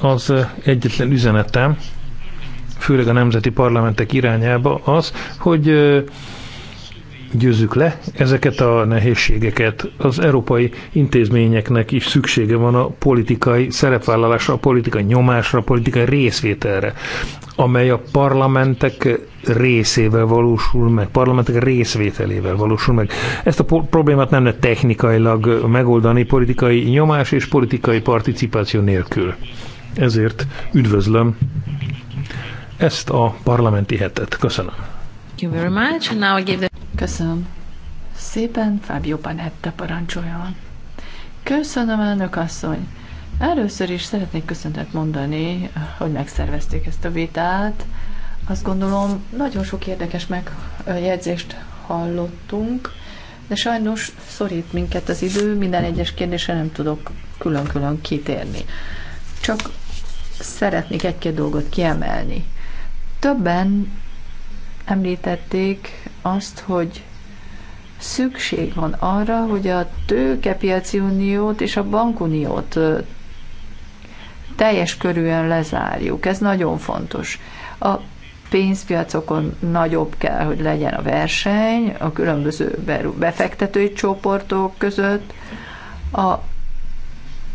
Az egyetlen üzenetem, főleg a nemzeti parlamentek irányába az, hogy győzzük le ezeket a nehézségeket. Az európai intézményeknek is szüksége van a politikai szerepvállalásra, a politikai nyomásra, a politikai részvételre, amely a parlamentek részével valósul meg, parlamentek részvételével valósul meg. Ezt a problémát nem lehet technikailag megoldani politikai nyomás és politikai participáció nélkül. Ezért üdvözlöm ezt a parlamenti hetet. Köszönöm. Thank you very much. Now I give the Köszönöm szépen, Fábio Panetta parancsoljon. Köszönöm, elnök asszony. Először is szeretnék köszöntet mondani, hogy megszervezték ezt a vitát. Azt gondolom, nagyon sok érdekes megjegyzést hallottunk, de sajnos szorít minket az idő, minden egyes kérdésre nem tudok külön-külön kitérni. Csak szeretnék egy-két dolgot kiemelni. Többen említették azt, hogy szükség van arra, hogy a tőkepiaci uniót és a bankuniót teljes körűen lezárjuk. Ez nagyon fontos. A pénzpiacokon nagyobb kell, hogy legyen a verseny a különböző befektetői csoportok között. A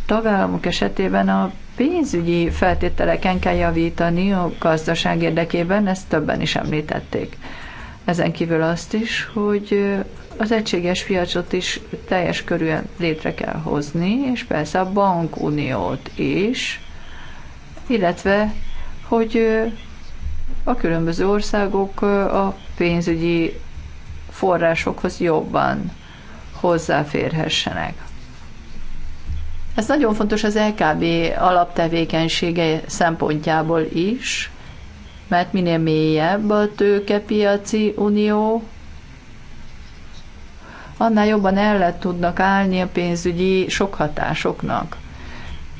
tagállamok esetében a pénzügyi feltételeken kell javítani a gazdaság érdekében, ezt többen is említették. Ezen kívül azt is, hogy az egységes piacot is teljes körűen létre kell hozni, és persze a bankuniót is, illetve, hogy a különböző országok a pénzügyi forrásokhoz jobban hozzáférhessenek. Ez nagyon fontos az LKB alaptevékenysége szempontjából is, mert minél mélyebb a tőkepiaci unió, annál jobban ellet tudnak állni a pénzügyi sokhatásoknak.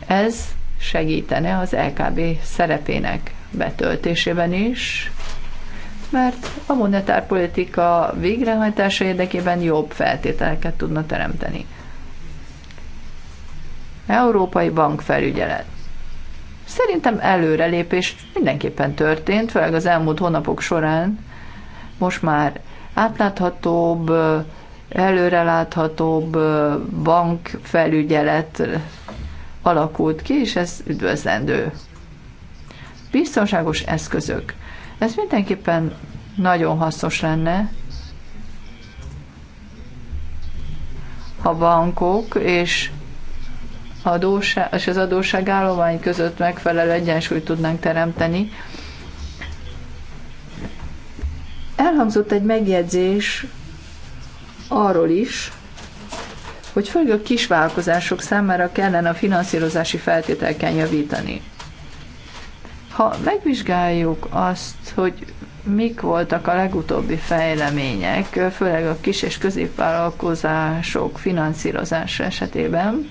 Ez segítene az LKB szerepének betöltésében is, mert a monetárpolitika végrehajtása érdekében jobb feltételeket tudna teremteni. Európai Bankfelügyelet. Szerintem előrelépés mindenképpen történt, főleg az elmúlt hónapok során. Most már átláthatóbb, előreláthatóbb bankfelügyelet alakult ki, és ez üdvözlendő. Biztonságos eszközök. Ez mindenképpen nagyon hasznos lenne, ha bankok és adóság, és az adósságállomány között megfelelő egyensúlyt tudnánk teremteni. Elhangzott egy megjegyzés arról is, hogy főleg a kisvállalkozások számára kellene a finanszírozási feltételeken javítani. Ha megvizsgáljuk azt, hogy mik voltak a legutóbbi fejlemények, főleg a kis és középvállalkozások finanszírozása esetében,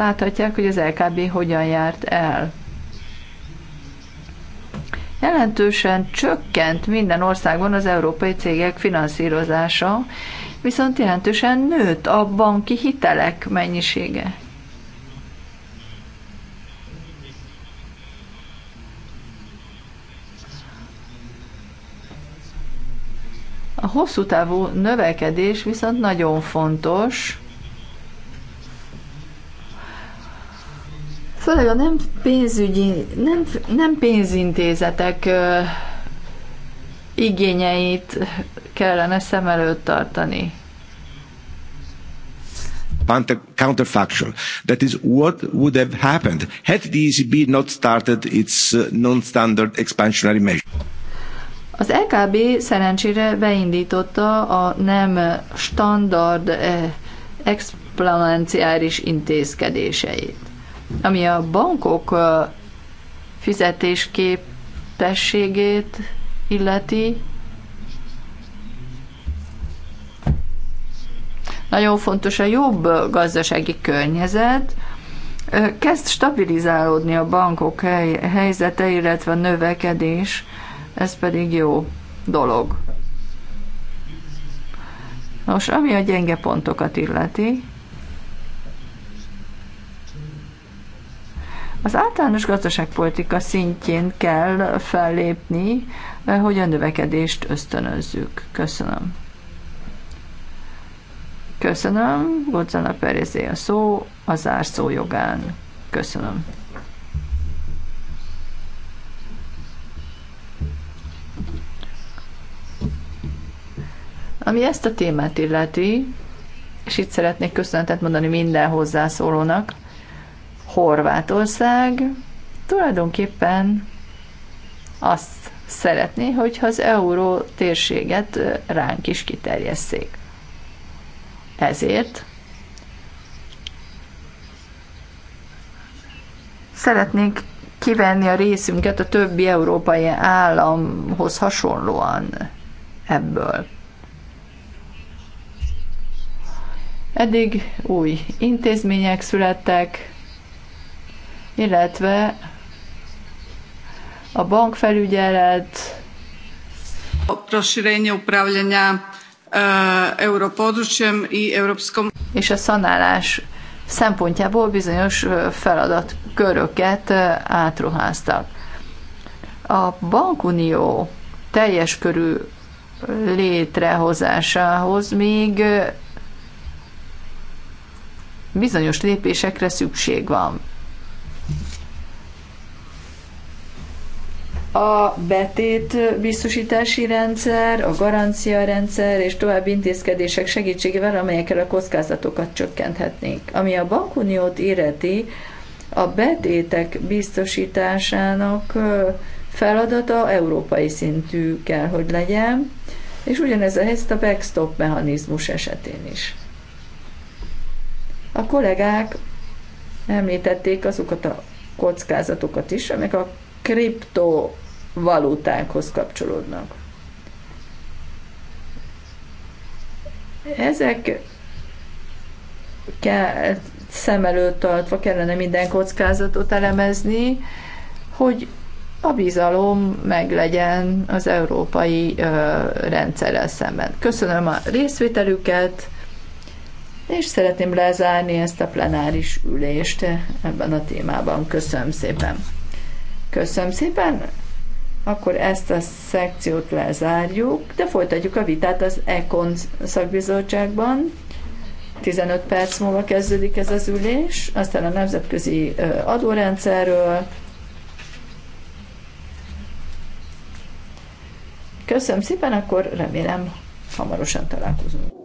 Láthatják, hogy az LKB hogyan járt el. Jelentősen csökkent minden országban az európai cégek finanszírozása, viszont jelentősen nőtt a banki hitelek mennyisége. A hosszú távú növekedés viszont nagyon fontos, főleg a nem pénzügyi, nem, nem pénzintézetek ö, igényeit kellene szem előtt tartani. Counterfactual. That is what would have happened had the ECB not started its uh, non-standard expansionary measure. Az EKB szerencsére beindította a nem standard eh, exponenciális intézkedéseit. Ami a bankok fizetésképességét illeti, nagyon fontos a jobb gazdasági környezet, kezd stabilizálódni a bankok hely, helyzete, illetve a növekedés, ez pedig jó dolog. Nos, ami a gyenge pontokat illeti, Az általános gazdaságpolitika szintjén kell fellépni, eh, hogy a növekedést ösztönözzük. Köszönöm. Köszönöm, Godzana Perezé a szó, a zárszó jogán. Köszönöm. Ami ezt a témát illeti, és itt szeretnék köszönetet mondani minden hozzászólónak, Horvátország tulajdonképpen azt szeretné, hogyha az euró térséget ránk is kiterjesszék. Ezért szeretnénk kivenni a részünket a többi európai államhoz hasonlóan ebből. Eddig új intézmények születtek, illetve a bankfelügyelet, proširenje upravljanja e, europodručjem i europskom és a szanálás szempontjából bizonyos e, feladatköröket e, átruháztak. A bankunió teljes körű létrehozásához még bizonyos lépésekre szükség van. a betét biztosítási rendszer, a garancia rendszer és további intézkedések segítségével, amelyekkel a kockázatokat csökkenthetnék. Ami a bankuniót illeti, a betétek biztosításának feladata európai szintű kell, hogy legyen, és ugyanez a helyzet a backstop mechanizmus esetén is. A kollégák említették azokat a kockázatokat is, amik a kriptovalutákhoz kapcsolódnak. Ezek kell, szem előtt tartva kellene minden kockázatot elemezni, hogy a bizalom legyen az európai ö, rendszerrel szemben. Köszönöm a részvételüket, és szeretném lezárni ezt a plenáris ülést ebben a témában. Köszönöm szépen! Köszönöm szépen! Akkor ezt a szekciót lezárjuk, de folytatjuk a vitát az ECON szakbizottságban. 15 perc múlva kezdődik ez az ülés, aztán a nemzetközi adórendszerről. Köszönöm szépen, akkor remélem hamarosan találkozunk.